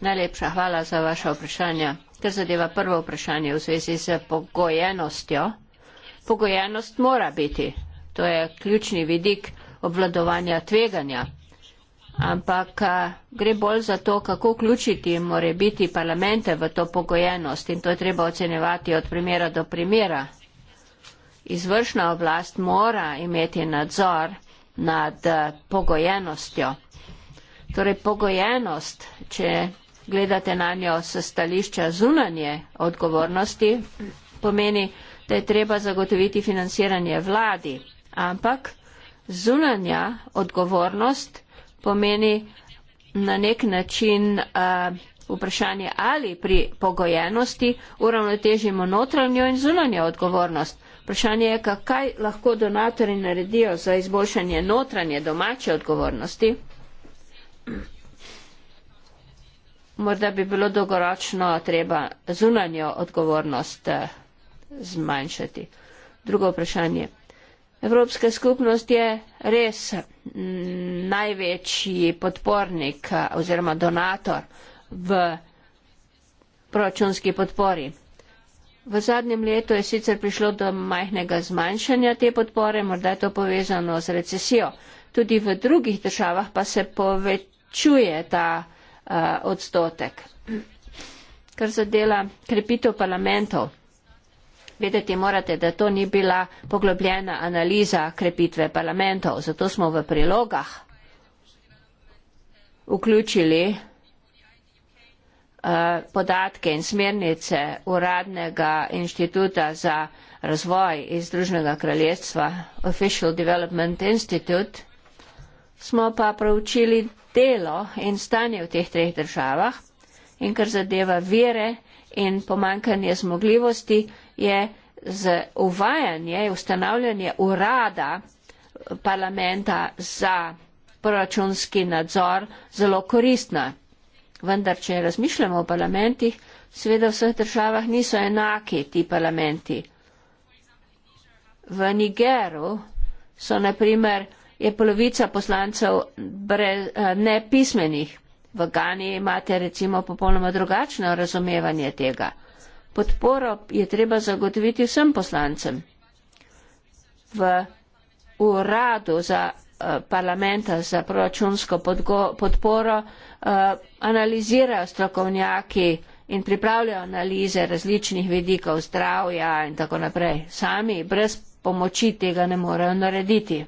Najlepša hvala za vaše vprašanje. Ker zadeva prvo vprašanje v zvezi z pogojenostjo. Pogojenost mora biti. To je ključni vidik obvladovanja tveganja ampak gre bolj za to, kako vključiti more biti parlamente v to pogojenost in to je treba ocenjevati od primera do primera. Izvršna oblast mora imeti nadzor nad pogojenostjo. Torej pogojenost, če gledate na njo s stališča zunanje odgovornosti, pomeni, da je treba zagotoviti financiranje vladi, ampak zunanja odgovornost pomeni na nek način uh, vprašanje ali pri pogojenosti uravnotežimo notranjo in zunanjo odgovornost. Vprašanje je, kaj lahko donatori naredijo za izboljšanje notranje domače odgovornosti. Morda bi bilo dolgoročno treba zunanjo odgovornost eh, zmanjšati. Drugo vprašanje. Evropska skupnost je res največji podpornik oziroma donator v proračunski podpori. V zadnjem letu je sicer prišlo do majhnega zmanjšanja te podpore, morda je to povezano z recesijo. Tudi v drugih državah pa se povečuje ta uh, odstotek. Kar zadela krepitev parlamentov vedeti morate da to ni bila poglobljena analiza krepitve parlamentov zato smo v prilogah vključili uh, podatke in smernice uradnega inštituta za razvoj iz Združenega kraljestva Official Development Institute, smo pa proučili delo in stanje v teh treh državah in kar zadeva vire in pomankanje zmogljivosti, je z uvajanje, ustanavljanje urada parlamenta za proračunski nadzor zelo koristna. Vendar, če razmišljamo o parlamentih, seveda v vseh državah niso enaki ti parlamenti. V Nigeru so naprimer je polovica poslancev brez, eh, nepismenih. V Gani imate recimo popolnoma drugačno razumevanje tega. Podporo je treba zagotoviti vsem poslancem. V uradu za eh, parlamenta za proračunsko podporo eh, analizirajo strokovnjaki in pripravljajo analize različnih vedikov zdravja in tako naprej. Sami brez pomoči tega ne morejo narediti.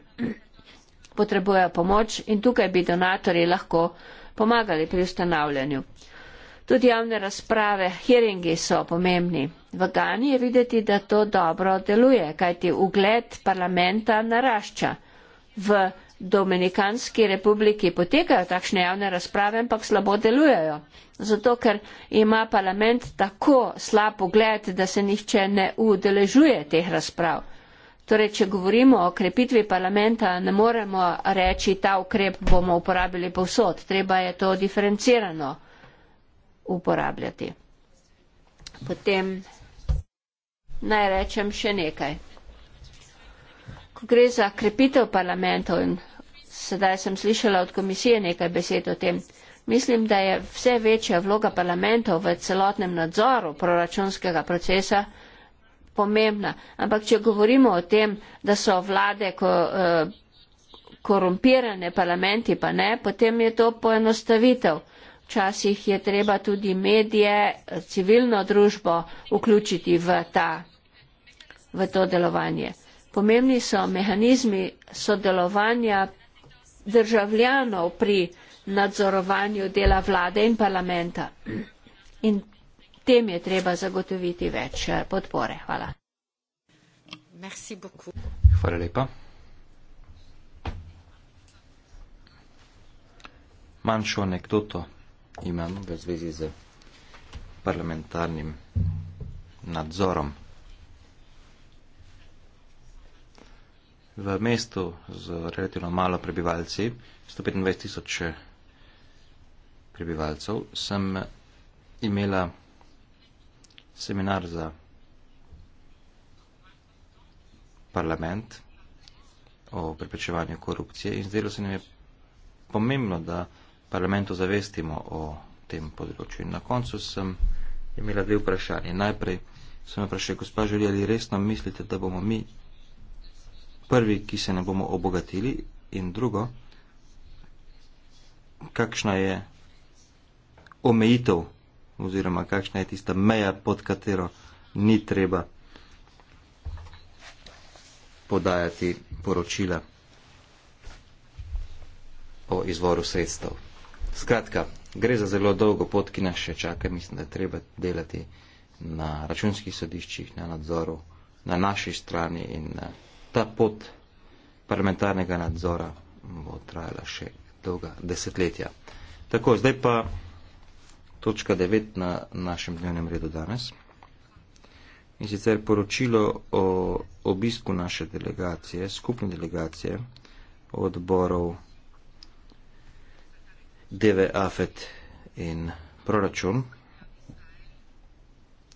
Potrebujejo pomoč in tukaj bi donatori lahko pomagali pri ustanavljanju. Tudi javne razprave, hearingi so pomembni. V Gani je videti, da to dobro deluje, kajti ugled parlamenta narašča. V Dominikanski republiki potekajo takšne javne razprave, ampak slabo delujejo. Zato, ker ima parlament tako slab ugled, da se nihče ne udeležuje teh razprav. Torej, če govorimo o krepitvi parlamenta, ne moremo reči, ta ukrep bomo uporabili povsod. Treba je to diferencirano uporabljati. Potem naj rečem še nekaj. Ko gre za krepitev parlamentov in sedaj sem slišala od komisije nekaj besed o tem, mislim, da je vse večja vloga parlamentov v celotnem nadzoru proračunskega procesa pomembna. Ampak če govorimo o tem, da so vlade ko, eh, korumpirane, parlamenti pa ne, potem je to poenostavitev včasih je treba tudi medije, civilno družbo vključiti v, ta, v to delovanje. Pomembni so mehanizmi sodelovanja državljanov pri nadzorovanju dela vlade in parlamenta. In tem je treba zagotoviti več eh, podpore. Hvala. Hvala lepa. Manjšo anekdoto imam v zvezi z parlamentarnim nadzorom. V mestu z relativno malo prebivalci, 125 tisoč prebivalcev, sem imela seminar za parlament o preprečevanju korupcije in zdelo se nam je pomembno, da parlamentu zavestimo o tem področju. In na koncu sem imela dve vprašanje. Najprej sem vprašala, gospa Žuri, ali resno mislite, da bomo mi prvi, ki se ne bomo obogatili in drugo, kakšna je omejitev oziroma kakšna je tista meja, pod katero ni treba podajati poročila o izvoru sredstev. Skratka, gre za zelo dolgo pot, ki nas še čaka. Mislim, da je treba delati na računskih sodiščih, na nadzoru, na naši strani in eh, ta pot parlamentarnega nadzora bo trajala še dolga desetletja. Tako, zdaj pa točka 9 na našem dnevnem redu danes. In sicer poročilo o obisku naše delegacije, skupne delegacije odborov DV Afet in proračun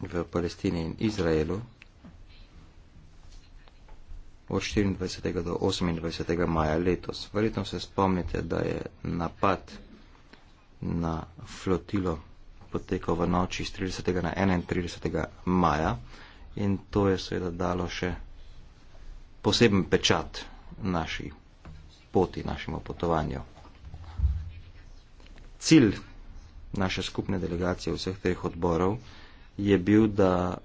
v Palestini in Izraelu od 24. do 28. maja letos. Verjetno se spomnite, da je napad na flotilo potekal v noči iz 30. na 31. maja in to je seveda dalo še poseben pečat naši poti, našemu potovanju cilj naše skupne delegacije vseh treh odborov je bil, da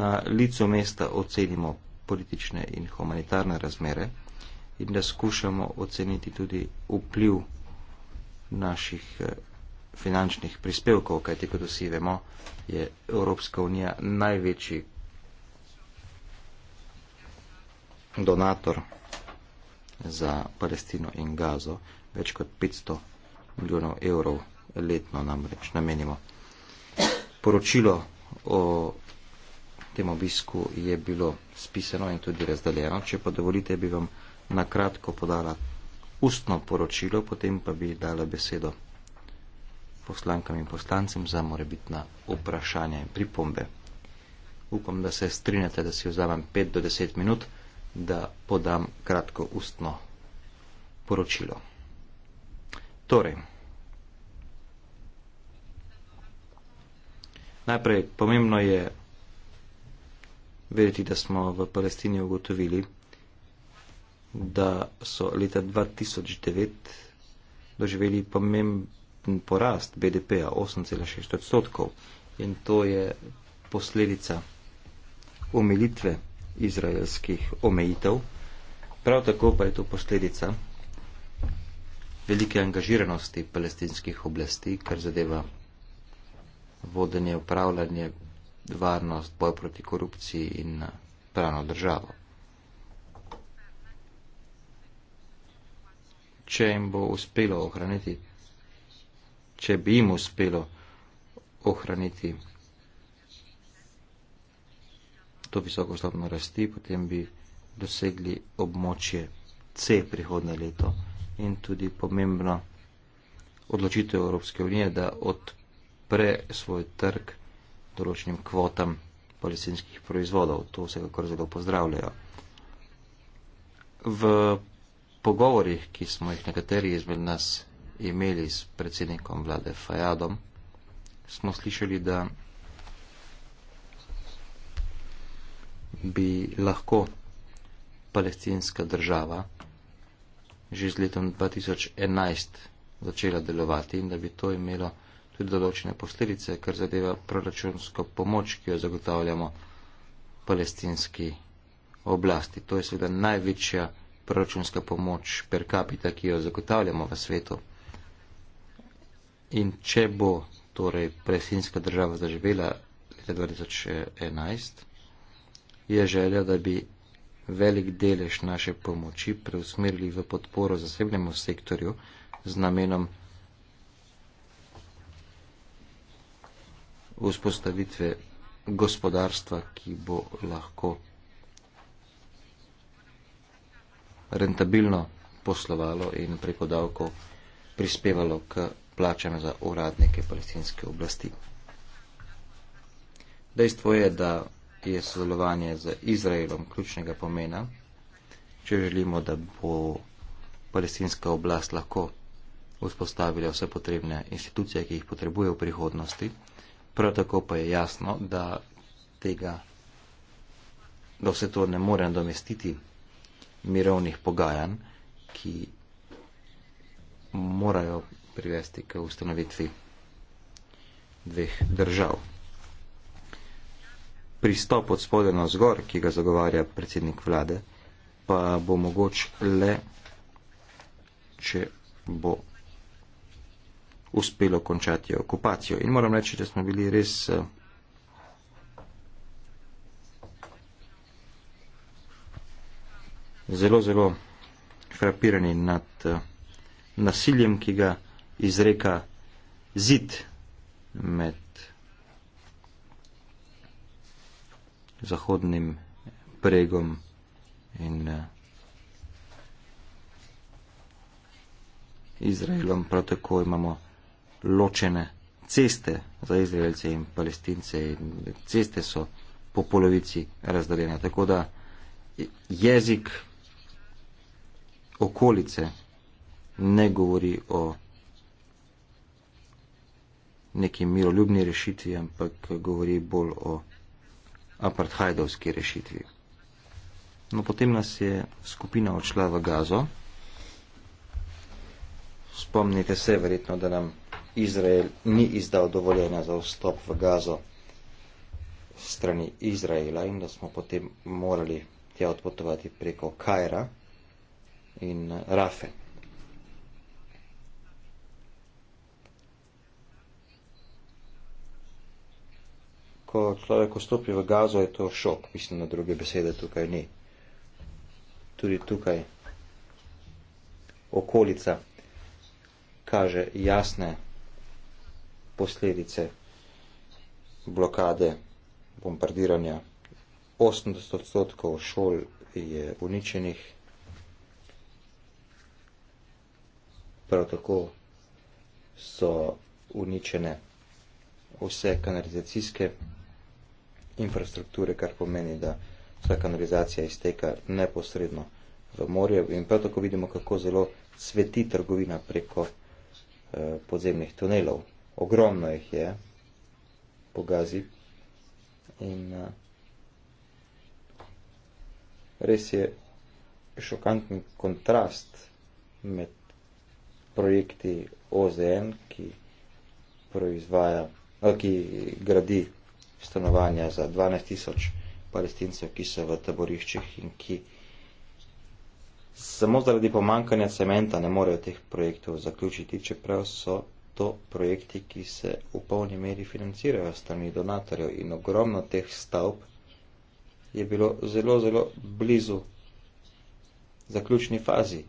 na licu mesta ocenimo politične in humanitarne razmere in da skušamo oceniti tudi vpliv naših eh, finančnih prispevkov, kajti kot vsi vemo, je Evropska unija največji donator za Palestino in Gazo, več kot 500 milijonov evrov letno namreč namenimo. Poročilo o tem obisku je bilo spisano in tudi razdaljeno. Če pa dovolite, bi vam nakratko podala ustno poročilo, potem pa bi dala besedo poslankam in poslancem za morebitna vprašanja in pripombe. Upam, da se strinjate, da si vzamem 5 do 10 minut, da podam kratko ustno poročilo. Torej, najprej pomembno je vedeti, da smo v Palestini ugotovili, da so leta 2009 doživeli pomemben porast BDP-a 8,6 odstotkov in to je posledica omilitve izraelskih omejitev. Prav tako pa je to posledica velike angažiranosti palestinskih oblasti, kar zadeva vodenje, upravljanje, varnost, boj proti korupciji in eh, pravno državo. Če jim bo uspelo ohraniti, če bi jim uspelo ohraniti to visoko stopno rasti, potem bi dosegli območje C prihodne leto in tudi pomembna odločitev Evropske unije, da odpre svoj trg določenim kvotam palestinskih proizvodov. To vsekakor zelo pozdravljajo. V pogovorih, ki smo jih nekateri izmed nas imeli s predsednikom vlade Fajadom, smo slišali, da bi lahko palestinska država že z letom 2011 začela delovati in da bi to imelo tudi določene posledice, kar zadeva proračunsko pomoč, ki jo zagotavljamo palestinski oblasti. To je seveda največja proračunska pomoč per capita, ki jo zagotavljamo v svetu. In če bo torej palestinska država zaživela leta 2011, je želja, da bi velik delež naše pomoči preusmerili v podporo zasebnemu sektorju z namenom vzpostavitve gospodarstva, ki bo lahko rentabilno poslovalo in preko davkov prispevalo k plačam za uradnike palestinske oblasti. Dejstvo je, da je sodelovanje z Izraelom ključnega pomena, če želimo, da bo palestinska oblast lahko vzpostavila vse potrebne institucije, ki jih potrebuje v prihodnosti. Prav tako pa je jasno, da, tega, da vse to ne more domestiti mirovnih pogajanj, ki morajo privesti k ustanovitvi dveh držav pristop od spode na zgor, ki ga zagovarja predsednik vlade, pa bo mogoč le, če bo uspelo končati okupacijo. In moram reči, da smo bili res eh, zelo, zelo frapirani nad eh, nasiljem, ki ga izreka zid med zahodnim bregom in eh, Izraelom. Prav tako imamo ločene ceste za Izraelce in Palestince in ceste so po polovici razdaljene. Tako da jezik okolice ne govori o neki miroljubni rešitvi, ampak govori bolj o apartheidovski rešitvi. No, potem nas je skupina odšla v Gazo. Spomnite se verjetno, da nam Izrael ni izdal dovoljenja za vstop v Gazo strani Izraela in da smo potem morali tja odpotovati preko Kajra in Rafe. ko človek vstopi v gazo, je to šok, mislim, na druge besede tukaj ni. Tudi tukaj okolica kaže jasne posledice blokade, bombardiranja. 80 odstotkov šol je uničenih, prav tako so uničene vse kanalizacijske infrastrukture, kar pomeni, da vsa kanalizacija izteka neposredno v morje in prav tako vidimo, kako zelo sveti trgovina preko eh, podzemnih tunelov. Ogromno jih je po gazi in eh, res je šokantni kontrast med projekti OZN, ki proizvaja, eh, ki gradi stanovanja za 12 tisoč palestincev, ki so v taboriščih in ki samo zaradi pomankanja cementa ne morejo teh projektov zaključiti, čeprav so to projekti, ki se v polni meri financirajo strani donatorjev in ogromno teh stavb je bilo zelo, zelo blizu zaključni fazi.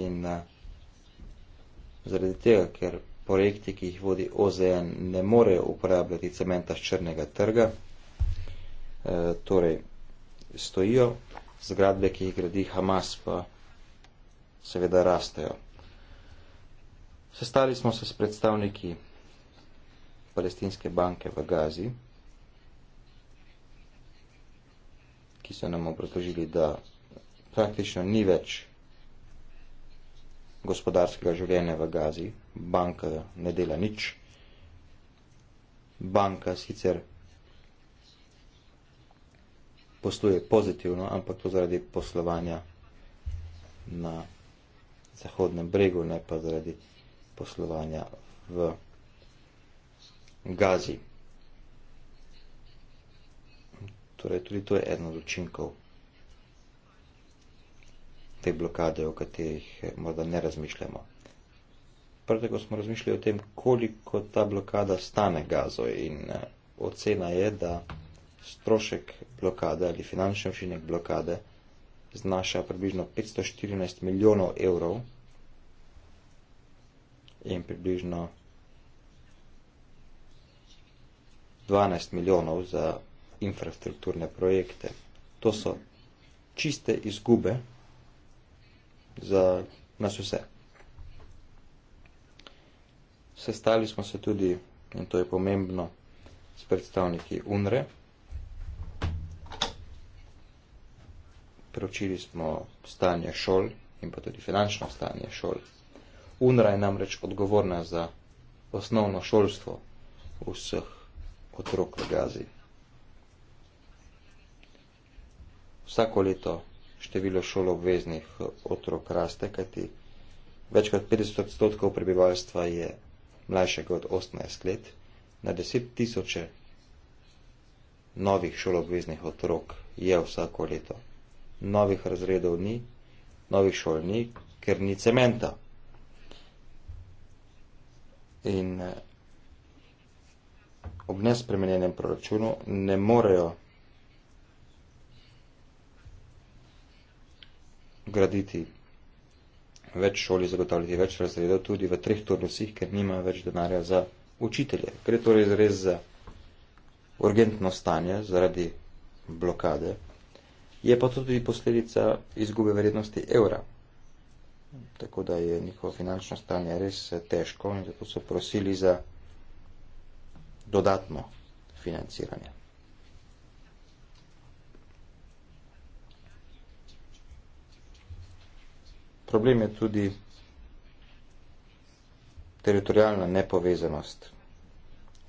In a, eh, zaradi tega, ker projekti, ki jih vodi OZN, ne morejo uporabljati cementa z črnega trga, e, torej stojijo, zgradbe, ki jih gradi Hamas, pa seveda rastejo. Sestali smo se s predstavniki Palestinske banke v Gazi, ki so nam obrazložili, da praktično ni več gospodarskega življenja v Gazi, banka ne dela nič. Banka sicer posluje pozitivno, ampak to zaradi poslovanja na zahodnem bregu, ne pa zaradi poslovanja v Gazi. Torej, tudi to je eden od učinkov te blokade, o katerih morda ne razmišljamo. Prvo, ko smo razmišljali o tem, koliko ta blokada stane gazo in eh, ocena je, da strošek blokade ali finančni učinek blokade znaša približno 514 milijonov evrov in približno 12 milijonov za infrastrukturne projekte. To so čiste izgube za nas vse. Sestali smo se tudi, in to je pomembno, s predstavniki UNRE. Preučili smo stanje šol in pa tudi finančno stanje šol. UNRA je namreč odgovorna za osnovno šolstvo vseh otrok v Gazi. Vsako leto število šoloobveznih otrok raste, kajti več kot 50 odstotkov prebivalstva je mlajšega od 18 let, na 10 tisoče novih šoloobveznih otrok je vsako leto. Novih razredov ni, novih šol ni, ker ni cementa. In eh, ob nespremenjenem proračunu ne morejo graditi več šoli, zagotavljati več razredov tudi v treh turnusih, ker nima več denarja za učitelje. Gre torej res za urgentno stanje zaradi blokade. Je pa to tudi posledica izgube vrednosti evra. Tako da je njihovo finančno stanje res težko in zato so prosili za dodatno financiranje. Problem je tudi teritorijalna nepovezanost.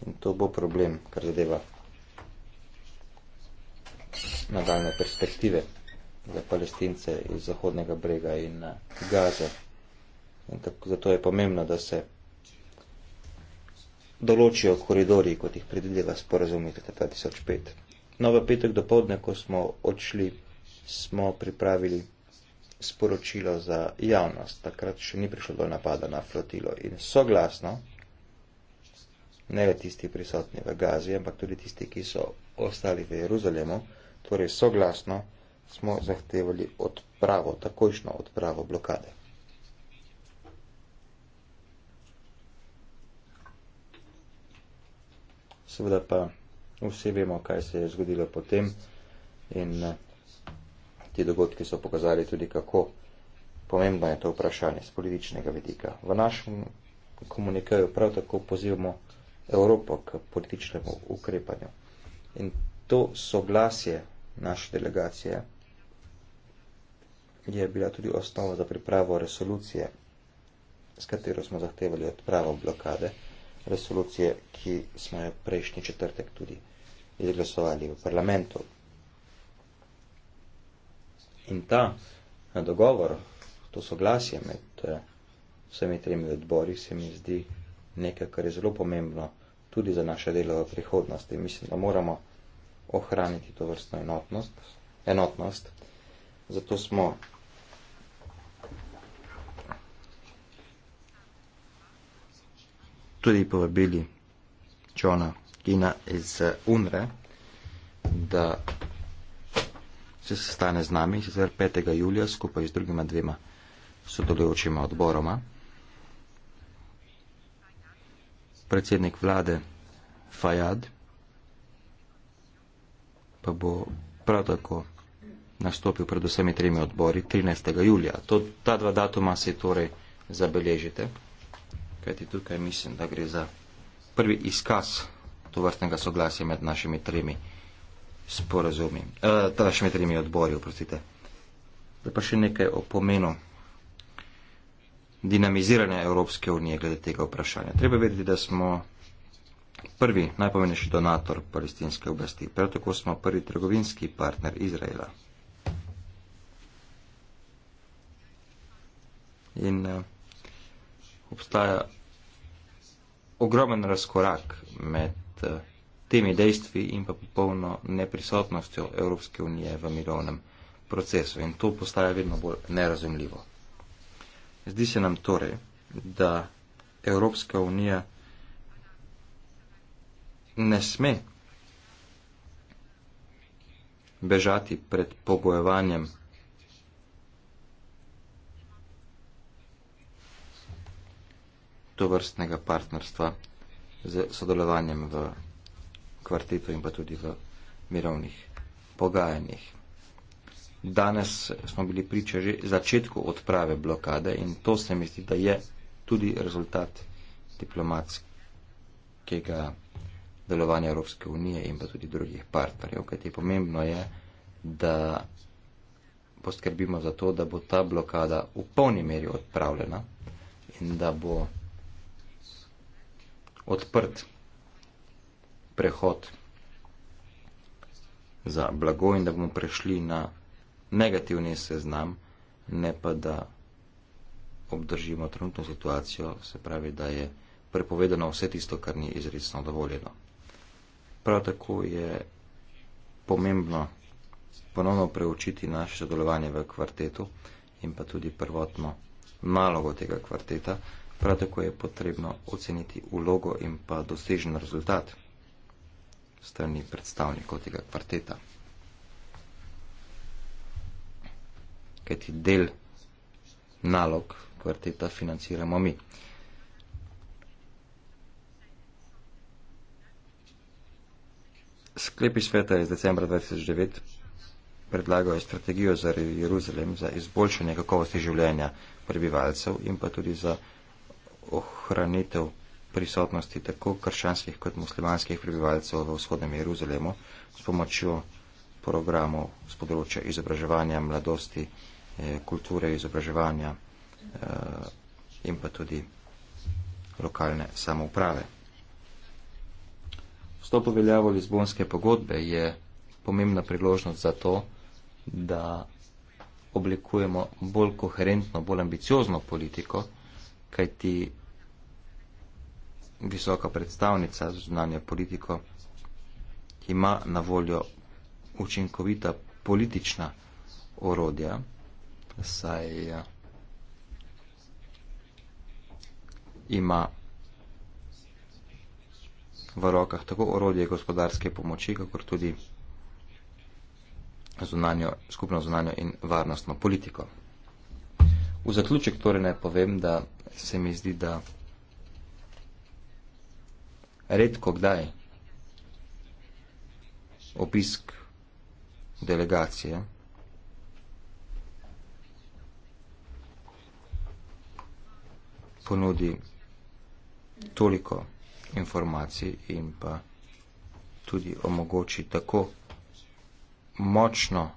In to bo problem, kar zadeva nadaljne perspektive za palestince iz Zahodnega brega in eh, Gaze. In tako, zato je pomembno, da se določijo koridori, kot jih predvideva sporazumite 2005. No, v petek do povdne, ko smo odšli, smo pripravili sporočilo za javnost. Takrat še ni prišlo do napada na flotilo in soglasno, ne le tisti prisotni v Gazi, ampak tudi tisti, ki so ostali v Jeruzalemu, torej soglasno smo zahtevali odpravo, takojšno odpravo blokade. Seveda pa vsi vemo, kaj se je zgodilo potem in Ti dogodki so pokazali tudi, kako pomembno je to vprašanje z političnega vidika. V našem komunikaju prav tako pozivamo Evropo k političnemu ukrepanju. In to soglasje naše delegacije je bila tudi osnova za pripravo resolucije, s katero smo zahtevali odpravo blokade, resolucije, ki smo jo prejšnji četrtek tudi izglasovali v parlamentu. In ta dogovor, to soglasje med eh, vsemi tremi odbori, se mi zdi nekaj, kar je zelo pomembno tudi za naše delo v prihodnosti. Mislim, da moramo ohraniti to vrstno enotnost, enotnost. Zato smo tudi povabili Johna Gina iz UNRE, da se sestane z nami, sicer 5. julija skupaj z drugima dvema sodelujočima odboroma. Predsednik vlade Fajad pa bo prav tako nastopil pred vsemi tremi odbori 13. julija. To, ta dva datuma se torej zabeležite, kajti tukaj mislim, da gre za prvi izkaz tovrstnega soglasja med našimi tremi sporazumi. E, ta še med trimi odbori, oprostite. Zdaj pa še nekaj o pomenu dinamiziranja Evropske unije glede tega vprašanja. Treba vedeti, da smo prvi najpomenejši donator palestinske oblasti. Prav tako smo prvi trgovinski partner Izraela. In uh, obstaja ogromen razkorak med uh, temi dejstvi in pa popolno neprisotnostjo Evropske unije v mirovnem procesu. In to postaja vedno bolj nerazumljivo. Zdi se nam torej, da Evropska unija ne sme bežati pred pobojevanjem tovrstnega partnerstva z sodelovanjem v kvartetu in pa tudi v mirovnih pogajanjih. Danes smo bili priča že začetku odprave blokade in to se mi zdi, da je tudi rezultat diplomatskega delovanja Evropske unije in pa tudi drugih partnerjev, kajti pomembno je, da poskrbimo za to, da bo ta blokada v polni meri odpravljena in da bo odprt prehod za blago in da bomo prešli na negativni seznam, ne pa da obdržimo trenutno situacijo, se pravi, da je prepovedano vse tisto, kar ni izredno dovoljeno. Prav tako je pomembno ponovno preučiti naše sodelovanje v kvartetu in pa tudi prvotno nalogo tega kvarteta. Prav tako je potrebno oceniti ulogo in pa dosežen rezultat strani predstavnikov tega kvarteta. Kajti del nalog kvarteta financiramo mi. Sklepi sveta iz decembra 2009 predlagajo strategijo za Jeruzalem za izboljšanje kakovosti življenja prebivalcev in pa tudi za ohranitev prisotnosti tako krščanskih kot muslimanskih prebivalcev v vzhodnem Jeruzalemu s pomočjo programov z področja izobraževanja, mladosti, eh, kulture izobraževanja eh, in pa tudi lokalne samouprave. Vstop v veljavo Lizbonske pogodbe je pomembna priložnost za to, da oblikujemo bolj koherentno, bolj ambiciozno politiko, kajti visoka predstavnica za zunanjo politiko, ki ima na voljo učinkovita politična orodja, saj eh, ima v rokah tako orodje gospodarske pomoči, kakor tudi zunanjo, skupno zunanjo in varnostno politiko. V zaključek torej naj povem, da se mi zdi, da redko kdaj obisk delegacije. ponudi toliko informacij in pa tudi omogoči tako močno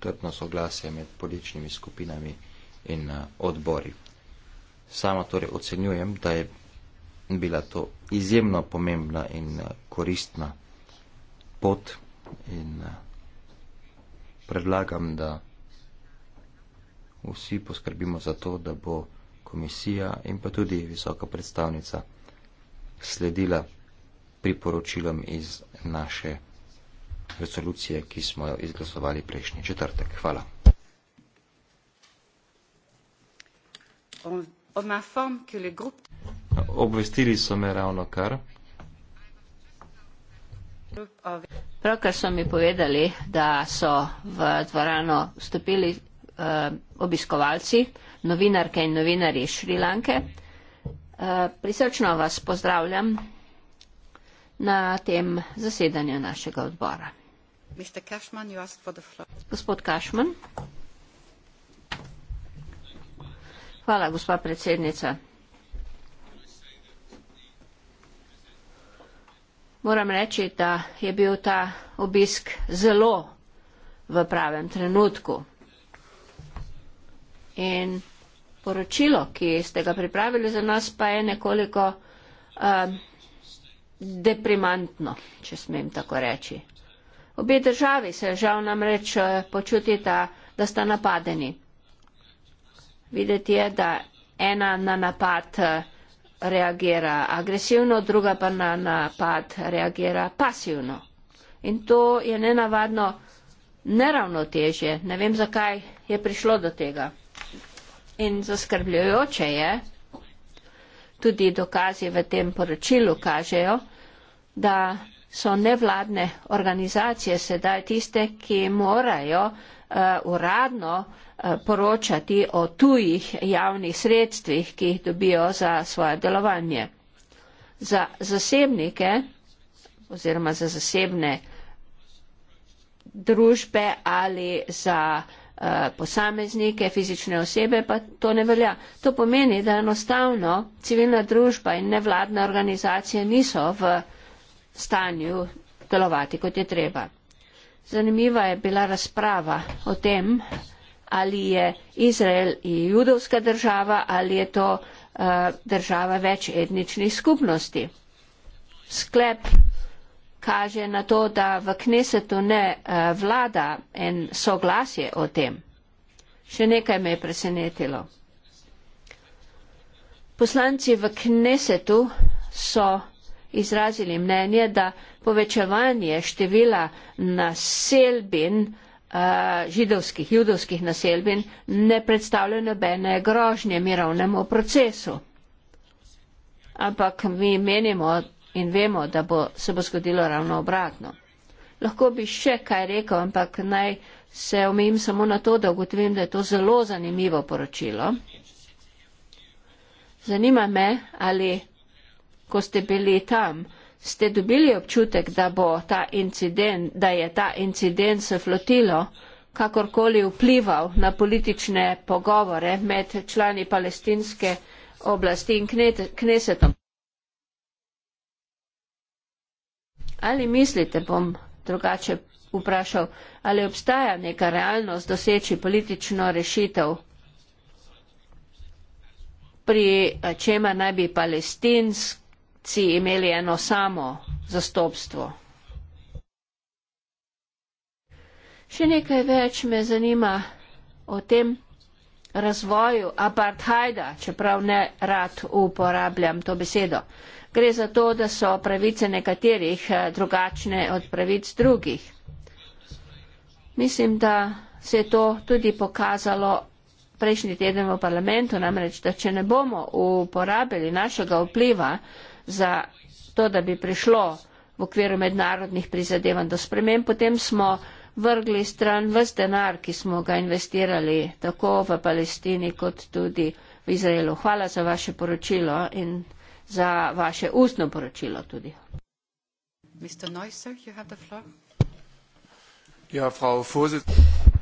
trdno soglasje med političnimi skupinami in eh, odbori. Sama torej ocenjujem, da je bila to izjemno pomembna in eh, koristna pot in eh, predlagam, da vsi poskrbimo za to, da bo komisija in pa tudi visoka predstavnica sledila priporočilom iz naše resolucije, ki smo jo izglasovali prejšnji četrtek. Hvala. On, on Obvestili so me ravno kar. Pravkar so mi povedali, da so v dvorano vstopili uh, obiskovalci, novinarke in novinari iz Šrilanke. Uh, eh, prisrčno vas pozdravljam na tem zasedanju našega odbora. Cashman, Gospod Kašman. Hvala, gospa predsednica. moram reči, da je bil ta obisk zelo v pravem trenutku. In poročilo, ki ste ga pripravili za nas, pa je nekoliko um, deprimantno, če smem tako reči. Obe državi se žal namreč eh, počutita, da sta napadeni. Videti je, da ena na napad. Uh, reagira agresivno, druga pa na napad reagira pasivno. In to je nenavadno neravnotežje. Ne vem, zakaj je prišlo do tega. In zaskrbljujoče je, tudi dokazi v tem poročilu kažejo, da so nevladne organizacije sedaj tiste, ki morajo uh, uradno uh, poročati o tujih javnih sredstvih, ki jih dobijo za svoje delovanje. Za zasebnike oziroma za zasebne družbe ali za uh, posameznike, fizične osebe, pa to ne velja. To pomeni, da enostavno civilna družba in nevladne organizacije niso v stanju delovati, kot je treba. Zanimiva je bila razprava o tem, ali je Izrael judovska država ali je to eh, država več etničnih skupnosti. Sklep kaže na to, da v knesetu ne eh, vlada en soglasje o tem. Še nekaj me je presenetilo. Poslanci v knesetu so izrazili mnenje, da povečevanje števila naselbin uh, Eh, židovskih, judovskih naselbin ne predstavlja nobene grožnje mirovnemu procesu. Ampak mi menimo in vemo, da bo, se bo zgodilo ravno obratno. Lahko bi še kaj rekel, ampak naj se omejim samo na to, da ugotovim, da je to zelo zanimivo poročilo. Zanima me, ali ko ste bili tam, ste dobili občutek, da, incident, da je ta incident se flotilo kakorkoli vplival na politične pogovore med člani palestinske oblasti in knesetom? Ali mislite, bom drugače vprašal, ali obstaja neka realnost doseči politično rešitev? pri eh, čemer naj bi palestinsk, demokraciji imeli eno samo zastopstvo. Še nekaj več me zanima o tem razvoju apartheida, čeprav ne rad uporabljam to besedo. Gre za to, da so pravice nekaterih eh, drugačne od pravic drugih. Mislim, da se je to tudi pokazalo prejšnji teden v parlamentu, namreč, da če ne bomo uporabili našega vpliva, za to, da bi prišlo v okviru mednarodnih prizadevanj do spremen, potem smo vrgli stran vz denar, ki smo ga investirali tako v Palestini kot tudi v Izraelu. Hvala za vaše poročilo in za vaše ustno poročilo tudi. Ja,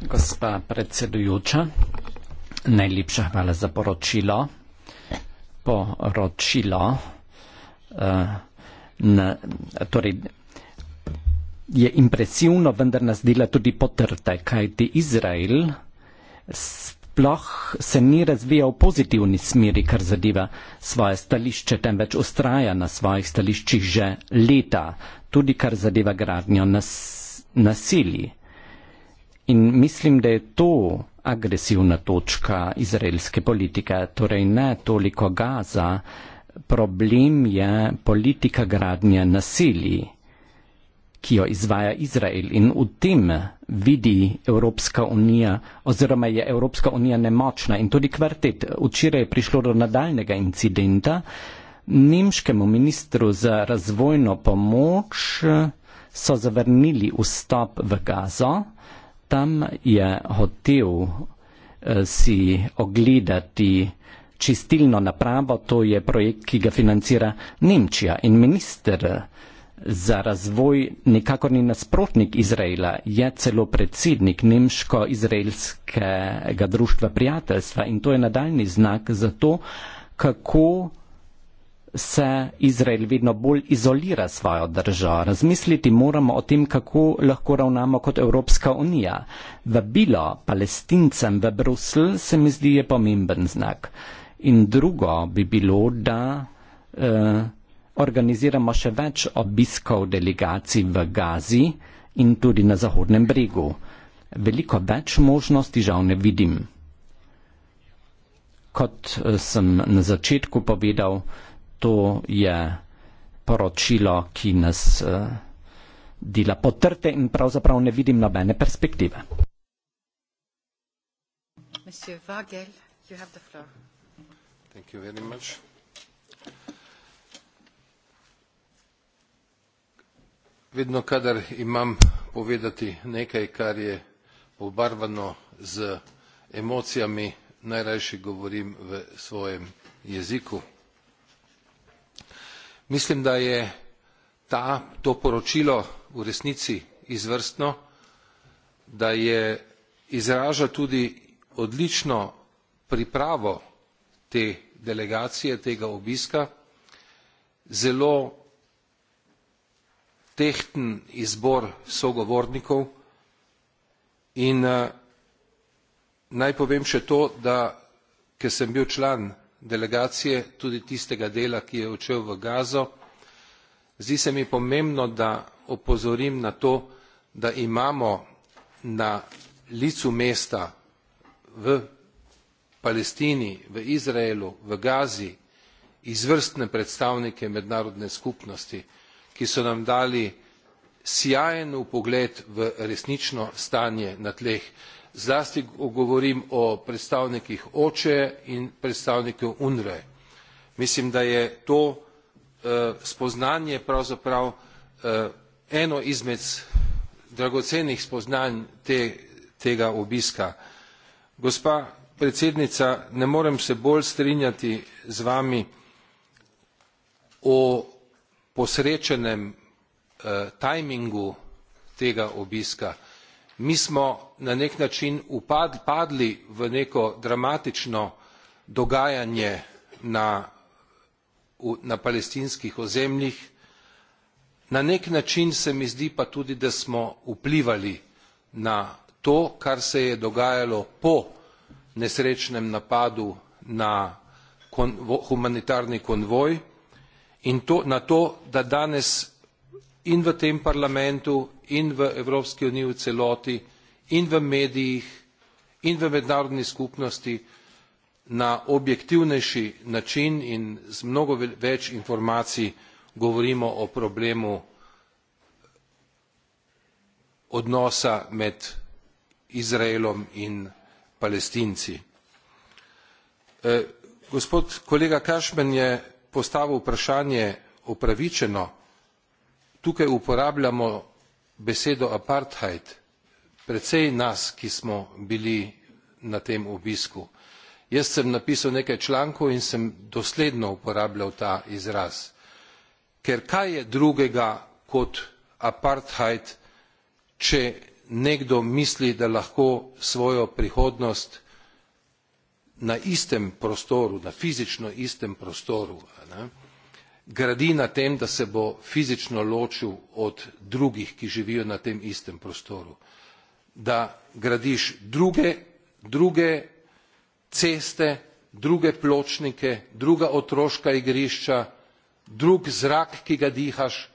Gospa predsedujoča, najlepša hvala za poročilo. Poročilo. Eh, na, torej, je impresivno, vendar nas dela tudi potrte, kajti Izrael sploh se ni razvijal v pozitivni smeri, kar zadeva svoje stališče, temveč ustraja na svojih stališčih že leta, tudi kar zadeva gradnjo nas, nasilji. In mislim, da je to agresivna točka izraelske politike, torej ne toliko gaza, uh, problem je politika gradnje nasilji, ki jo izvaja Izrael in v tem vidi Evropska unija oziroma je Evropska unija nemočna in tudi kvartet. Včeraj je prišlo do nadaljnega incidenta. Nemškemu ministru za razvojno pomoč so zavrnili vstop v Gazo. Tam je hotel eh, si ogledati čistilno napravo, to je projekt, ki ga financira Nemčija in minister eh, za razvoj nikakor ni nasprotnik Izraela, je celo predsednik Nemško-izraelskega društva prijateljstva in to je nadaljni znak za to, kako se Izrael vedno bolj izolira svojo državo. Razmisliti moramo o tem, kako lahko ravnamo kot Evropska unija. Vabilo palestincem v Bruselj se mi zdi je pomemben znak. In drugo bi bilo, da eh, organiziramo še več obiskov delegacij v Gazi in tudi na Zahodnem bregu. Veliko več možnosti žal ne vidim. Kot eh, sem na začetku povedal, to je poročilo, ki nas eh, dela potrte in pravzaprav ne vidim nobene perspektive. Monsieur Vagel, you have the floor. Thank you very much. Vedno, kadar imam povedati nekaj, kar je obarvano z emocijami, najrajši govorim v svojem jeziku. Mislim, da je ta, to poročilo v resnici izvrstno, da je izraža tudi odlično pripravo te delegacije tega obiska zelo tehten izbor sogovornikov in eh, naj povem še to da ker sem bil član delegacije tudi tistega dela ki je odšel v gazo zdi se mi pomembno da opozorim na to da imamo na licu mesta v palestini v izraelu v gazi izvrstne predstavnike mednarodne skupnosti ki so nam dali sijajen vpogled v resnično stanje na tleh zlasti govorim o predstavnikih oče in predstavniku unre mislim da je to eh, spoznanje pravzaprav eh, eno izmed dragocenih spoznanj te, tega obiska. Gospa predsednica ne morem se bolj strinjati z vami o posrečenem eh, tajmingu tega obiska. Mi smo na nek način upad, padli v neko dramatično dogajanje na, v, na palestinskih ozemljih. Na nek način se mi zdi pa tudi, da smo vplivali na to, kar se je dogajalo po nesrečnem napadu na humanitarni konvoj in to, na to, da danes in v tem parlamentu in v Evropski uniji v celoti in v medijih in v mednarodni skupnosti na objektivnejši način in z mnogo več informacij govorimo o problemu odnosa med Izraelom in palestinci. E, gospod kolega Kašmen je postavil vprašanje upravičeno. Tukaj uporabljamo besedo apartheid. Predvsej nas, ki smo bili na tem obisku. Jaz sem napisal nekaj člankov in sem dosledno uporabljal ta izraz. Ker kaj je drugega kot apartheid, če nekdo misli da lahko svojo prihodnost na istem prostoru na fizično istem prostoru gradi na tem da se bo fizično ločil od drugih ki živijo na tem istem prostoru da gradiš druge druge ceste druge pločnike druga otroška igrišča drug zrak ki ga dihaš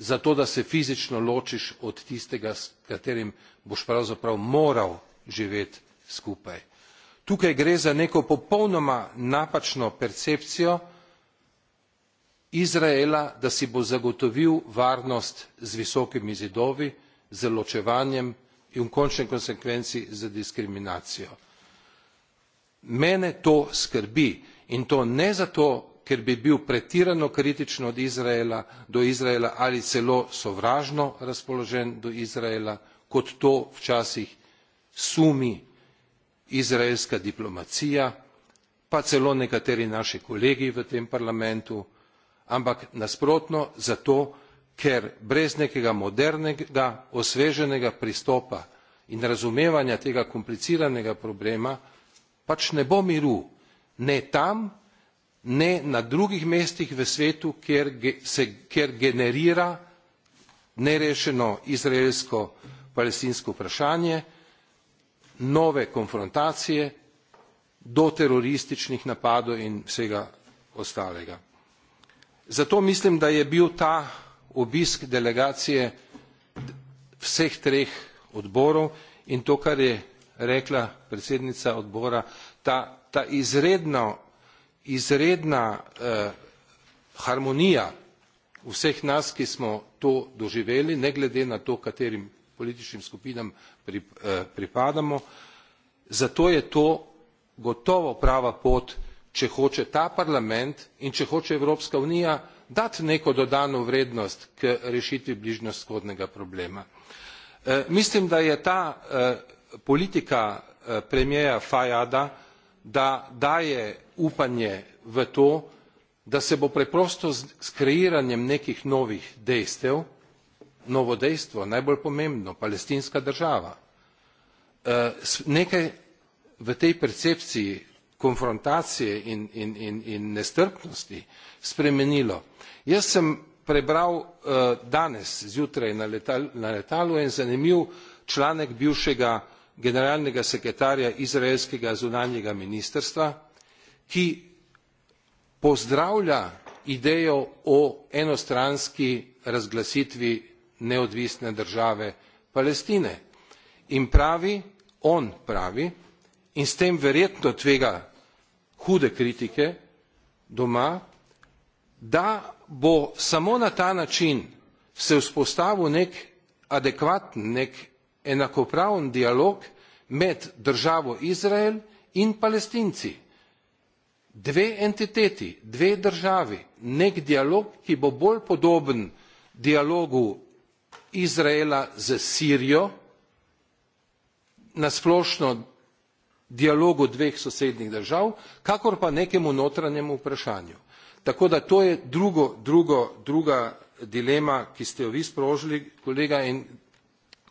zato da se fizično ločiš od tistega s katerim boš pravzaprav moral živeti skupaj. tukaj gre za neko popolnoma napačno percepcijo izraela da si bo zagotovil varnost z visokimi zidovi z ločevanjem in v končni konsekvenci z diskriminacijo. mene to skrbi in to ne zato ker bi bil pretirano kritičen do izraela ali celo sovražno razpoložen do izraela kot to včasih sumi izraelska diplomacija pa celo nekateri naši kolegi v tem parlamentu ampak nasprotno zato ker brez nekega modernega osveženega pristopa in razumevanja tega kompliciranega problema pač ne bo miru ne tam ne na drugih mestih v svetu, kjer, se, kjer generira nerešeno izraelsko-palestinsko vprašanje, nove konfrontacije do terorističnih napadov in vsega ostalega. Zato mislim, da je bil ta obisk delegacije vseh treh odborov in to, kar je rekla predsednica odbora, ta, ta izredno izredna eh, harmonija vseh nas ki smo to doživeli ne glede na to katerim političnim skupinam eh, pripadamo zato je to gotovo prava pot če hoče ta parlament in če hoče evropska unija dati neko dodano vrednost k rešitvi bližnjevzhodnega problema. Eh, mislim da je ta politika premierja fayyada da daje upanje v to da se bo preprosto s kreiranjem nekih novih dejstev novo dejstvo najbolj pomembno palestinska država eh, nekaj v tej percepciji konfrontacije in, in, in, in nestrpnosti spremenilo. Jaz sem prebral eh, danes zjutraj na, letal, na letalu en zanimiv članek bivšega generalnega sekretarja izraelskega zunanjega ministrstva ki pozdravlja idejo o enostranski razglasitvi neodvisne države palestine in pravi on pravi in s tem verjetno tvega hude kritike doma da bo samo na ta način se vzpostavil nek adekvaten nek enakopraven dialog med državo izrael in palestinci dve entiteti dve državi nek dialog ki bo bolj podoben dialogu izraela s sirijo na splošno dialogu dveh sosednjih držav kakor pa nekemu notranjemu vprašanju tako da to je drugo drugo druga dilema ki ste jo vi sprožili kolega in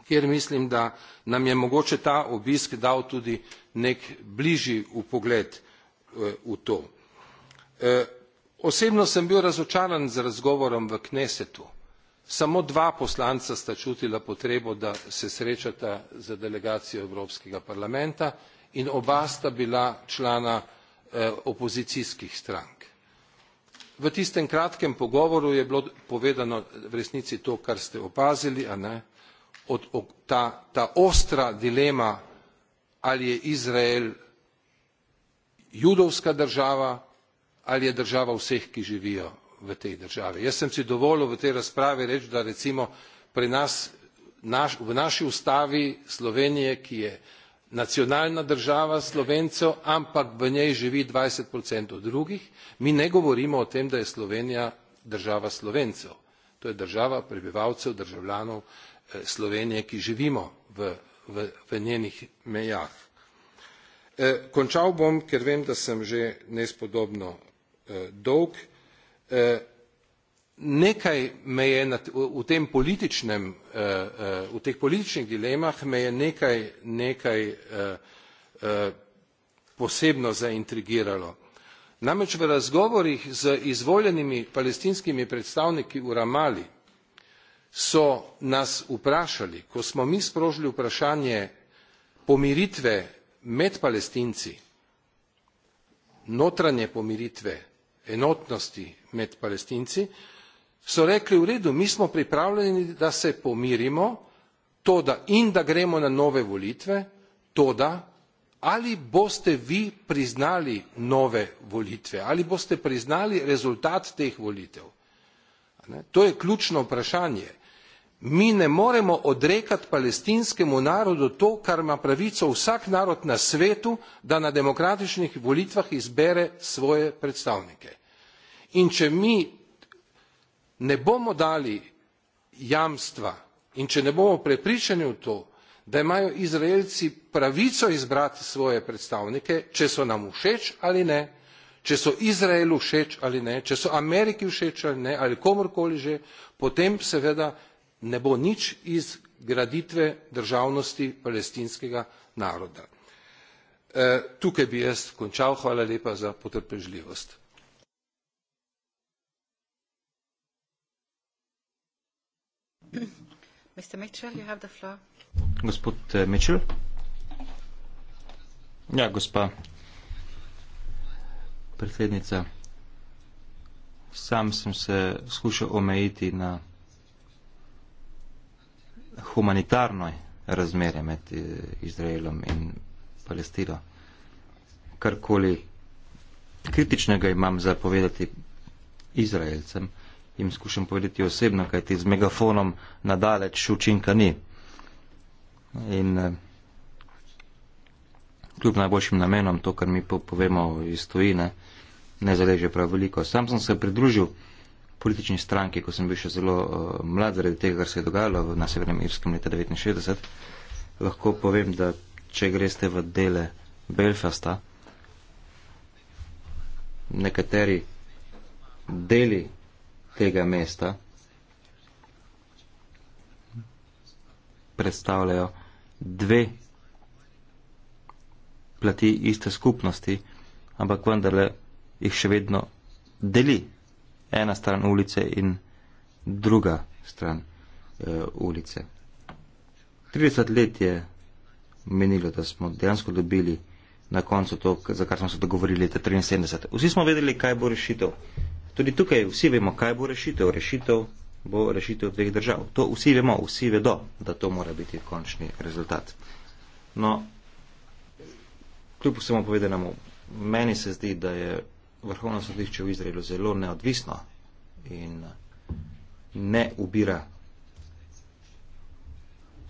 kjer mislim da nam je mogoče ta obisk dal tudi nek bližji vpogled v to. E, osebno sem bil razočaran z razgovorom v knesetu samo dva poslanca sta čutila potrebo da se srečata z delegacijo evropskega parlamenta in oba sta bila člana e, opozicijskih strank. v tistem kratkem pogovoru je bilo povedano v resnici to kar ste opazili a ne ta ostra dilema ali je izrael judovska država ali je država vseh ki živijo v tej državi. jaz sem si dovolil v tej razpravi reči da recimo pri nas v naši ustavi slovenije ki je nacionalna država slovencev ampak v njej živi dvajset drugih mi ne govorimo o tem da je slovenija država slovencev to je država prebivalcev državljanov eh, slovenije ki živimo v njenih mejah. E, končal bom ker vem da sem že nespodobno e, dolg e, nekaj me je v tem političnem v teh političnih dilemah me je nekaj nekaj posebno zaintrigiralo namreč v razgovorih z izvoljenimi palestinskimi predstavniki v ramali so nas vprašali ko smo mi sprožili vprašanje pomiritve med palestinci notranje pomiritve enotnosti med palestinci so rekli v redu mi smo pripravljeni da se pomirimo toda in da gremo na nove volitve toda ali boste vi priznali nove volitve ali boste priznali rezultat teh volitev to je ključno vprašanje mi ne moremo odrekati palestinskemu narodu to kar ima pravico vsak narod na svetu da na demokratičnih volitvah izbere svoje predstavnike in če mi ne bomo dali jamstva in če ne bomo prepričani v to da imajo izraelci pravico izbrati svoje predstavnike če so nam všeč ali ne če so izraelu všeč ali ne če so ameriki všeč ali ne ali komurkoli že potem seveda ne bo nič iz graditve državnosti palestinskega naroda. E, tukaj bi jaz končal hvala lepa za potrpežljivost. Eh, ja, predsednica sam sem se skušal omejiti na humanitarno razmerje med eh, Izraelom in Palestino. Karkoli kritičnega imam za povedati Izraelcem, jim skušam povedati osebno, kajti z megafonom nadaleč učinka ni. In eh, kljub najboljšim namenom, to, kar mi povemo iz tujine, ne zaleže prav veliko. Sam sem se pridružil politični stranki, ko sem bil še zelo uh, mlad zaradi tega, kar se je dogajalo na Severnem Irskem leta 1969, lahko povem, da če greste v dele Belfasta, nekateri deli tega mesta predstavljajo dve plati iste skupnosti, ampak vendarle jih še vedno deli ena stran ulice in druga stran e, ulice. 30 let je menilo, da smo dejansko dobili na koncu to, za kar smo se dogovorili leta 73. Vsi smo vedeli, kaj bo rešitev. Tudi tukaj vsi vemo, kaj bo rešitev. Rešitev bo rešitev dveh držav. To vsi vemo, vsi vedo, da to mora biti končni rezultat. No, kljub vsemu povedanemu, meni se zdi, da je vrhovno sodišče v Izraelu zelo neodvisno in ne ubira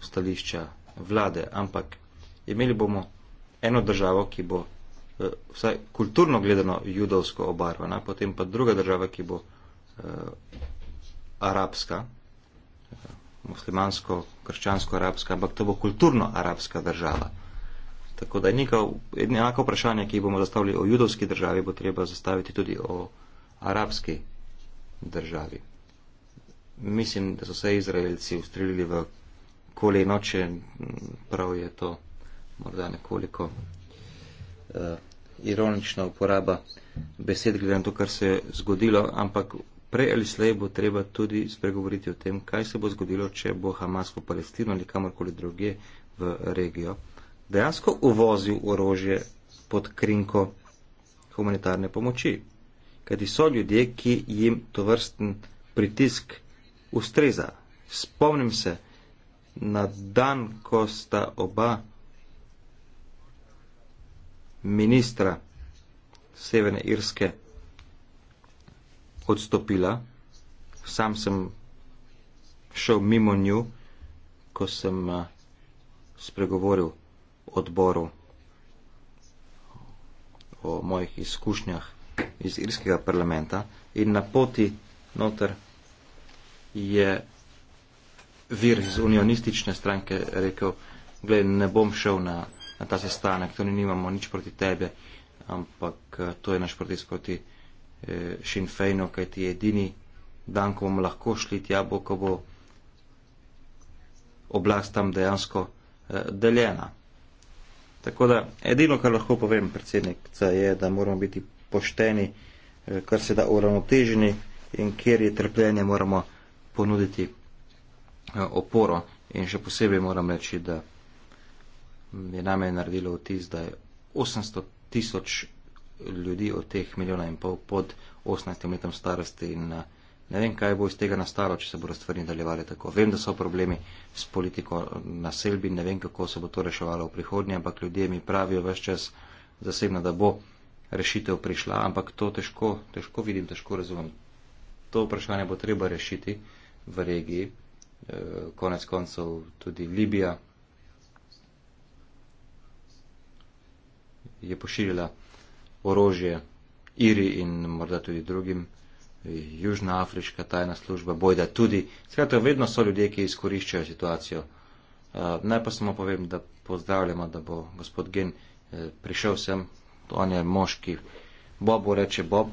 stališča vlade, ampak imeli bomo eno državo, ki bo eh, vsaj kulturno gledano judovsko obarvana, potem pa druga država, ki bo eh, arabska, eh, muslimansko, krščansko-arabska, ampak to bo kulturno-arabska država. Tako da je enako vprašanje, ki bomo zastavili o judovski državi, bo treba zastaviti tudi o arabski državi. Mislim, da so se Izraelci ustrelili v koleno, če prav je to morda nekoliko uh, ironična uporaba besed, glede na to, kar se je zgodilo, ampak prej ali slej bo treba tudi spregovoriti o tem, kaj se bo zgodilo, če bo Hamas v Palestino ali kamorkoli druge v regijo dejansko uvozil orožje pod krinko humanitarne pomoči. Kajti so ljudje, ki jim to vrsten pritisk ustreza. Spomnim se na dan, ko sta oba ministra Severne Irske odstopila. Sam sem šel mimo nju, ko sem eh, spregovoril odboru o mojih izkušnjah iz irskega parlamenta in na poti noter je vir iz unionistične stranke rekel, gled, ne bom šel na, na ta sestanek, to ni nimamo nič proti tebe, ampak eh, to je naš protest proti eh, Sinn Feinu, kaj ti je edini dan, ko bomo lahko šli tja, bo, ko bo oblast tam dejansko eh, deljena. Tako da edino, kar lahko povem, predsednikca, je, da moramo biti pošteni, eh, kar se da uravnoteženi in kjer je trpljenje, moramo ponuditi eh, oporo. In še posebej moram reči, da je name naredilo vtis, da je 800 tisoč ljudi od teh milijona in pol pod 18 letom starosti in na eh, Ne vem, kaj bo iz tega nastalo, če se bodo stvari nadaljevale tako. Vem, da so problemi s politiko naselbi, ne vem, kako se bo to reševalo v prihodnje, ampak ljudje mi pravijo vse čas zasebno, da bo rešitev prišla, ampak to težko, težko vidim, težko razumem. To vprašanje bo treba rešiti v regiji, eh, konec koncev tudi Libija. Je pošiljala orožje Iri in morda tudi drugim. Južna Afriška tajna služba, bojda tudi. Skratka, vedno so ljudje, ki izkoriščajo situacijo. Eh, naj pa samo povem, da pozdravljamo, da bo gospod Gen eh, prišel sem. On je moški. Bobu reče Bob,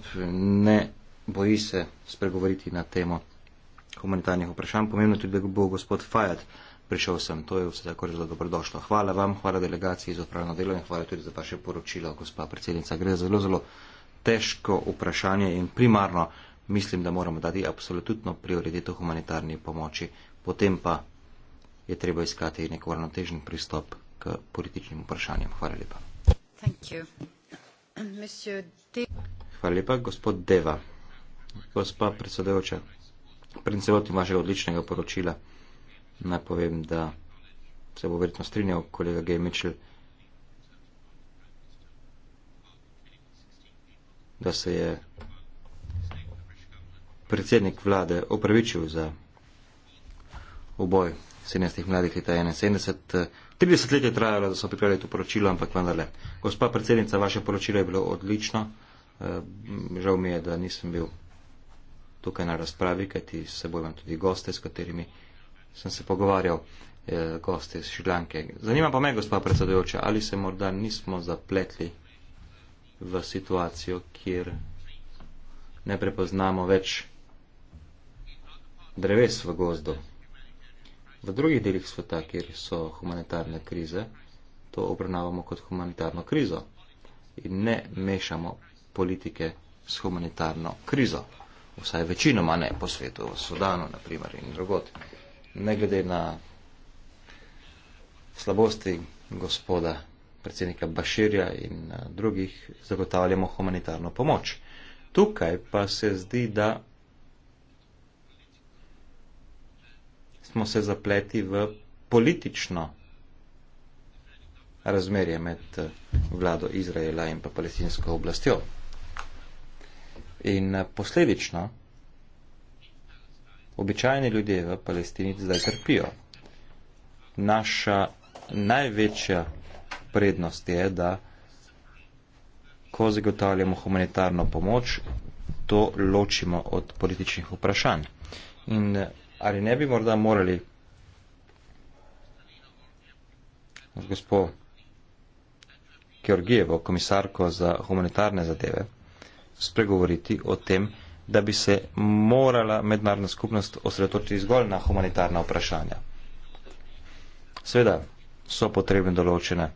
ne boji se spregovoriti na temo humanitarnih vprašanj. Pomembno je tudi, da bo gospod Fajat prišel sem. To je vse tako zelo dobrodošlo. Hvala vam, hvala delegaciji za upravno delo in hvala tudi za vaše poročilo, gospa predsednica. Gre za zelo, zelo težko vprašanje in primarno mislim, da moramo dati absolutno prioriteto humanitarni pomoči, potem pa je treba iskati nek uravnotežen pristop k političnim vprašanjem. Hvala lepa. Hvala lepa, gospod Deva. Gospa predsedujoča, predvsem vašega odličnega poročila, naj povem, da se bo verjetno strinjal kolega G. Mitchell, da se je predsednik vlade opravičil za oboj 17 mladih leta 71. 30 let je trajalo, da so pripravili to poročilo, ampak vendarle. Gospa predsednica, vaše poročilo je bilo odlično. Eh, žal mi je, da nisem bil tukaj na razpravi, kajti s seboj imam tudi goste, s katerimi sem se pogovarjal, eh, goste iz Šilanke. Zanima pa me, gospa predsedujoča, ali se morda nismo zapletli v situacijo, kjer ne prepoznamo več dreves v gozdu. V drugih delih sveta, kjer so humanitarne krize, to obravnavamo kot humanitarno krizo in ne mešamo politike s humanitarno krizo. Vsaj večinoma ne po svetu, v Sudanu naprimer in drugot. Ne glede na slabosti gospoda predsednika Baširja in eh, drugih, zagotavljamo humanitarno pomoč. Tukaj pa se zdi, da smo se zapleti v politično razmerje med eh, vlado Izraela in pa palestinsko oblastjo. In eh, posledično običajni ljudje v Palestini zdaj trpijo. Naša največja prednost je, da ko zagotavljamo humanitarno pomoč, to ločimo od političnih vprašanj. In eh, ali ne bi morda morali gospod Georgijevo, komisarko za humanitarne zadeve, spregovoriti o tem, da bi se morala mednarodna skupnost osredotočiti zgolj na humanitarna vprašanja. Sveda so potrebne določene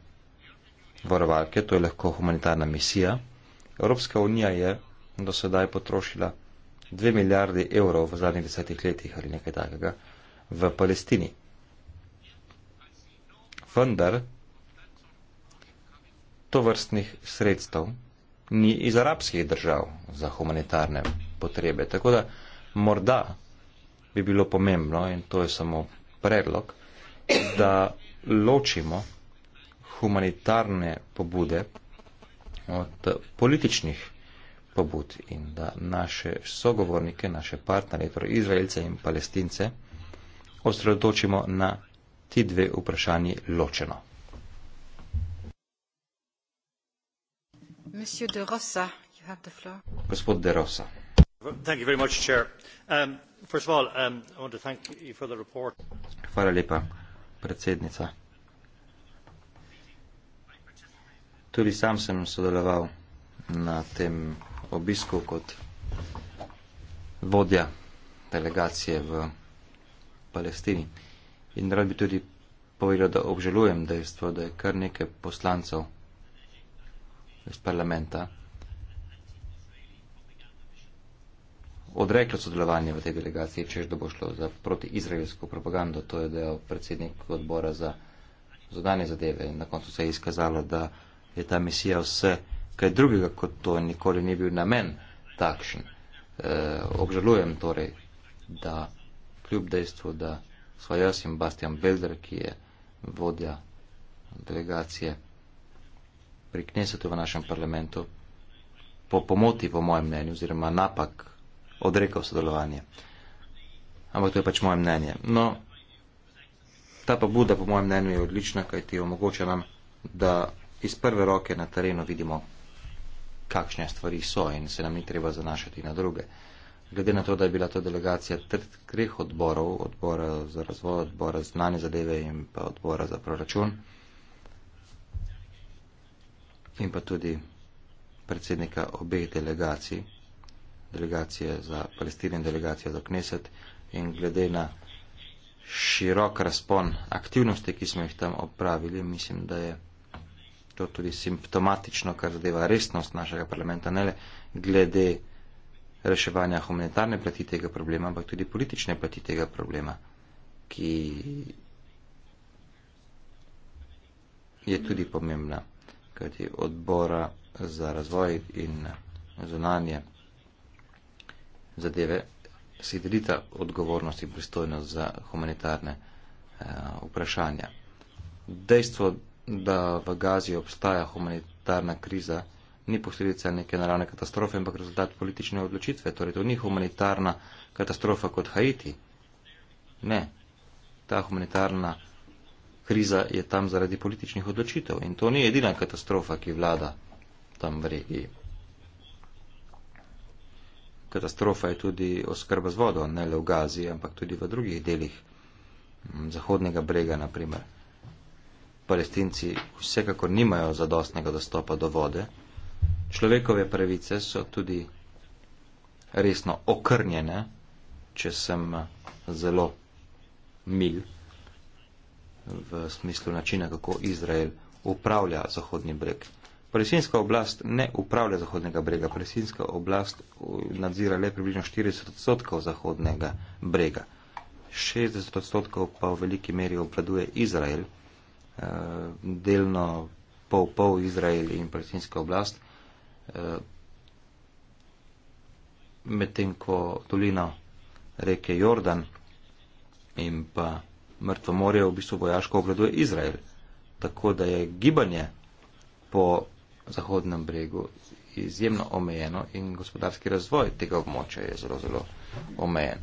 varovalke, to je lahko humanitarna misija. Evropska unija je do sedaj potrošila dve milijardi evrov v zadnjih desetih letih ali nekaj takega v Palestini. Vendar to vrstnih sredstev ni iz arabskih držav za humanitarne potrebe. Tako da morda bi bilo pomembno, in to je samo predlog, da ločimo humanitarne pobude od političnih pobud in da naše sogovornike, naše partnerje, torej Izraelce in Palestince, osredotočimo na ti dve vprašanji ločeno. De Rosa, you have the floor. Gospod De Rosa. Thank you very much, chair. Um, first of all, um, I want to thank you for the report. Hvala lepa, predsednica. Tudi sam sem sodeloval na tem obisku kot vodja delegacije v Palestini. In rad bi tudi povedal, da obžalujem dejstvo, da je kar nekaj poslancev iz parlamenta odreklo sodelovanje v tej delegaciji, če že bo šlo za protiizraelsko propagando. To je dejal predsednik odbora za zadanje zadeve in na koncu se je izkazalo, da je ta misija vse kaj drugega, kot to nikoli ni bil namen takšen. E, obžalujem torej, da kljub dejstvu, da sva jaz in Bastian Belder, ki je vodja delegacije pri knesetu v našem parlamentu, po pomoti, po mojem mnenju, oziroma napak, odrekal sodelovanje. Ampak to je pač moje mnenje. No, ta pa Buda, po mojem mnenju, je odlična, kaj ti omogoča nam, da iz prve roke na terenu vidimo, kakšne stvari so in se nam ni treba zanašati na druge. Glede na to, da je bila to delegacija treh odborov, odbora za razvoj, odbora za znanje zadeve in pa odbora za proračun in pa tudi predsednika obeh delegacij, delegacije za Palestino in delegacijo za Kneset in glede na širok razpon aktivnosti, ki smo jih tam opravili, mislim, da je to tudi simptomatično, kar zadeva resnost našega parlamenta, ne le glede reševanja humanitarne plati tega problema, ampak tudi politične plati tega problema, ki je tudi pomembna, kajti odbora za razvoj in zunanje zadeve si delita odgovornost in pristojnost za humanitarne uh, vprašanja. Dejstvo, da v Gazi obstaja humanitarna kriza, ni posledica neke naravne katastrofe, ampak rezultat politične odločitve. Torej, to ni humanitarna katastrofa kot Haiti. Ne. Ta humanitarna kriza je tam zaradi političnih odločitev in to ni edina katastrofa, ki vlada tam v regiji. Katastrofa je tudi oskrba z vodo, ne le v Gazi, ampak tudi v drugih delih mm, zahodnega brega, naprimer palestinci vsekakor nimajo zadostnega dostopa do vode. Človekove pravice so tudi resno okrnjene, če sem zelo mil v smislu načina, kako Izrael upravlja Zahodni breg. Palestinska oblast ne upravlja Zahodnega brega. Palestinska oblast nadzira le približno 40 odstotkov Zahodnega brega. 60 odstotkov pa v veliki meri obvladuje Izrael. Eh, delno pol-pol Izrael in palestinska oblast, eh, medtem ko dolino reke Jordan in pa Mrtvo morje v bistvu vojaško obvladuje Izrael. Tako da je gibanje po Zahodnem bregu izjemno omejeno in gospodarski razvoj tega območja je zelo, zelo omejen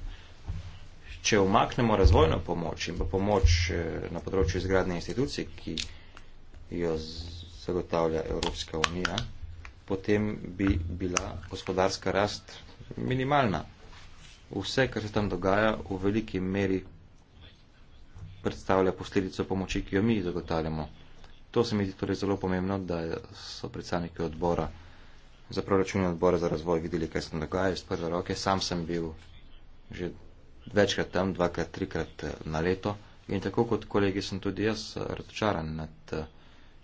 če omaknemo razvojno pomoč in pa pomoč eh, na področju izgradne institucije, ki jo zagotavlja Evropska unija, potem bi bila gospodarska rast minimalna. Vse, kar se tam dogaja, v veliki meri predstavlja posledico pomoči, ki jo mi zagotavljamo. To se mi zdi torej zelo pomembno, da so predstavniki odbora za proračun odbora za razvoj videli, kaj se tam dogaja iz prve roke. Sam sem bil že večkrat tam, dvakrat, trikrat eh, na leto. In tako kot kolegi sem tudi jaz eh, razočaran nad eh,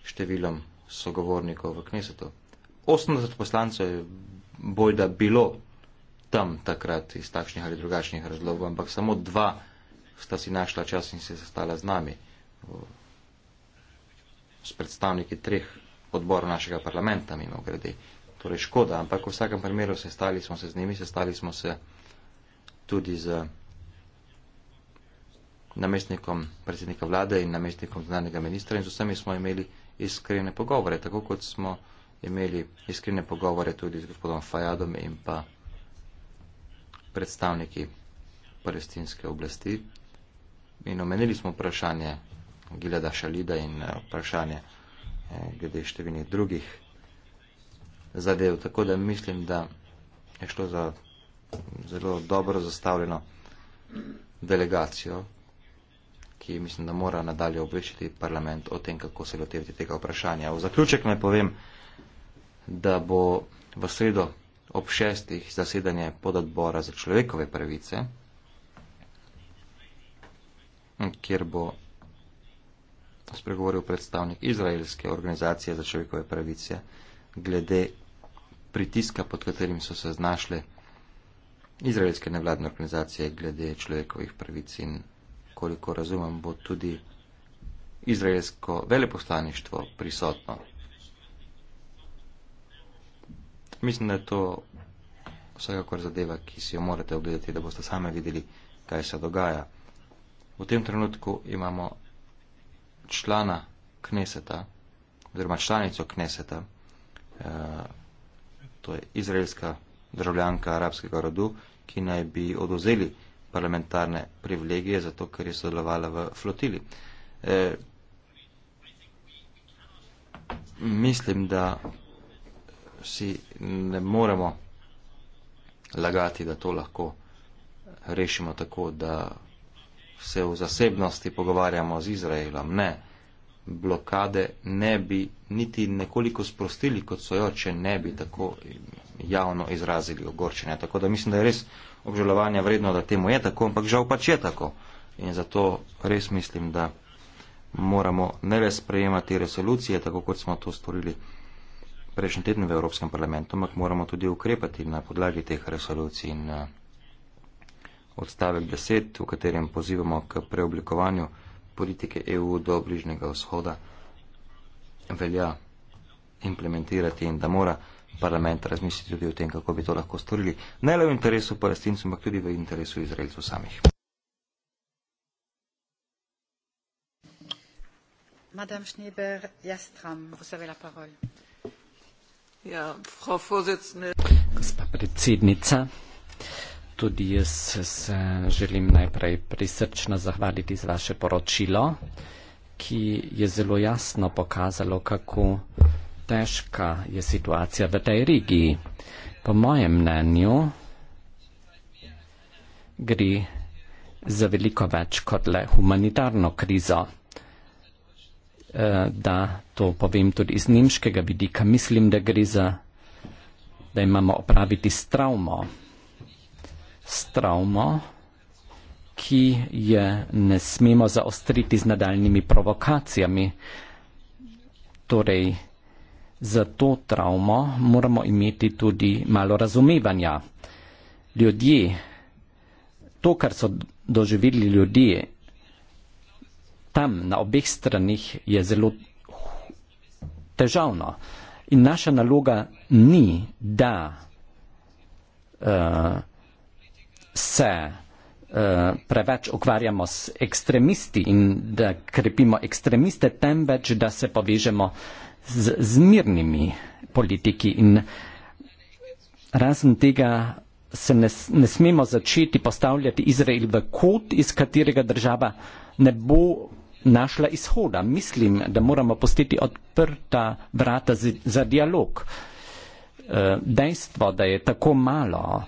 številom sogovornikov v knesetu. 80 poslancev je bojda bilo tam takrat iz takšnih ali drugačnih razlogov, ampak samo dva sta si našla čas in se sestala z nami, s predstavniki treh odborov našega parlamenta, mimo grede. Torej škoda, ampak v vsakem primeru sestali smo se z njimi, sestali smo se tudi z namestnikom predsednika vlade in namestnikom znanega ministra in z vsemi smo imeli iskrene pogovore, tako kot smo imeli iskrene pogovore tudi z gospodom Fajadom in pa predstavniki palestinske oblasti. In omenili smo vprašanje Gileda Šalida in eh, vprašanje eh, glede številnih drugih zadev. Tako da mislim, da je šlo za zelo dobro zastavljeno delegacijo, ki mislim, da mora nadalje obveščiti parlament o tem, kako se lotevati tega vprašanja. V zaključek naj povem, da bo v sredo ob šestih zasedanje pododbora za človekove pravice, kjer bo spregovoril predstavnik izraelske organizacije za človekove pravice glede pritiska, pod katerim so se znašle izraelske nevladne organizacije glede človekovih pravic in koliko razumem, bo tudi izraelsko veleposlaništvo prisotno. Mislim, da je to vsekakor zadeva, ki si jo morate ogledati, da boste sami videli, kaj se dogaja. V tem trenutku imamo člana Kneseta, oziroma članico Kneseta, eh, to je izraelska državljanka arabskega rodu, ki naj bi odozeli parlamentarne privilegije, zato ker je sodelovala v flotili. E, mislim, da si ne moremo lagati, da to lahko rešimo tako, da se v zasebnosti pogovarjamo z Izraelom. Ne. E, blokade ne bi niti nekoliko sprostili, kot so jo, če ne bi tako javno izrazili ogorčenja. Tako da mislim, da je res obžalovanja vredno, da temu je tako, ampak žal pač je tako. In zato res mislim, da moramo ne le sprejemati resolucije, tako kot smo to storili prejšnji teden v Evropskem parlamentu, ampak moramo tudi ukrepati na podlagi teh resolucij in eh, odstavek 10, v katerem pozivamo k preoblikovanju politike EU do Bližnjega vzhoda velja implementirati in da mora parlament razmisliti tudi o tem, kako bi to lahko storili, ne le v interesu palestincev, ampak tudi v interesu izraelcev samih. Madame Schneeber, Jastram, vous avez la parole. Ja, Frau Vorsitzende. Gospa predsednica. Uh, Tudi jaz se želim najprej prisrčno zahvaliti za vaše poročilo, ki je zelo jasno pokazalo, kako težka je situacija v tej regiji. Po mojem mnenju gre za veliko več kot le humanitarno krizo. Eh, da to povem tudi iz nemškega vidika, mislim, da gre za, da imamo opraviti s travmo s travmo, ki je ne smemo zaostriti z nadaljnimi provokacijami. Torej, za to travmo moramo imeti tudi malo razumevanja. Ljudje, to, kar so doživeli ljudje, tam na obeh stranih je zelo težavno. In naša naloga ni, da uh, se Uh, preveč ukvarjamo s ekstremisti in da krepimo ekstremiste, temveč da se povežemo z, z mirnimi politiki. In razen tega se ne, ne smemo začeti postavljati Izrael v kot, iz katerega država ne bo našla izhoda. Mislim, da moramo postiti odprta vrata z, za dialog. Uh, dejstvo, da je tako malo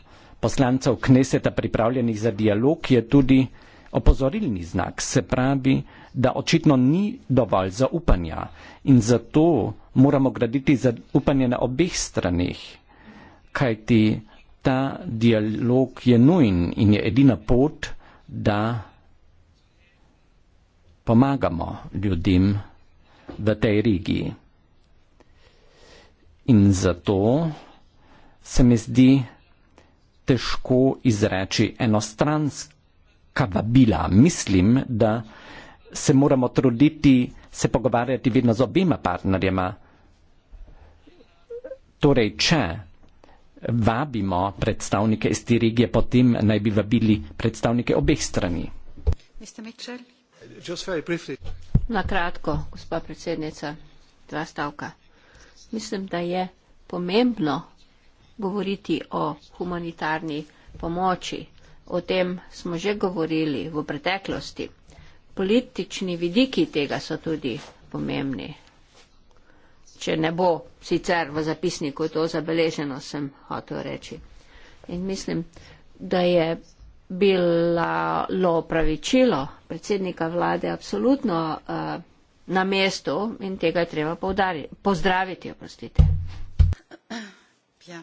poslancev Kneseta pripravljenih za dialog je tudi opozorilni znak, se pravi, da očitno ni dovolj zaupanja in zato moramo graditi zaupanje na obeh stranih, kajti ta dialog je nujen in je edina pot, da pomagamo ljudem v tej regiji. In zato se mi zdi, težko izreči enostranska vabila. Mislim, da se moramo truditi se pogovarjati vedno z obima partnerjema. Torej, če vabimo predstavnike iz te regije, potem naj bi vabili predstavnike obeh strani. Na kratko, gospa predsednica, dva stavka. Mislim, da je pomembno govoriti o humanitarni pomoči. O tem smo že govorili v preteklosti. Politični vidiki tega so tudi pomembni. Če ne bo sicer v zapisniku to zabeleženo, sem hotel reči. In mislim, da je bilo pravičilo predsednika vlade absolutno uh, na mestu in tega je treba pozdraviti. Oprostite. Ja.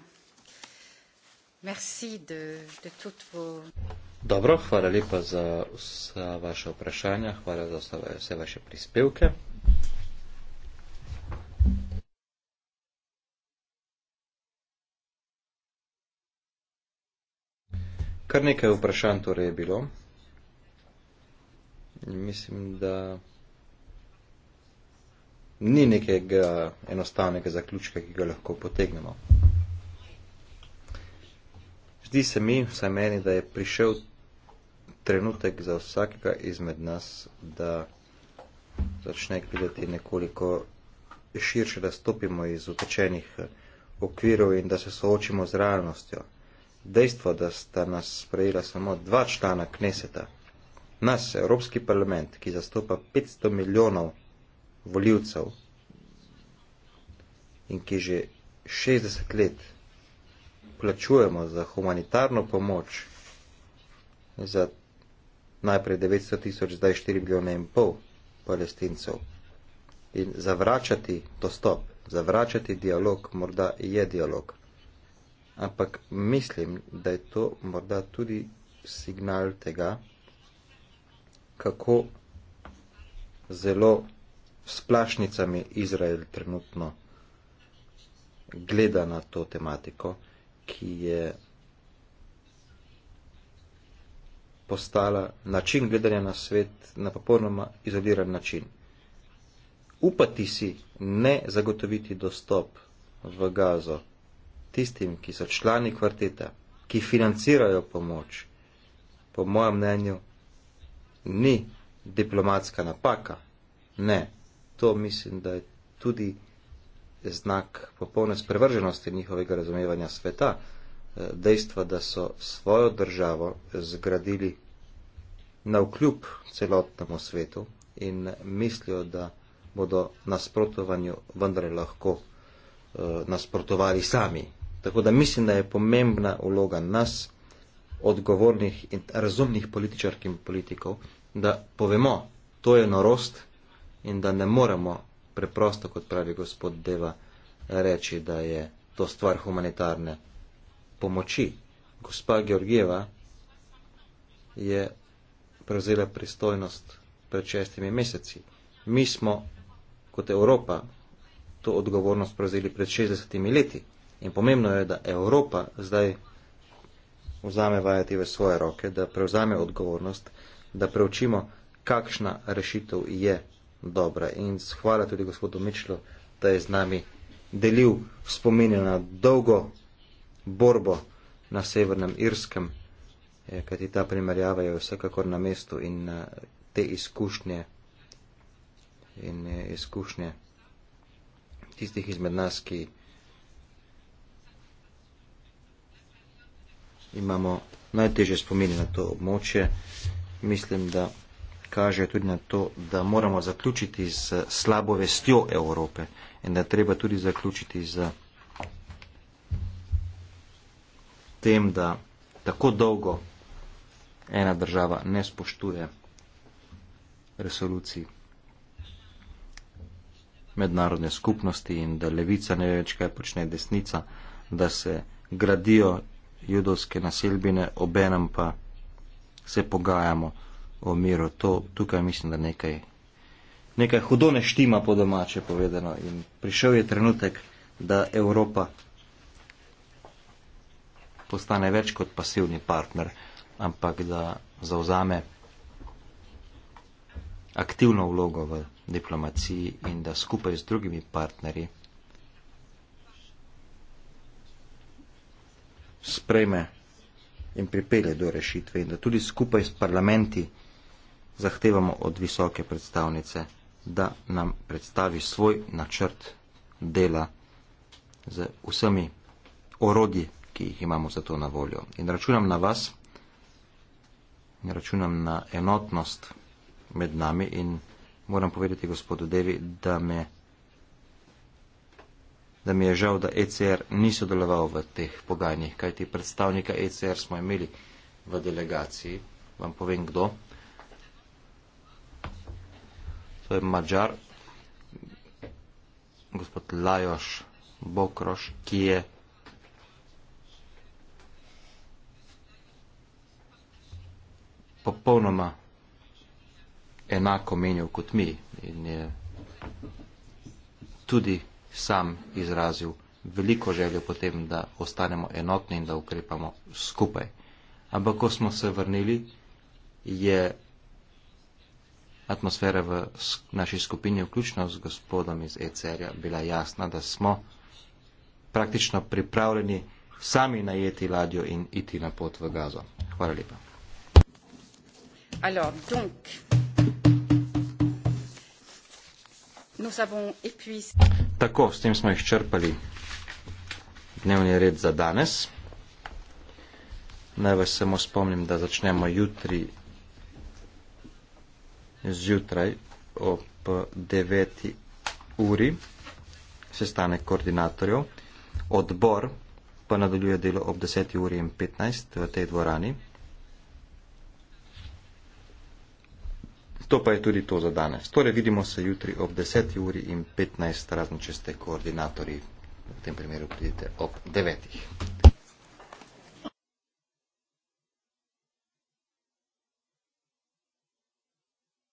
Dobro, hvala lepa za vsa vaša vprašanja, hvala za vse vaše prispevke. Kar nekaj vprašanj torej je bilo. Mislim, da ni nekega enostavnega zaključka, ki ga lahko potegnemo. Zdi se mi, vsaj meni, da je prišel trenutek za vsakega izmed nas, da začne gledati nekoliko širše, da stopimo iz utečenih eh, okvirov in da se soočimo z realnostjo. Dejstvo, da sta nas sprejela samo dva člana kneseta, nas, Evropski parlament, ki zastopa 500 milijonov voljivcev in ki že 60 let plačujemo za humanitarno pomoč, za najprej 900 tisoč, zdaj 4 milijone in pol palestincev. In zavračati dostop, zavračati dialog, morda je dialog. Ampak mislim, da je to morda tudi signal tega, kako zelo s plašnicami Izrael trenutno gleda na to tematiko ki je postala način gledanja na svet na popolnoma izoliran način. Upati si ne zagotoviti dostop v gazo tistim, ki so člani kvarteta, ki financirajo pomoč, po mojem mnenju, ni diplomatska napaka. Ne, to mislim, da je tudi znak popolne sprevrženosti njihovega razumevanja sveta, eh, dejstva, da so svojo državo zgradili na vkljub celotnemu svetu in mislijo, da bodo nasprotovanju vendar lahko eh, nasprotovali sami. Tako da mislim, da je pomembna uloga nas, odgovornih in razumnih političark in politikov, da povemo, to je norost in da ne moremo preprosto, kot pravi gospod Deva, reči, da je to stvar humanitarne pomoči. Gospa Georgieva je prevzela pristojnost pred šestimi meseci. Mi smo kot Evropa to odgovornost prevzeli pred 60 leti in pomembno je, da Evropa zdaj vzame vajati v svoje roke, da prevzame odgovornost, da preučimo, kakšna rešitev je dobra. In hvala tudi gospodu Mičlu, da je z nami delil spomine na dolgo borbo na Severnem Irskem, eh, kajti ta primerjava je vsekakor na mestu in eh, te izkušnje in eh, izkušnje tistih izmed nas, ki imamo najtežje spomine na to območje, mislim, da kažejo tudi na to, da moramo zaključiti z slabo vestjo Evrope in da treba tudi zaključiti z tem, da tako dolgo ena država ne spoštuje resoluciji mednarodne skupnosti in da levica ne ve več, kaj počne desnica, da se gradijo judovske naselbine, obenem pa se pogajamo o miru. To, tukaj mislim, da nekaj, nekaj hudo ne štima po domače povedano. In prišel je trenutek, da Evropa postane več kot pasivni partner, ampak da zauzame aktivno vlogo v diplomaciji in da skupaj z drugimi partnerji sprejme in pripelje do rešitve in da tudi skupaj s parlamenti zahtevamo od visoke predstavnice, da nam predstavi svoj načrt dela z vsemi orodji, ki jih imamo za to na voljo. In računam na vas, in računam na enotnost med nami in moram povedati gospodu Devi, da me da mi je žal, da ECR ni sodeloval v teh pogajanjih, kajti predstavnika ECR smo imeli v delegaciji, vam povem kdo, gospod Mađar, gospod Lajoš Bokroš, ki je popolnoma enako menil kot mi in je tudi sam izrazil veliko željo potem, da ostanemo enotni in da ukrepamo skupaj. Ampak ko smo se vrnili, je atmosfera v naši skupini, vključno z gospodom iz ECR-ja, bila jasna, da smo praktično pripravljeni sami najeti ladjo in iti na pot v Gazo. Hvala lepa. Alors, donc, nous avons épuis... Tako, s tem smo izčrpali dnevni red za danes. Naj vas samo spomnim, da začnemo jutri zjutraj ob 9. uri sestane koordinatorjev, odbor pa nadaljuje delo ob 10. uri in 15. v tej dvorani. To pa je tudi to za danes. Torej vidimo se jutri ob 10. uri in 15. razno, če ste koordinatorji, v tem primeru pridite ob 9.